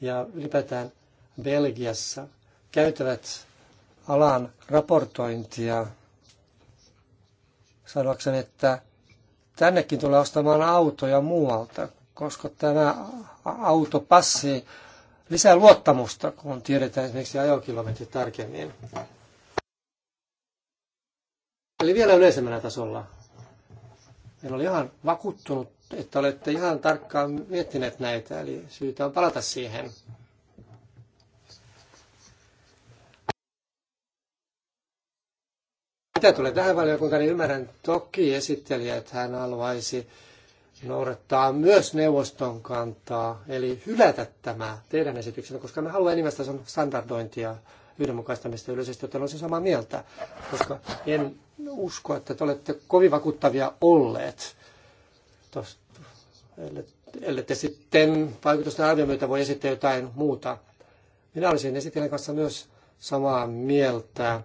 ja ylipäätään Belgiassa käytävät alan raportointia sanoakseni, että tännekin tulee ostamaan autoja muualta, koska tämä autopassi lisää luottamusta, kun tiedetään esimerkiksi ajokilometrit tarkemmin. Eli vielä yleisemmällä tasolla. En oli ihan vakuuttunut, että olette ihan tarkkaan miettineet näitä, eli syytä on palata siihen. Mitä tulee tähän valiokuntaan, niin ymmärrän toki esittelijä, että hän haluaisi noudattaa myös neuvoston kantaa, eli hylätä tämä teidän esityksenne, koska me haluamme enimmäistä standardointia yhdenmukaistamista yleisesti, joten olisin samaa mieltä, koska en usko, että te olette kovin vakuuttavia olleet. Tos, ellette sitten vaikutusten arvion myötä voi esittää jotain muuta. Minä olisin esittelijän kanssa myös samaa mieltä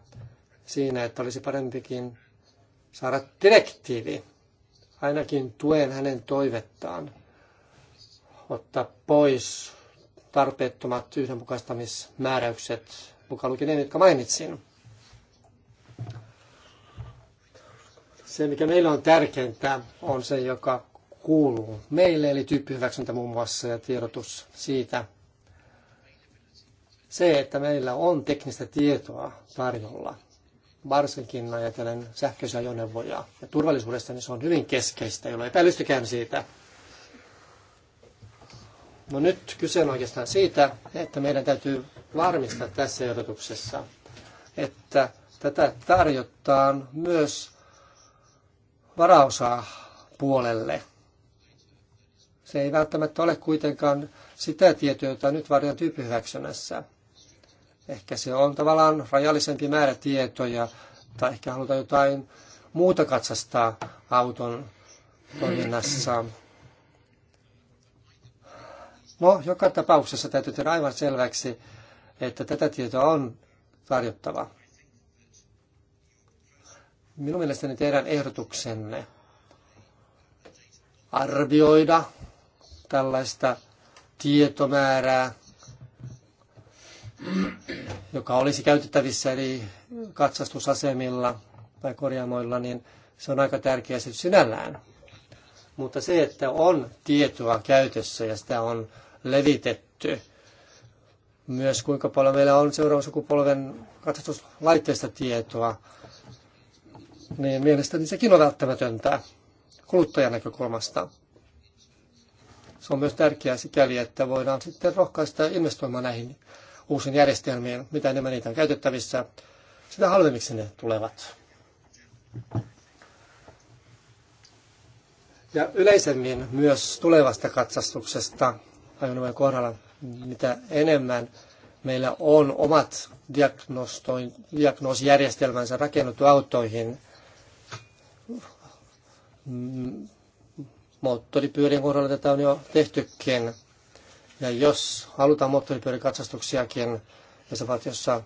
siinä, että olisi parempikin saada direktiivi. Ainakin tuen hänen toivettaan ottaa pois tarpeettomat yhdenmukaistamismääräykset, mukaan lukien ne, jotka mainitsin. Se, mikä meillä on tärkeintä, on se, joka kuuluu meille, eli tyyppihyväksyntä muun muassa ja tiedotus siitä. Se, että meillä on teknistä tietoa tarjolla – varsinkin ajatellen sähköisiä ajoneuvoja. Ja turvallisuudesta niin se on hyvin keskeistä, jolla epäilystäkään siitä. No nyt kyse on oikeastaan siitä, että meidän täytyy varmistaa tässä ehdotuksessa, että tätä tarjotaan myös varaosaa puolelle. Se ei välttämättä ole kuitenkaan sitä tietoa, jota nyt varjoin tyyppihyväksynnässä. Ehkä se on tavallaan rajallisempi määrä tietoja, tai ehkä halutaan jotain muuta katsastaa auton toiminnassa. No, joka tapauksessa täytyy tehdä aivan selväksi, että tätä tietoa on tarjottava. Minun mielestäni teidän ehdotuksenne arvioida tällaista tietomäärää joka olisi käytettävissä, eli katsastusasemilla tai korjaamoilla, niin se on aika tärkeä se sinällään. Mutta se, että on tietoa käytössä ja sitä on levitetty, myös kuinka paljon meillä on seuraavan sukupolven katsastuslaitteista tietoa, niin mielestäni sekin on välttämätöntä kuluttajan näkökulmasta. Se on myös tärkeää sikäli, että voidaan sitten rohkaista investoimaan näihin uusiin järjestelmiin, mitä enemmän niitä on käytettävissä, sitä halvemmiksi ne tulevat. Ja yleisemmin myös tulevasta katsastuksesta ajoneuvojen kohdalla, mitä enemmän meillä on omat diagnoosijärjestelmänsä rakennettu autoihin, mm, moottoripyörien kohdalla tätä on jo tehtykin, ja jos halutaan moottoripyöräkatsastuksiakin jossa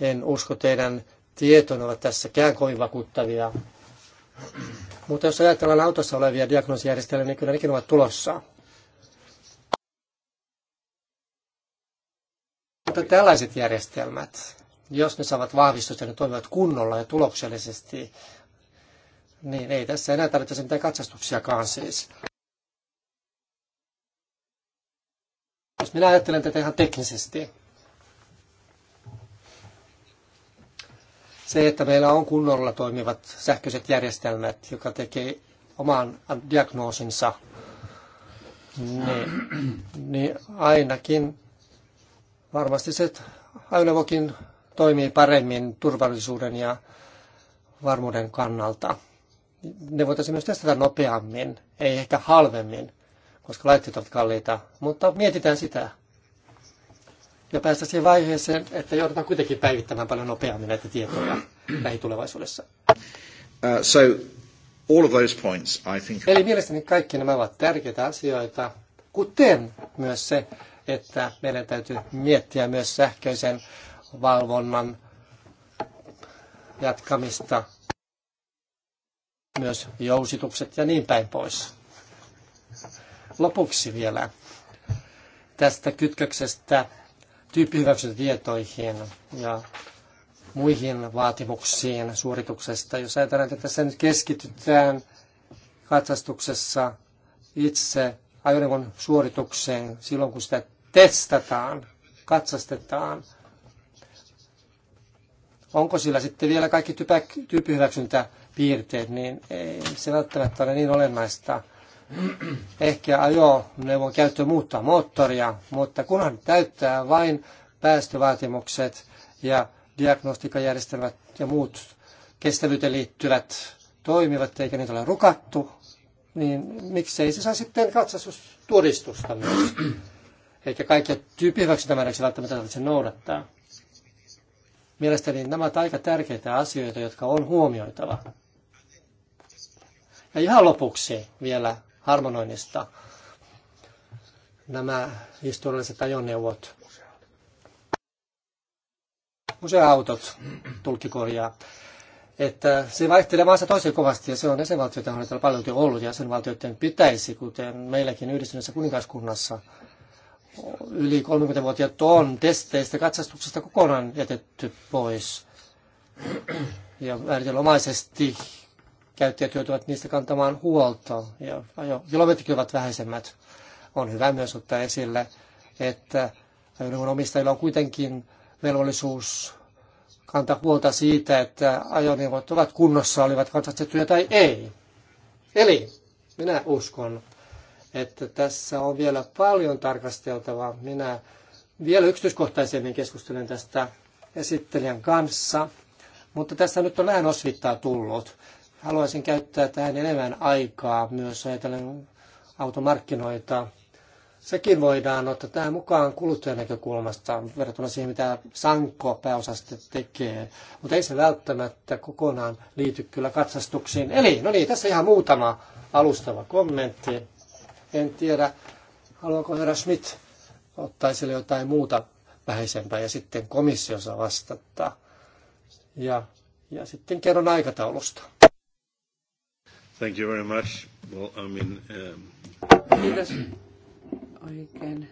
en usko teidän tietoon ovat tässäkään kovin vakuuttavia. Mutta jos ajatellaan autossa olevia diagnoosijärjestelmiä, niin kyllä nekin ovat tulossa. Mutta tällaiset järjestelmät, jos ne saavat vahvistusta ja ne toimivat kunnolla ja tuloksellisesti, niin ei tässä enää tarvitse mitään katsastuksiakaan siis. Jos minä ajattelen tätä ihan teknisesti, se, että meillä on kunnolla toimivat sähköiset järjestelmät, joka tekee oman diagnoosinsa, niin, niin ainakin varmasti se ajoneuvokin toimii paremmin turvallisuuden ja varmuuden kannalta. Ne voitaisiin myös testata nopeammin, ei ehkä halvemmin koska laitteet ovat kalliita. Mutta mietitään sitä. Ja päästä siihen vaiheeseen, että joudutaan kuitenkin päivittämään paljon nopeammin näitä tietoja mm. lähitulevaisuudessa. Uh, so all of those points, I think... Eli mielestäni kaikki nämä ovat tärkeitä asioita, kuten myös se, että meidän täytyy miettiä myös sähköisen valvonnan jatkamista, myös jousitukset ja niin päin pois lopuksi vielä tästä kytköksestä tyyppihyväksyntätietoihin ja muihin vaatimuksiin suorituksesta. Jos ajatellaan, että tässä nyt keskitytään katsastuksessa itse ajoneuvon suoritukseen silloin, kun sitä testataan, katsastetaan, onko sillä sitten vielä kaikki tyyppihyväksyntäpiirteet, niin ei se välttämättä ole niin olennaista ehkä ajoneuvon käyttö muuttaa moottoria, mutta kunhan täyttää vain päästövaatimukset ja diagnostiikkajärjestelmät ja muut kestävyyteen liittyvät toimivat, eikä niitä ole rukattu, niin miksei se saa sitten katsastustodistusta myös. Eikä kaikkia tyyppihyväksyntämääräyksiä välttämättä tarvitse noudattaa. Mielestäni nämä ovat aika tärkeitä asioita, jotka on huomioitava. Ja ihan lopuksi vielä harmonoinnista nämä historialliset ajoneuvot. Museoautot, tulkki korjaa. Että se vaihtelee maassa toiseen kovasti ja se on jäsenvaltioiden hoidettava paljon ollut. ja valtioiden pitäisi, kuten meilläkin yhdistyneessä kuningaskunnassa, yli 30-vuotiaat on testeistä katsastuksesta kokonaan jätetty pois. Ja ääritelomaisesti käyttäjät joutuvat niistä kantamaan huolta ja kilometrit ovat vähäisemmät. On hyvä myös ottaa esille, että ajoneuvon omistajilla on kuitenkin velvollisuus kantaa huolta siitä, että ajoneuvot ovat kunnossa, olivat katsastettuja tai ei. Eli minä uskon, että tässä on vielä paljon tarkasteltavaa. Minä vielä yksityiskohtaisemmin keskustelen tästä esittelijän kanssa, mutta tässä nyt on vähän osvittaa tullut haluaisin käyttää tähän enemmän aikaa myös ajatellen automarkkinoita. Sekin voidaan ottaa tähän mukaan kuluttajan näkökulmasta verrattuna siihen, mitä Sanko pääosasta tekee, mutta ei se välttämättä kokonaan liity kyllä katsastuksiin. Eli, no niin, tässä ihan muutama alustava kommentti. En tiedä, haluaako herra Schmidt ottaa sille jotain muuta vähäisempää ja sitten komissiossa vastata. Ja, ja sitten kerron aikataulusta. Thank you very much. Well, I mean, um, Kiitos oikein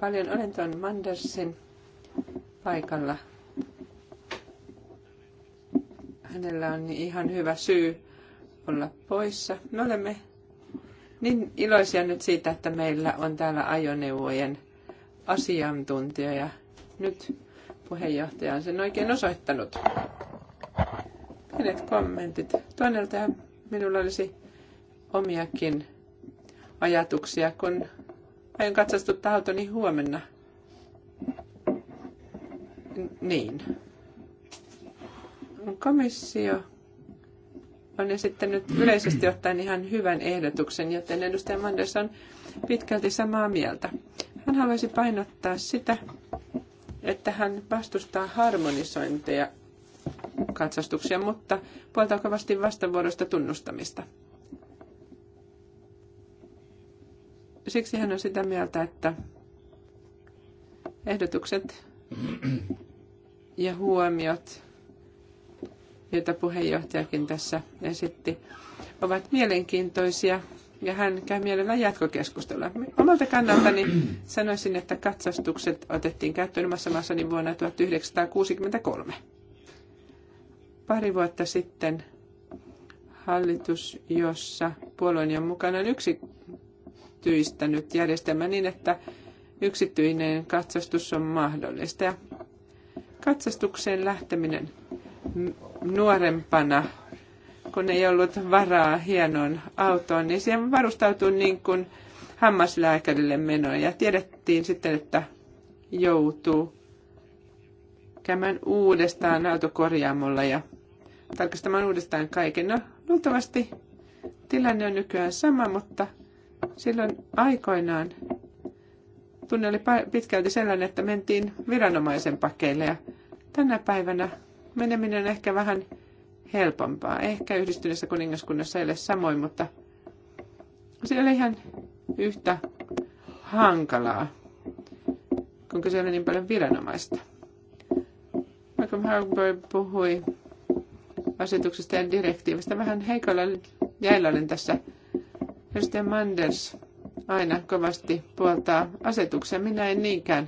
paljon. Olen tuon Mandersin paikalla. Hänellä on ihan hyvä syy olla poissa. Me olemme niin iloisia nyt siitä, että meillä on täällä ajoneuvojen asiantuntija ja nyt puheenjohtaja on sen oikein osoittanut. Pienet kommentit tuonelta Minulla olisi omiakin ajatuksia, kun aion katsastuttaa autoni huomenna. Niin. Komissio on esittänyt yleisesti ottaen ihan hyvän ehdotuksen, joten edustaja Manders on pitkälti samaa mieltä. Hän haluaisi painottaa sitä, että hän vastustaa harmonisointeja Katsastuksia, mutta puoltaako vasti vastavuoroista tunnustamista. Siksi hän on sitä mieltä, että ehdotukset ja huomiot, joita puheenjohtajakin tässä esitti, ovat mielenkiintoisia ja hän käy mielellään jatkokeskustelua. Omalta kannaltani sanoisin, että katsastukset otettiin käyttöön omassa maassani vuonna 1963. Pari vuotta sitten hallitus, jossa puolueeni on mukana, on yksityistänyt järjestelmä niin, että yksityinen katsastus on mahdollista. Ja katsastukseen lähteminen nuorempana, kun ei ollut varaa hienoon autoon, niin siihen varustautui niin kuin hammaslääkärille menoa. Ja tiedettiin sitten, että joutuu käymään uudestaan autokorjaamolla ja tarkastamaan uudestaan kaiken. No, luultavasti tilanne on nykyään sama, mutta silloin aikoinaan tunne oli pitkälti sellainen, että mentiin viranomaisen pakeille ja tänä päivänä meneminen on ehkä vähän helpompaa. Ehkä yhdistyneessä kuningaskunnassa ei ole samoin, mutta se oli ihan yhtä hankalaa, kun kyse oli niin paljon viranomaista. Malcolm Harbour puhui asetuksesta ja direktiivistä. Vähän heikolla jäillä olen tässä. Edustaja Manders aina kovasti puoltaa asetuksia. Minä en niinkään.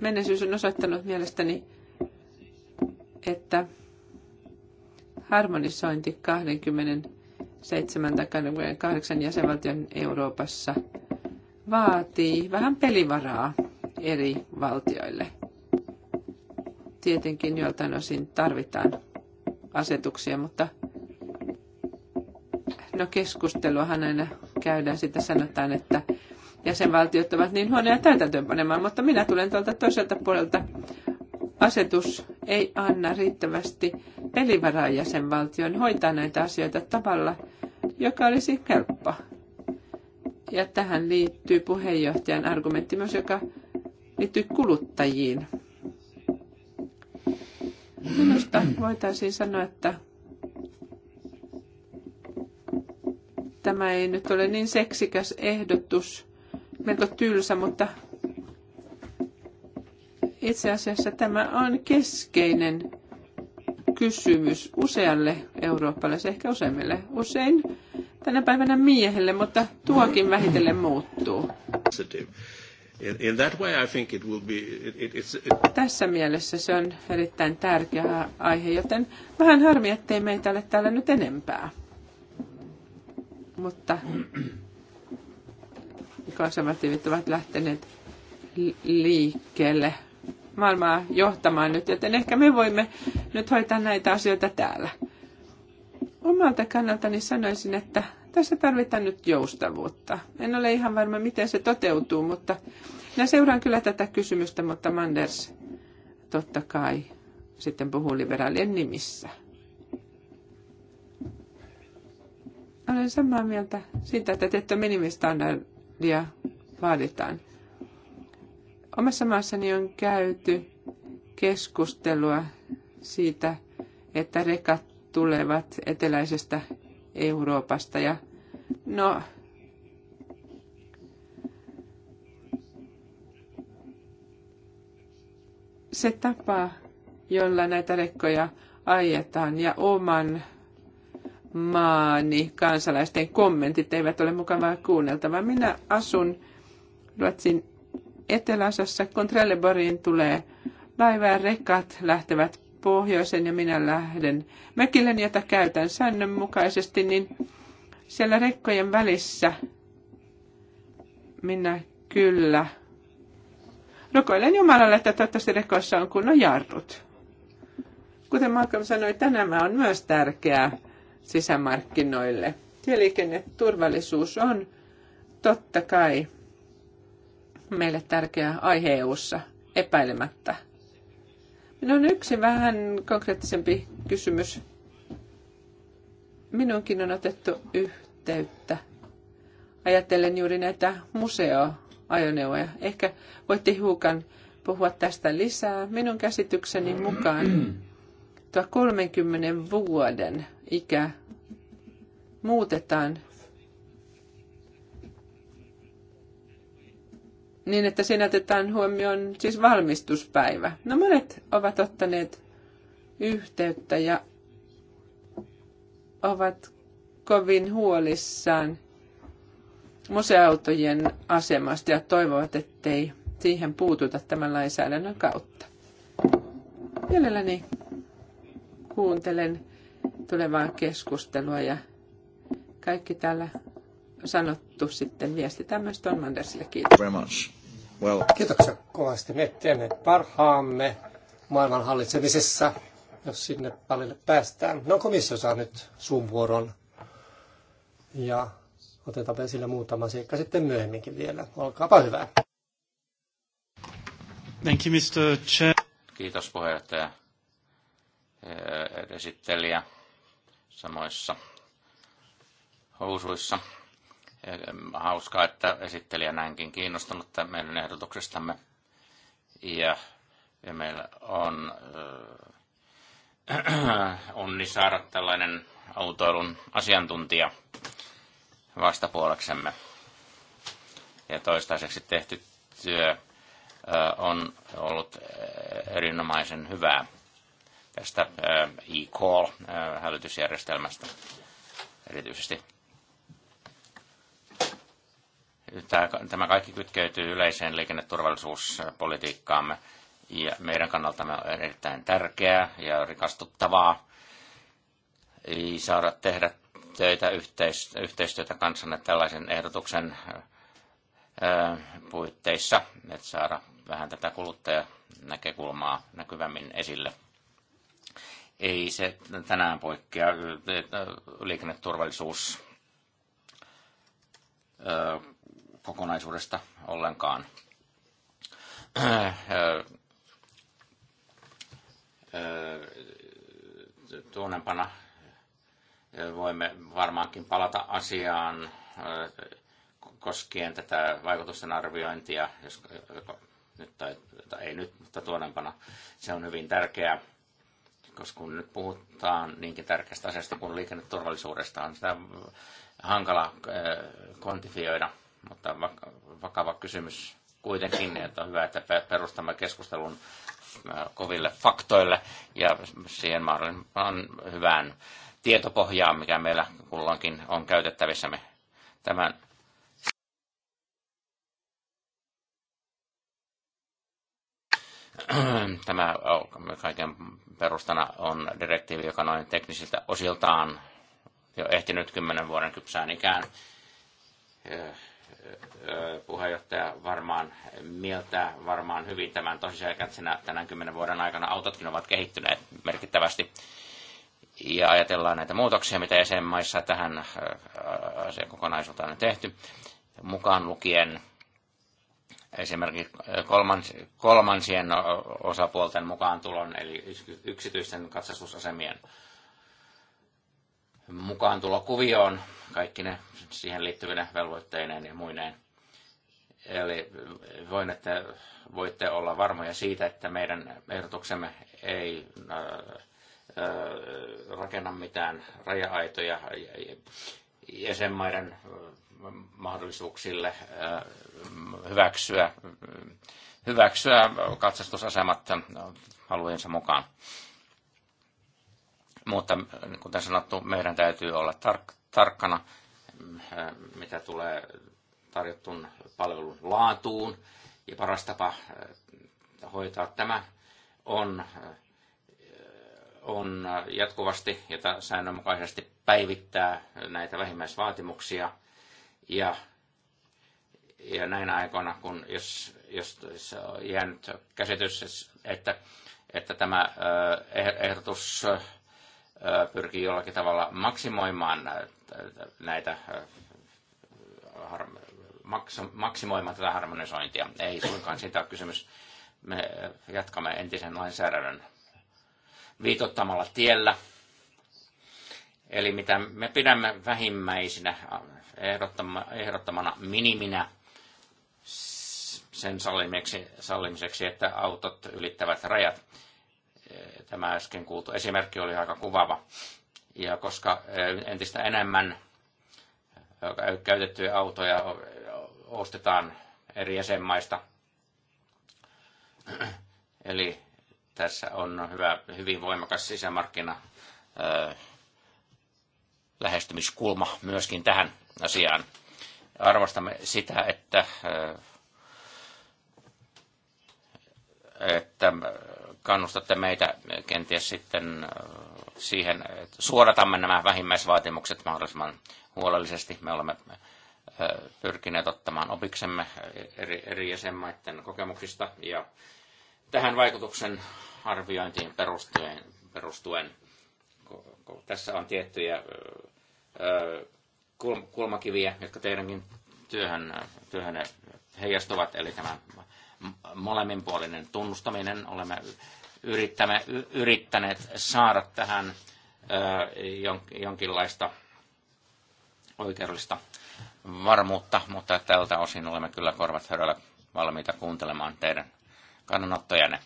Menneisyys on osoittanut mielestäni, että harmonisointi 27 tai 28 jäsenvaltion Euroopassa vaatii vähän pelivaraa eri valtioille. Tietenkin joiltain osin tarvitaan asetuksia, mutta no keskusteluahan aina käydään, sitä sanotaan, että jäsenvaltiot ovat niin huonoja täytäntöönpanemaan, mutta minä tulen tuolta toiselta puolelta. Asetus ei anna riittävästi pelivaraa jäsenvaltion hoitaa näitä asioita tavalla, joka olisi helppo. Ja tähän liittyy puheenjohtajan argumentti myös, joka liittyy kuluttajiin. Minusta voitaisiin sanoa, että tämä ei nyt ole niin seksikäs ehdotus, melko tylsä, mutta itse asiassa tämä on keskeinen kysymys usealle eurooppalaiselle, ehkä useimmille. Usein tänä päivänä miehelle, mutta tuokin vähitellen muuttuu. In that way I think it will be, it, it's, it... Tässä mielessä se on erittäin tärkeä aihe, joten vähän harmi, ettei meitä ole täällä nyt enempää. Mutta konservatiivit ovat lähteneet liikkeelle maailmaa johtamaan nyt, joten ehkä me voimme nyt hoitaa näitä asioita täällä. Omalta kannaltani sanoisin, että tässä tarvitaan nyt joustavuutta. En ole ihan varma, miten se toteutuu, mutta minä seuraan kyllä tätä kysymystä, mutta Manders totta kai sitten puhuu liberaalien nimissä. Olen samaa mieltä siitä, että tietty minimistandardia vaaditaan. Omassa maassani on käyty keskustelua siitä, että rekat tulevat eteläisestä Euroopasta ja No, se tapa, jolla näitä rekkoja ajetaan ja oman maani kansalaisten kommentit eivät ole mukavaa kuunneltavaa. Minä asun Ruotsin eteläosassa, kun Trelleborgin tulee laiva rekat lähtevät pohjoisen ja minä lähden mökilleni, jota käytän säännönmukaisesti, niin siellä rekkojen välissä minä kyllä rukoilen Jumalalle, että toivottavasti rekoissa on kunnon jarrut. Kuten Malcolm sanoi, tämä on myös tärkeää sisämarkkinoille. Tieliikenneturvallisuus on totta kai meille tärkeä aihe EU-ssa, epäilemättä. Minun on yksi vähän konkreettisempi kysymys minunkin on otettu yhteyttä. Ajattelen juuri näitä museoajoneuvoja. Ehkä voitte hiukan puhua tästä lisää. Minun käsitykseni mukaan tuo 30 vuoden ikä muutetaan niin, että siinä otetaan huomioon siis valmistuspäivä. No monet ovat ottaneet yhteyttä ja ovat kovin huolissaan museautojen asemasta ja toivovat, ettei siihen puututa tämän lainsäädännön kautta. Mielelläni kuuntelen tulevaa keskustelua ja kaikki täällä sanottu sitten viesti myös on Mandersille. Kiitos. Very much. Well. Kiitoksia kovasti. Me teemme parhaamme maailman hallitsemisessa jos sinne palille päästään. No komissio saa nyt suun vuoron ja otetaan esille muutama seikka sitten myöhemminkin vielä. Olkaapa hyvä. Thank you, Mr. Chair. Kiitos puheenjohtaja eh, esittelijä samoissa housuissa. Eh, Hauskaa, että esittelijä näinkin kiinnostunut meidän ehdotuksestamme. Ja, ja meillä on äh, onni saada tällainen autoilun asiantuntija vastapuoleksemme. Ja toistaiseksi tehty työ on ollut erinomaisen hyvää tästä e-call-hälytysjärjestelmästä erityisesti. Tämä kaikki kytkeytyy yleiseen liikenneturvallisuuspolitiikkaamme ja meidän tämä on erittäin tärkeää ja rikastuttavaa. Ei saada tehdä töitä, yhteistyötä kanssanne tällaisen ehdotuksen puitteissa, että saada vähän tätä kuluttajanäkökulmaa näkyvämmin esille. Ei se tänään poikkea liikenneturvallisuus kokonaisuudesta ollenkaan tuonnempana voimme varmaankin palata asiaan koskien tätä vaikutusten arviointia, jos, nyt tai, tai ei nyt, mutta tuonempana. Se on hyvin tärkeää, koska kun nyt puhutaan niinkin tärkeästä asiasta kuin liikenneturvallisuudesta, on sitä hankala kvantifioida, mutta vakava kysymys kuitenkin, että on hyvä, että perustamme keskustelun Äh, koville faktoille ja siihen mahdollisimman hyvään tietopohjaan, mikä meillä kulloinkin on käytettävissämme. Tämän tämä kaiken perustana on direktiivi, joka noin teknisiltä osiltaan jo ehtinyt kymmenen vuoden kypsään ikään. Äh, puheenjohtaja varmaan mieltää varmaan hyvin tämän tosiasian, että kymmenen vuoden aikana autotkin ovat kehittyneet merkittävästi. Ja ajatellaan näitä muutoksia, mitä jäsenmaissa tähän kokonaisuuteen on tehty, mukaan lukien esimerkiksi kolmans, kolmansien osapuolten mukaan tulon, eli yksityisten katsastusasemien mukaan tulokuvioon kaikki ne siihen liittyvine velvoitteineen ja muineen. Eli voinette, voitte olla varmoja siitä, että meidän ehdotuksemme ei äh, äh, rakenna mitään raja-aitoja jäsenmaiden äh, mahdollisuuksille hyväksyä, hyväksyä katsastusasemat alueensa mukaan. Mutta niin kuten sanottu, meidän täytyy olla tark- tarkkana, eh, mitä tulee tarjottun palvelun laatuun. Ja paras tapa eh, hoitaa tämä on, eh, on jatkuvasti ja säännönmukaisesti päivittää näitä vähimmäisvaatimuksia. Ja, ja näinä aikoina, kun jos, jos jäänyt käsitys, että, että tämä ehdotus pyrkii jollakin tavalla maksimoimaan näitä maksimoimaan tätä harmonisointia. Ei suinkaan sitä ole kysymys. Me jatkamme entisen lainsäädännön viitottamalla tiellä. Eli mitä me pidämme vähimmäisinä ehdottamana miniminä sen sallimiseksi, sallimiseksi, että autot ylittävät rajat Tämä äsken kuultu esimerkki oli aika kuvaava. Ja koska entistä enemmän käytettyjä autoja ostetaan eri jäsenmaista, eli tässä on hyvä, hyvin voimakas sisämarkkina lähestymiskulma myöskin tähän asiaan. Arvostamme sitä, että, että kannustatte meitä kenties sitten siihen, että suodatamme nämä vähimmäisvaatimukset mahdollisimman huolellisesti. Me olemme pyrkineet ottamaan opiksemme eri, eri jäsenmaiden kokemuksista ja tähän vaikutuksen arviointiin perustuen, perustuen tässä on tiettyjä kulmakiviä, jotka teidänkin työhön, työhön heijastuvat, eli tämä molemminpuolinen tunnustaminen. Olemme yrittäneet saada tähän jonkinlaista oikeudellista varmuutta, mutta tältä osin olemme kyllä korvat höröllä valmiita kuuntelemaan teidän kannanottojanne.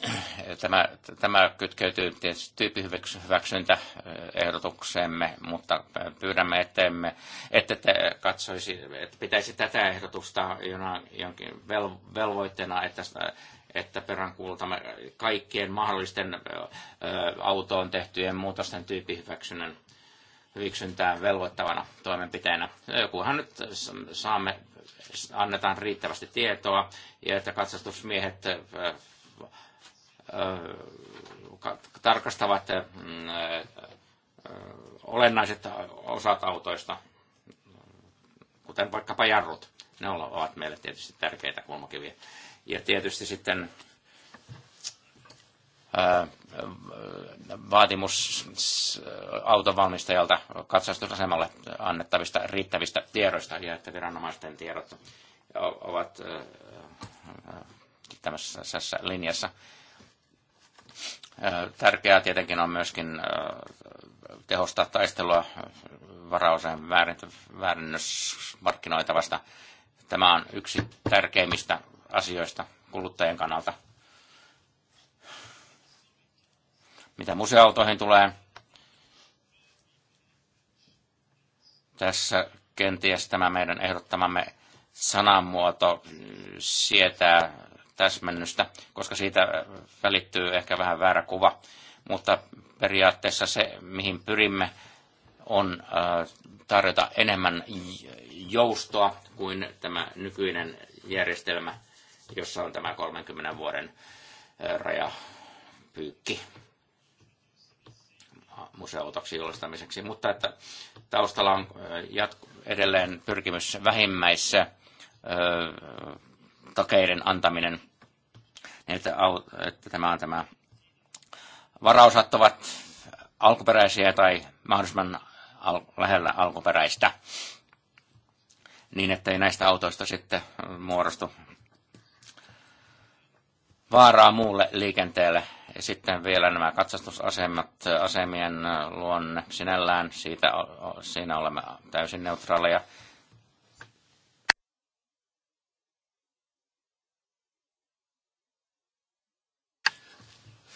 *clears throat* Tämä, tämä kytkeytyy tietysti eh, ehdotukseemme, mutta pyydämme, ettemme, että te katsoisi, että pitäisi tätä ehdotusta jonkin velvoitteena, että, että peräänkuulutamme kaikkien mahdollisten eh, autoon tehtyjen muutosten tyyppihyväksynnän hyväksyntään velvoittavana toimenpiteenä. Eh, kunhan nyt saamme, annetaan riittävästi tietoa ja että katsastusmiehet tarkastavat olennaiset osat autoista, kuten vaikkapa jarrut. Ne ovat meille tietysti tärkeitä kulmakiviä. Ja tietysti sitten vaatimus autovalmistajalta katsastusasemalle annettavista riittävistä tiedoista ja että viranomaisten tiedot ovat tämmöisessä linjassa. Tärkeää tietenkin on myöskin tehostaa taistelua varaosien väärennösmarkkinoita vasta. Tämä on yksi tärkeimmistä asioista kuluttajien kannalta. Mitä museoautoihin tulee, tässä kenties tämä meidän ehdottamamme sanamuoto sietää täsmennystä, koska siitä äh, välittyy ehkä vähän väärä kuva. Mutta periaatteessa se, mihin pyrimme, on äh, tarjota enemmän joustoa kuin tämä nykyinen järjestelmä, jossa on tämä 30 vuoden äh, rajapyykki museotoksi julistamiseksi, mutta että taustalla on jatku, edelleen pyrkimys vähimmäissä takeiden antaminen että, että tämä on tämä varausat ovat alkuperäisiä tai mahdollisimman al- lähellä alkuperäistä, niin ei näistä autoista sitten muodostu vaaraa muulle liikenteelle. Ja sitten vielä nämä katsastusasemat, asemien luonne sinällään, siitä, siinä olemme täysin neutraaleja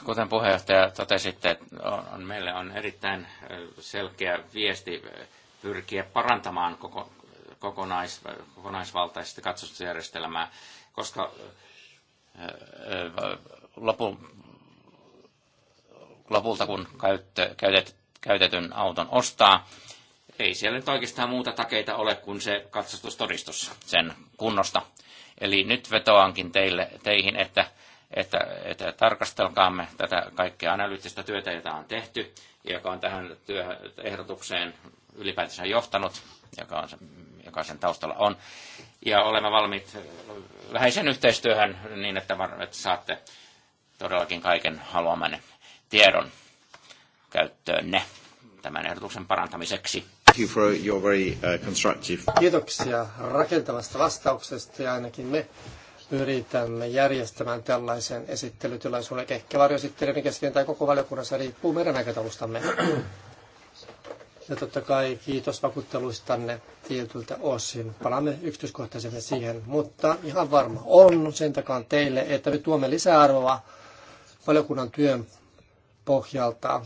Kuten puheenjohtaja totesitte, on, on, meille on erittäin selkeä viesti pyrkiä parantamaan koko, kokonais, kokonaisvaltaisesti katsastusjärjestelmää, koska lopu, lopulta kun käyttö, käytet, käytetyn auton ostaa, ei siellä nyt oikeastaan muuta takeita ole kuin se katsastustodistus sen kunnosta. Eli nyt vetoankin teille, teihin, että että, että tarkastelkaamme tätä kaikkea analyyttistä työtä, jota on tehty, joka on tähän työehdotukseen ylipäätänsä johtanut, joka, on, joka sen taustalla on. Ja olemme valmiit läheisen yhteistyöhön niin, että, var, että saatte todellakin kaiken haluamanne tiedon käyttöönne tämän ehdotuksen parantamiseksi. Uh, Kiitoksia rakentavasta vastauksesta ja ainakin me pyritämme järjestämään tällaisen esittelytilaisuuden, ehkä varjoesittelijän kesken tai koko valiokunnassa, riippuu meidän aikataulustamme. Ja totta kai kiitos vakuutteluistanne tietyltä osin. Palaamme yksityiskohtaisesti siihen, mutta ihan varma on sen takaa teille, että me tuomme lisäarvoa valiokunnan työn pohjalta.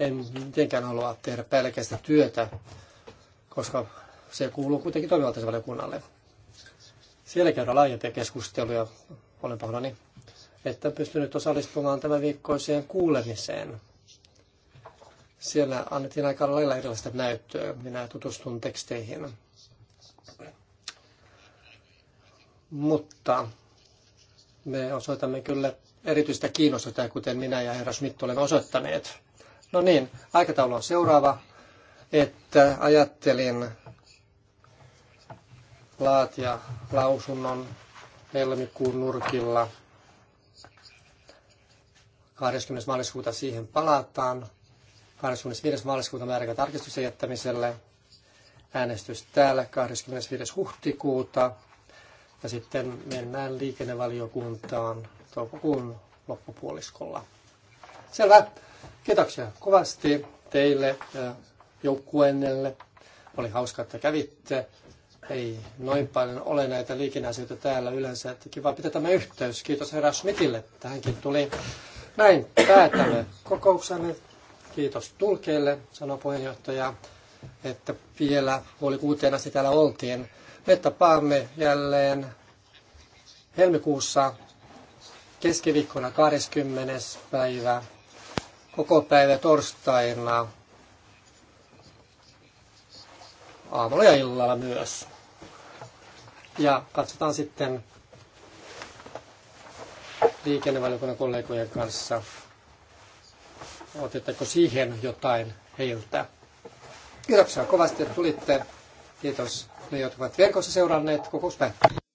En mitenkään halua tehdä päällekkäistä työtä, koska se kuuluu kuitenkin toimivaltaisen valiokunnalle. Siellä käydään laajempia keskusteluja. Olen pahoillani, että pystynyt osallistumaan tämän viikkoiseen kuulemiseen. Siellä annettiin aika lailla erilaista näyttöä. Minä tutustun teksteihin. Mutta me osoitamme kyllä erityistä kiinnostusta, kuten minä ja herra Schmidt olemme osoittaneet. No niin, aikataulu on seuraava, että ajattelin laatia lausunnon helmikuun nurkilla. 20. maaliskuuta siihen palataan. 25. maaliskuuta määräkä tarkistuksen jättämiselle. Äänestys täällä 25. huhtikuuta. Ja sitten mennään liikennevaliokuntaan toukokuun loppupuoliskolla. Selvä. Kiitoksia kovasti teille ja joukkueennelle. Oli hauska, että kävitte ei noin paljon ole näitä liikenneasioita täällä yleensä. Että kiva pitää tämä yhteys. Kiitos herra Schmidtille, että hänkin tuli. Näin päätämme kokouksemme. Kiitos tulkeille, sanoi puheenjohtaja, että vielä puoli kuuteen asti täällä oltiin. Me tapaamme jälleen helmikuussa keskiviikkona 20. päivä, koko päivä torstaina, aamulla ja illalla myös. Ja katsotaan sitten liikennevaliokunnan kollegojen kanssa, otetteko siihen jotain heiltä. Kiitoksia kovasti, että tulitte. Kiitos ne, jotka ovat verkossa seuranneet. Kokous päättyy.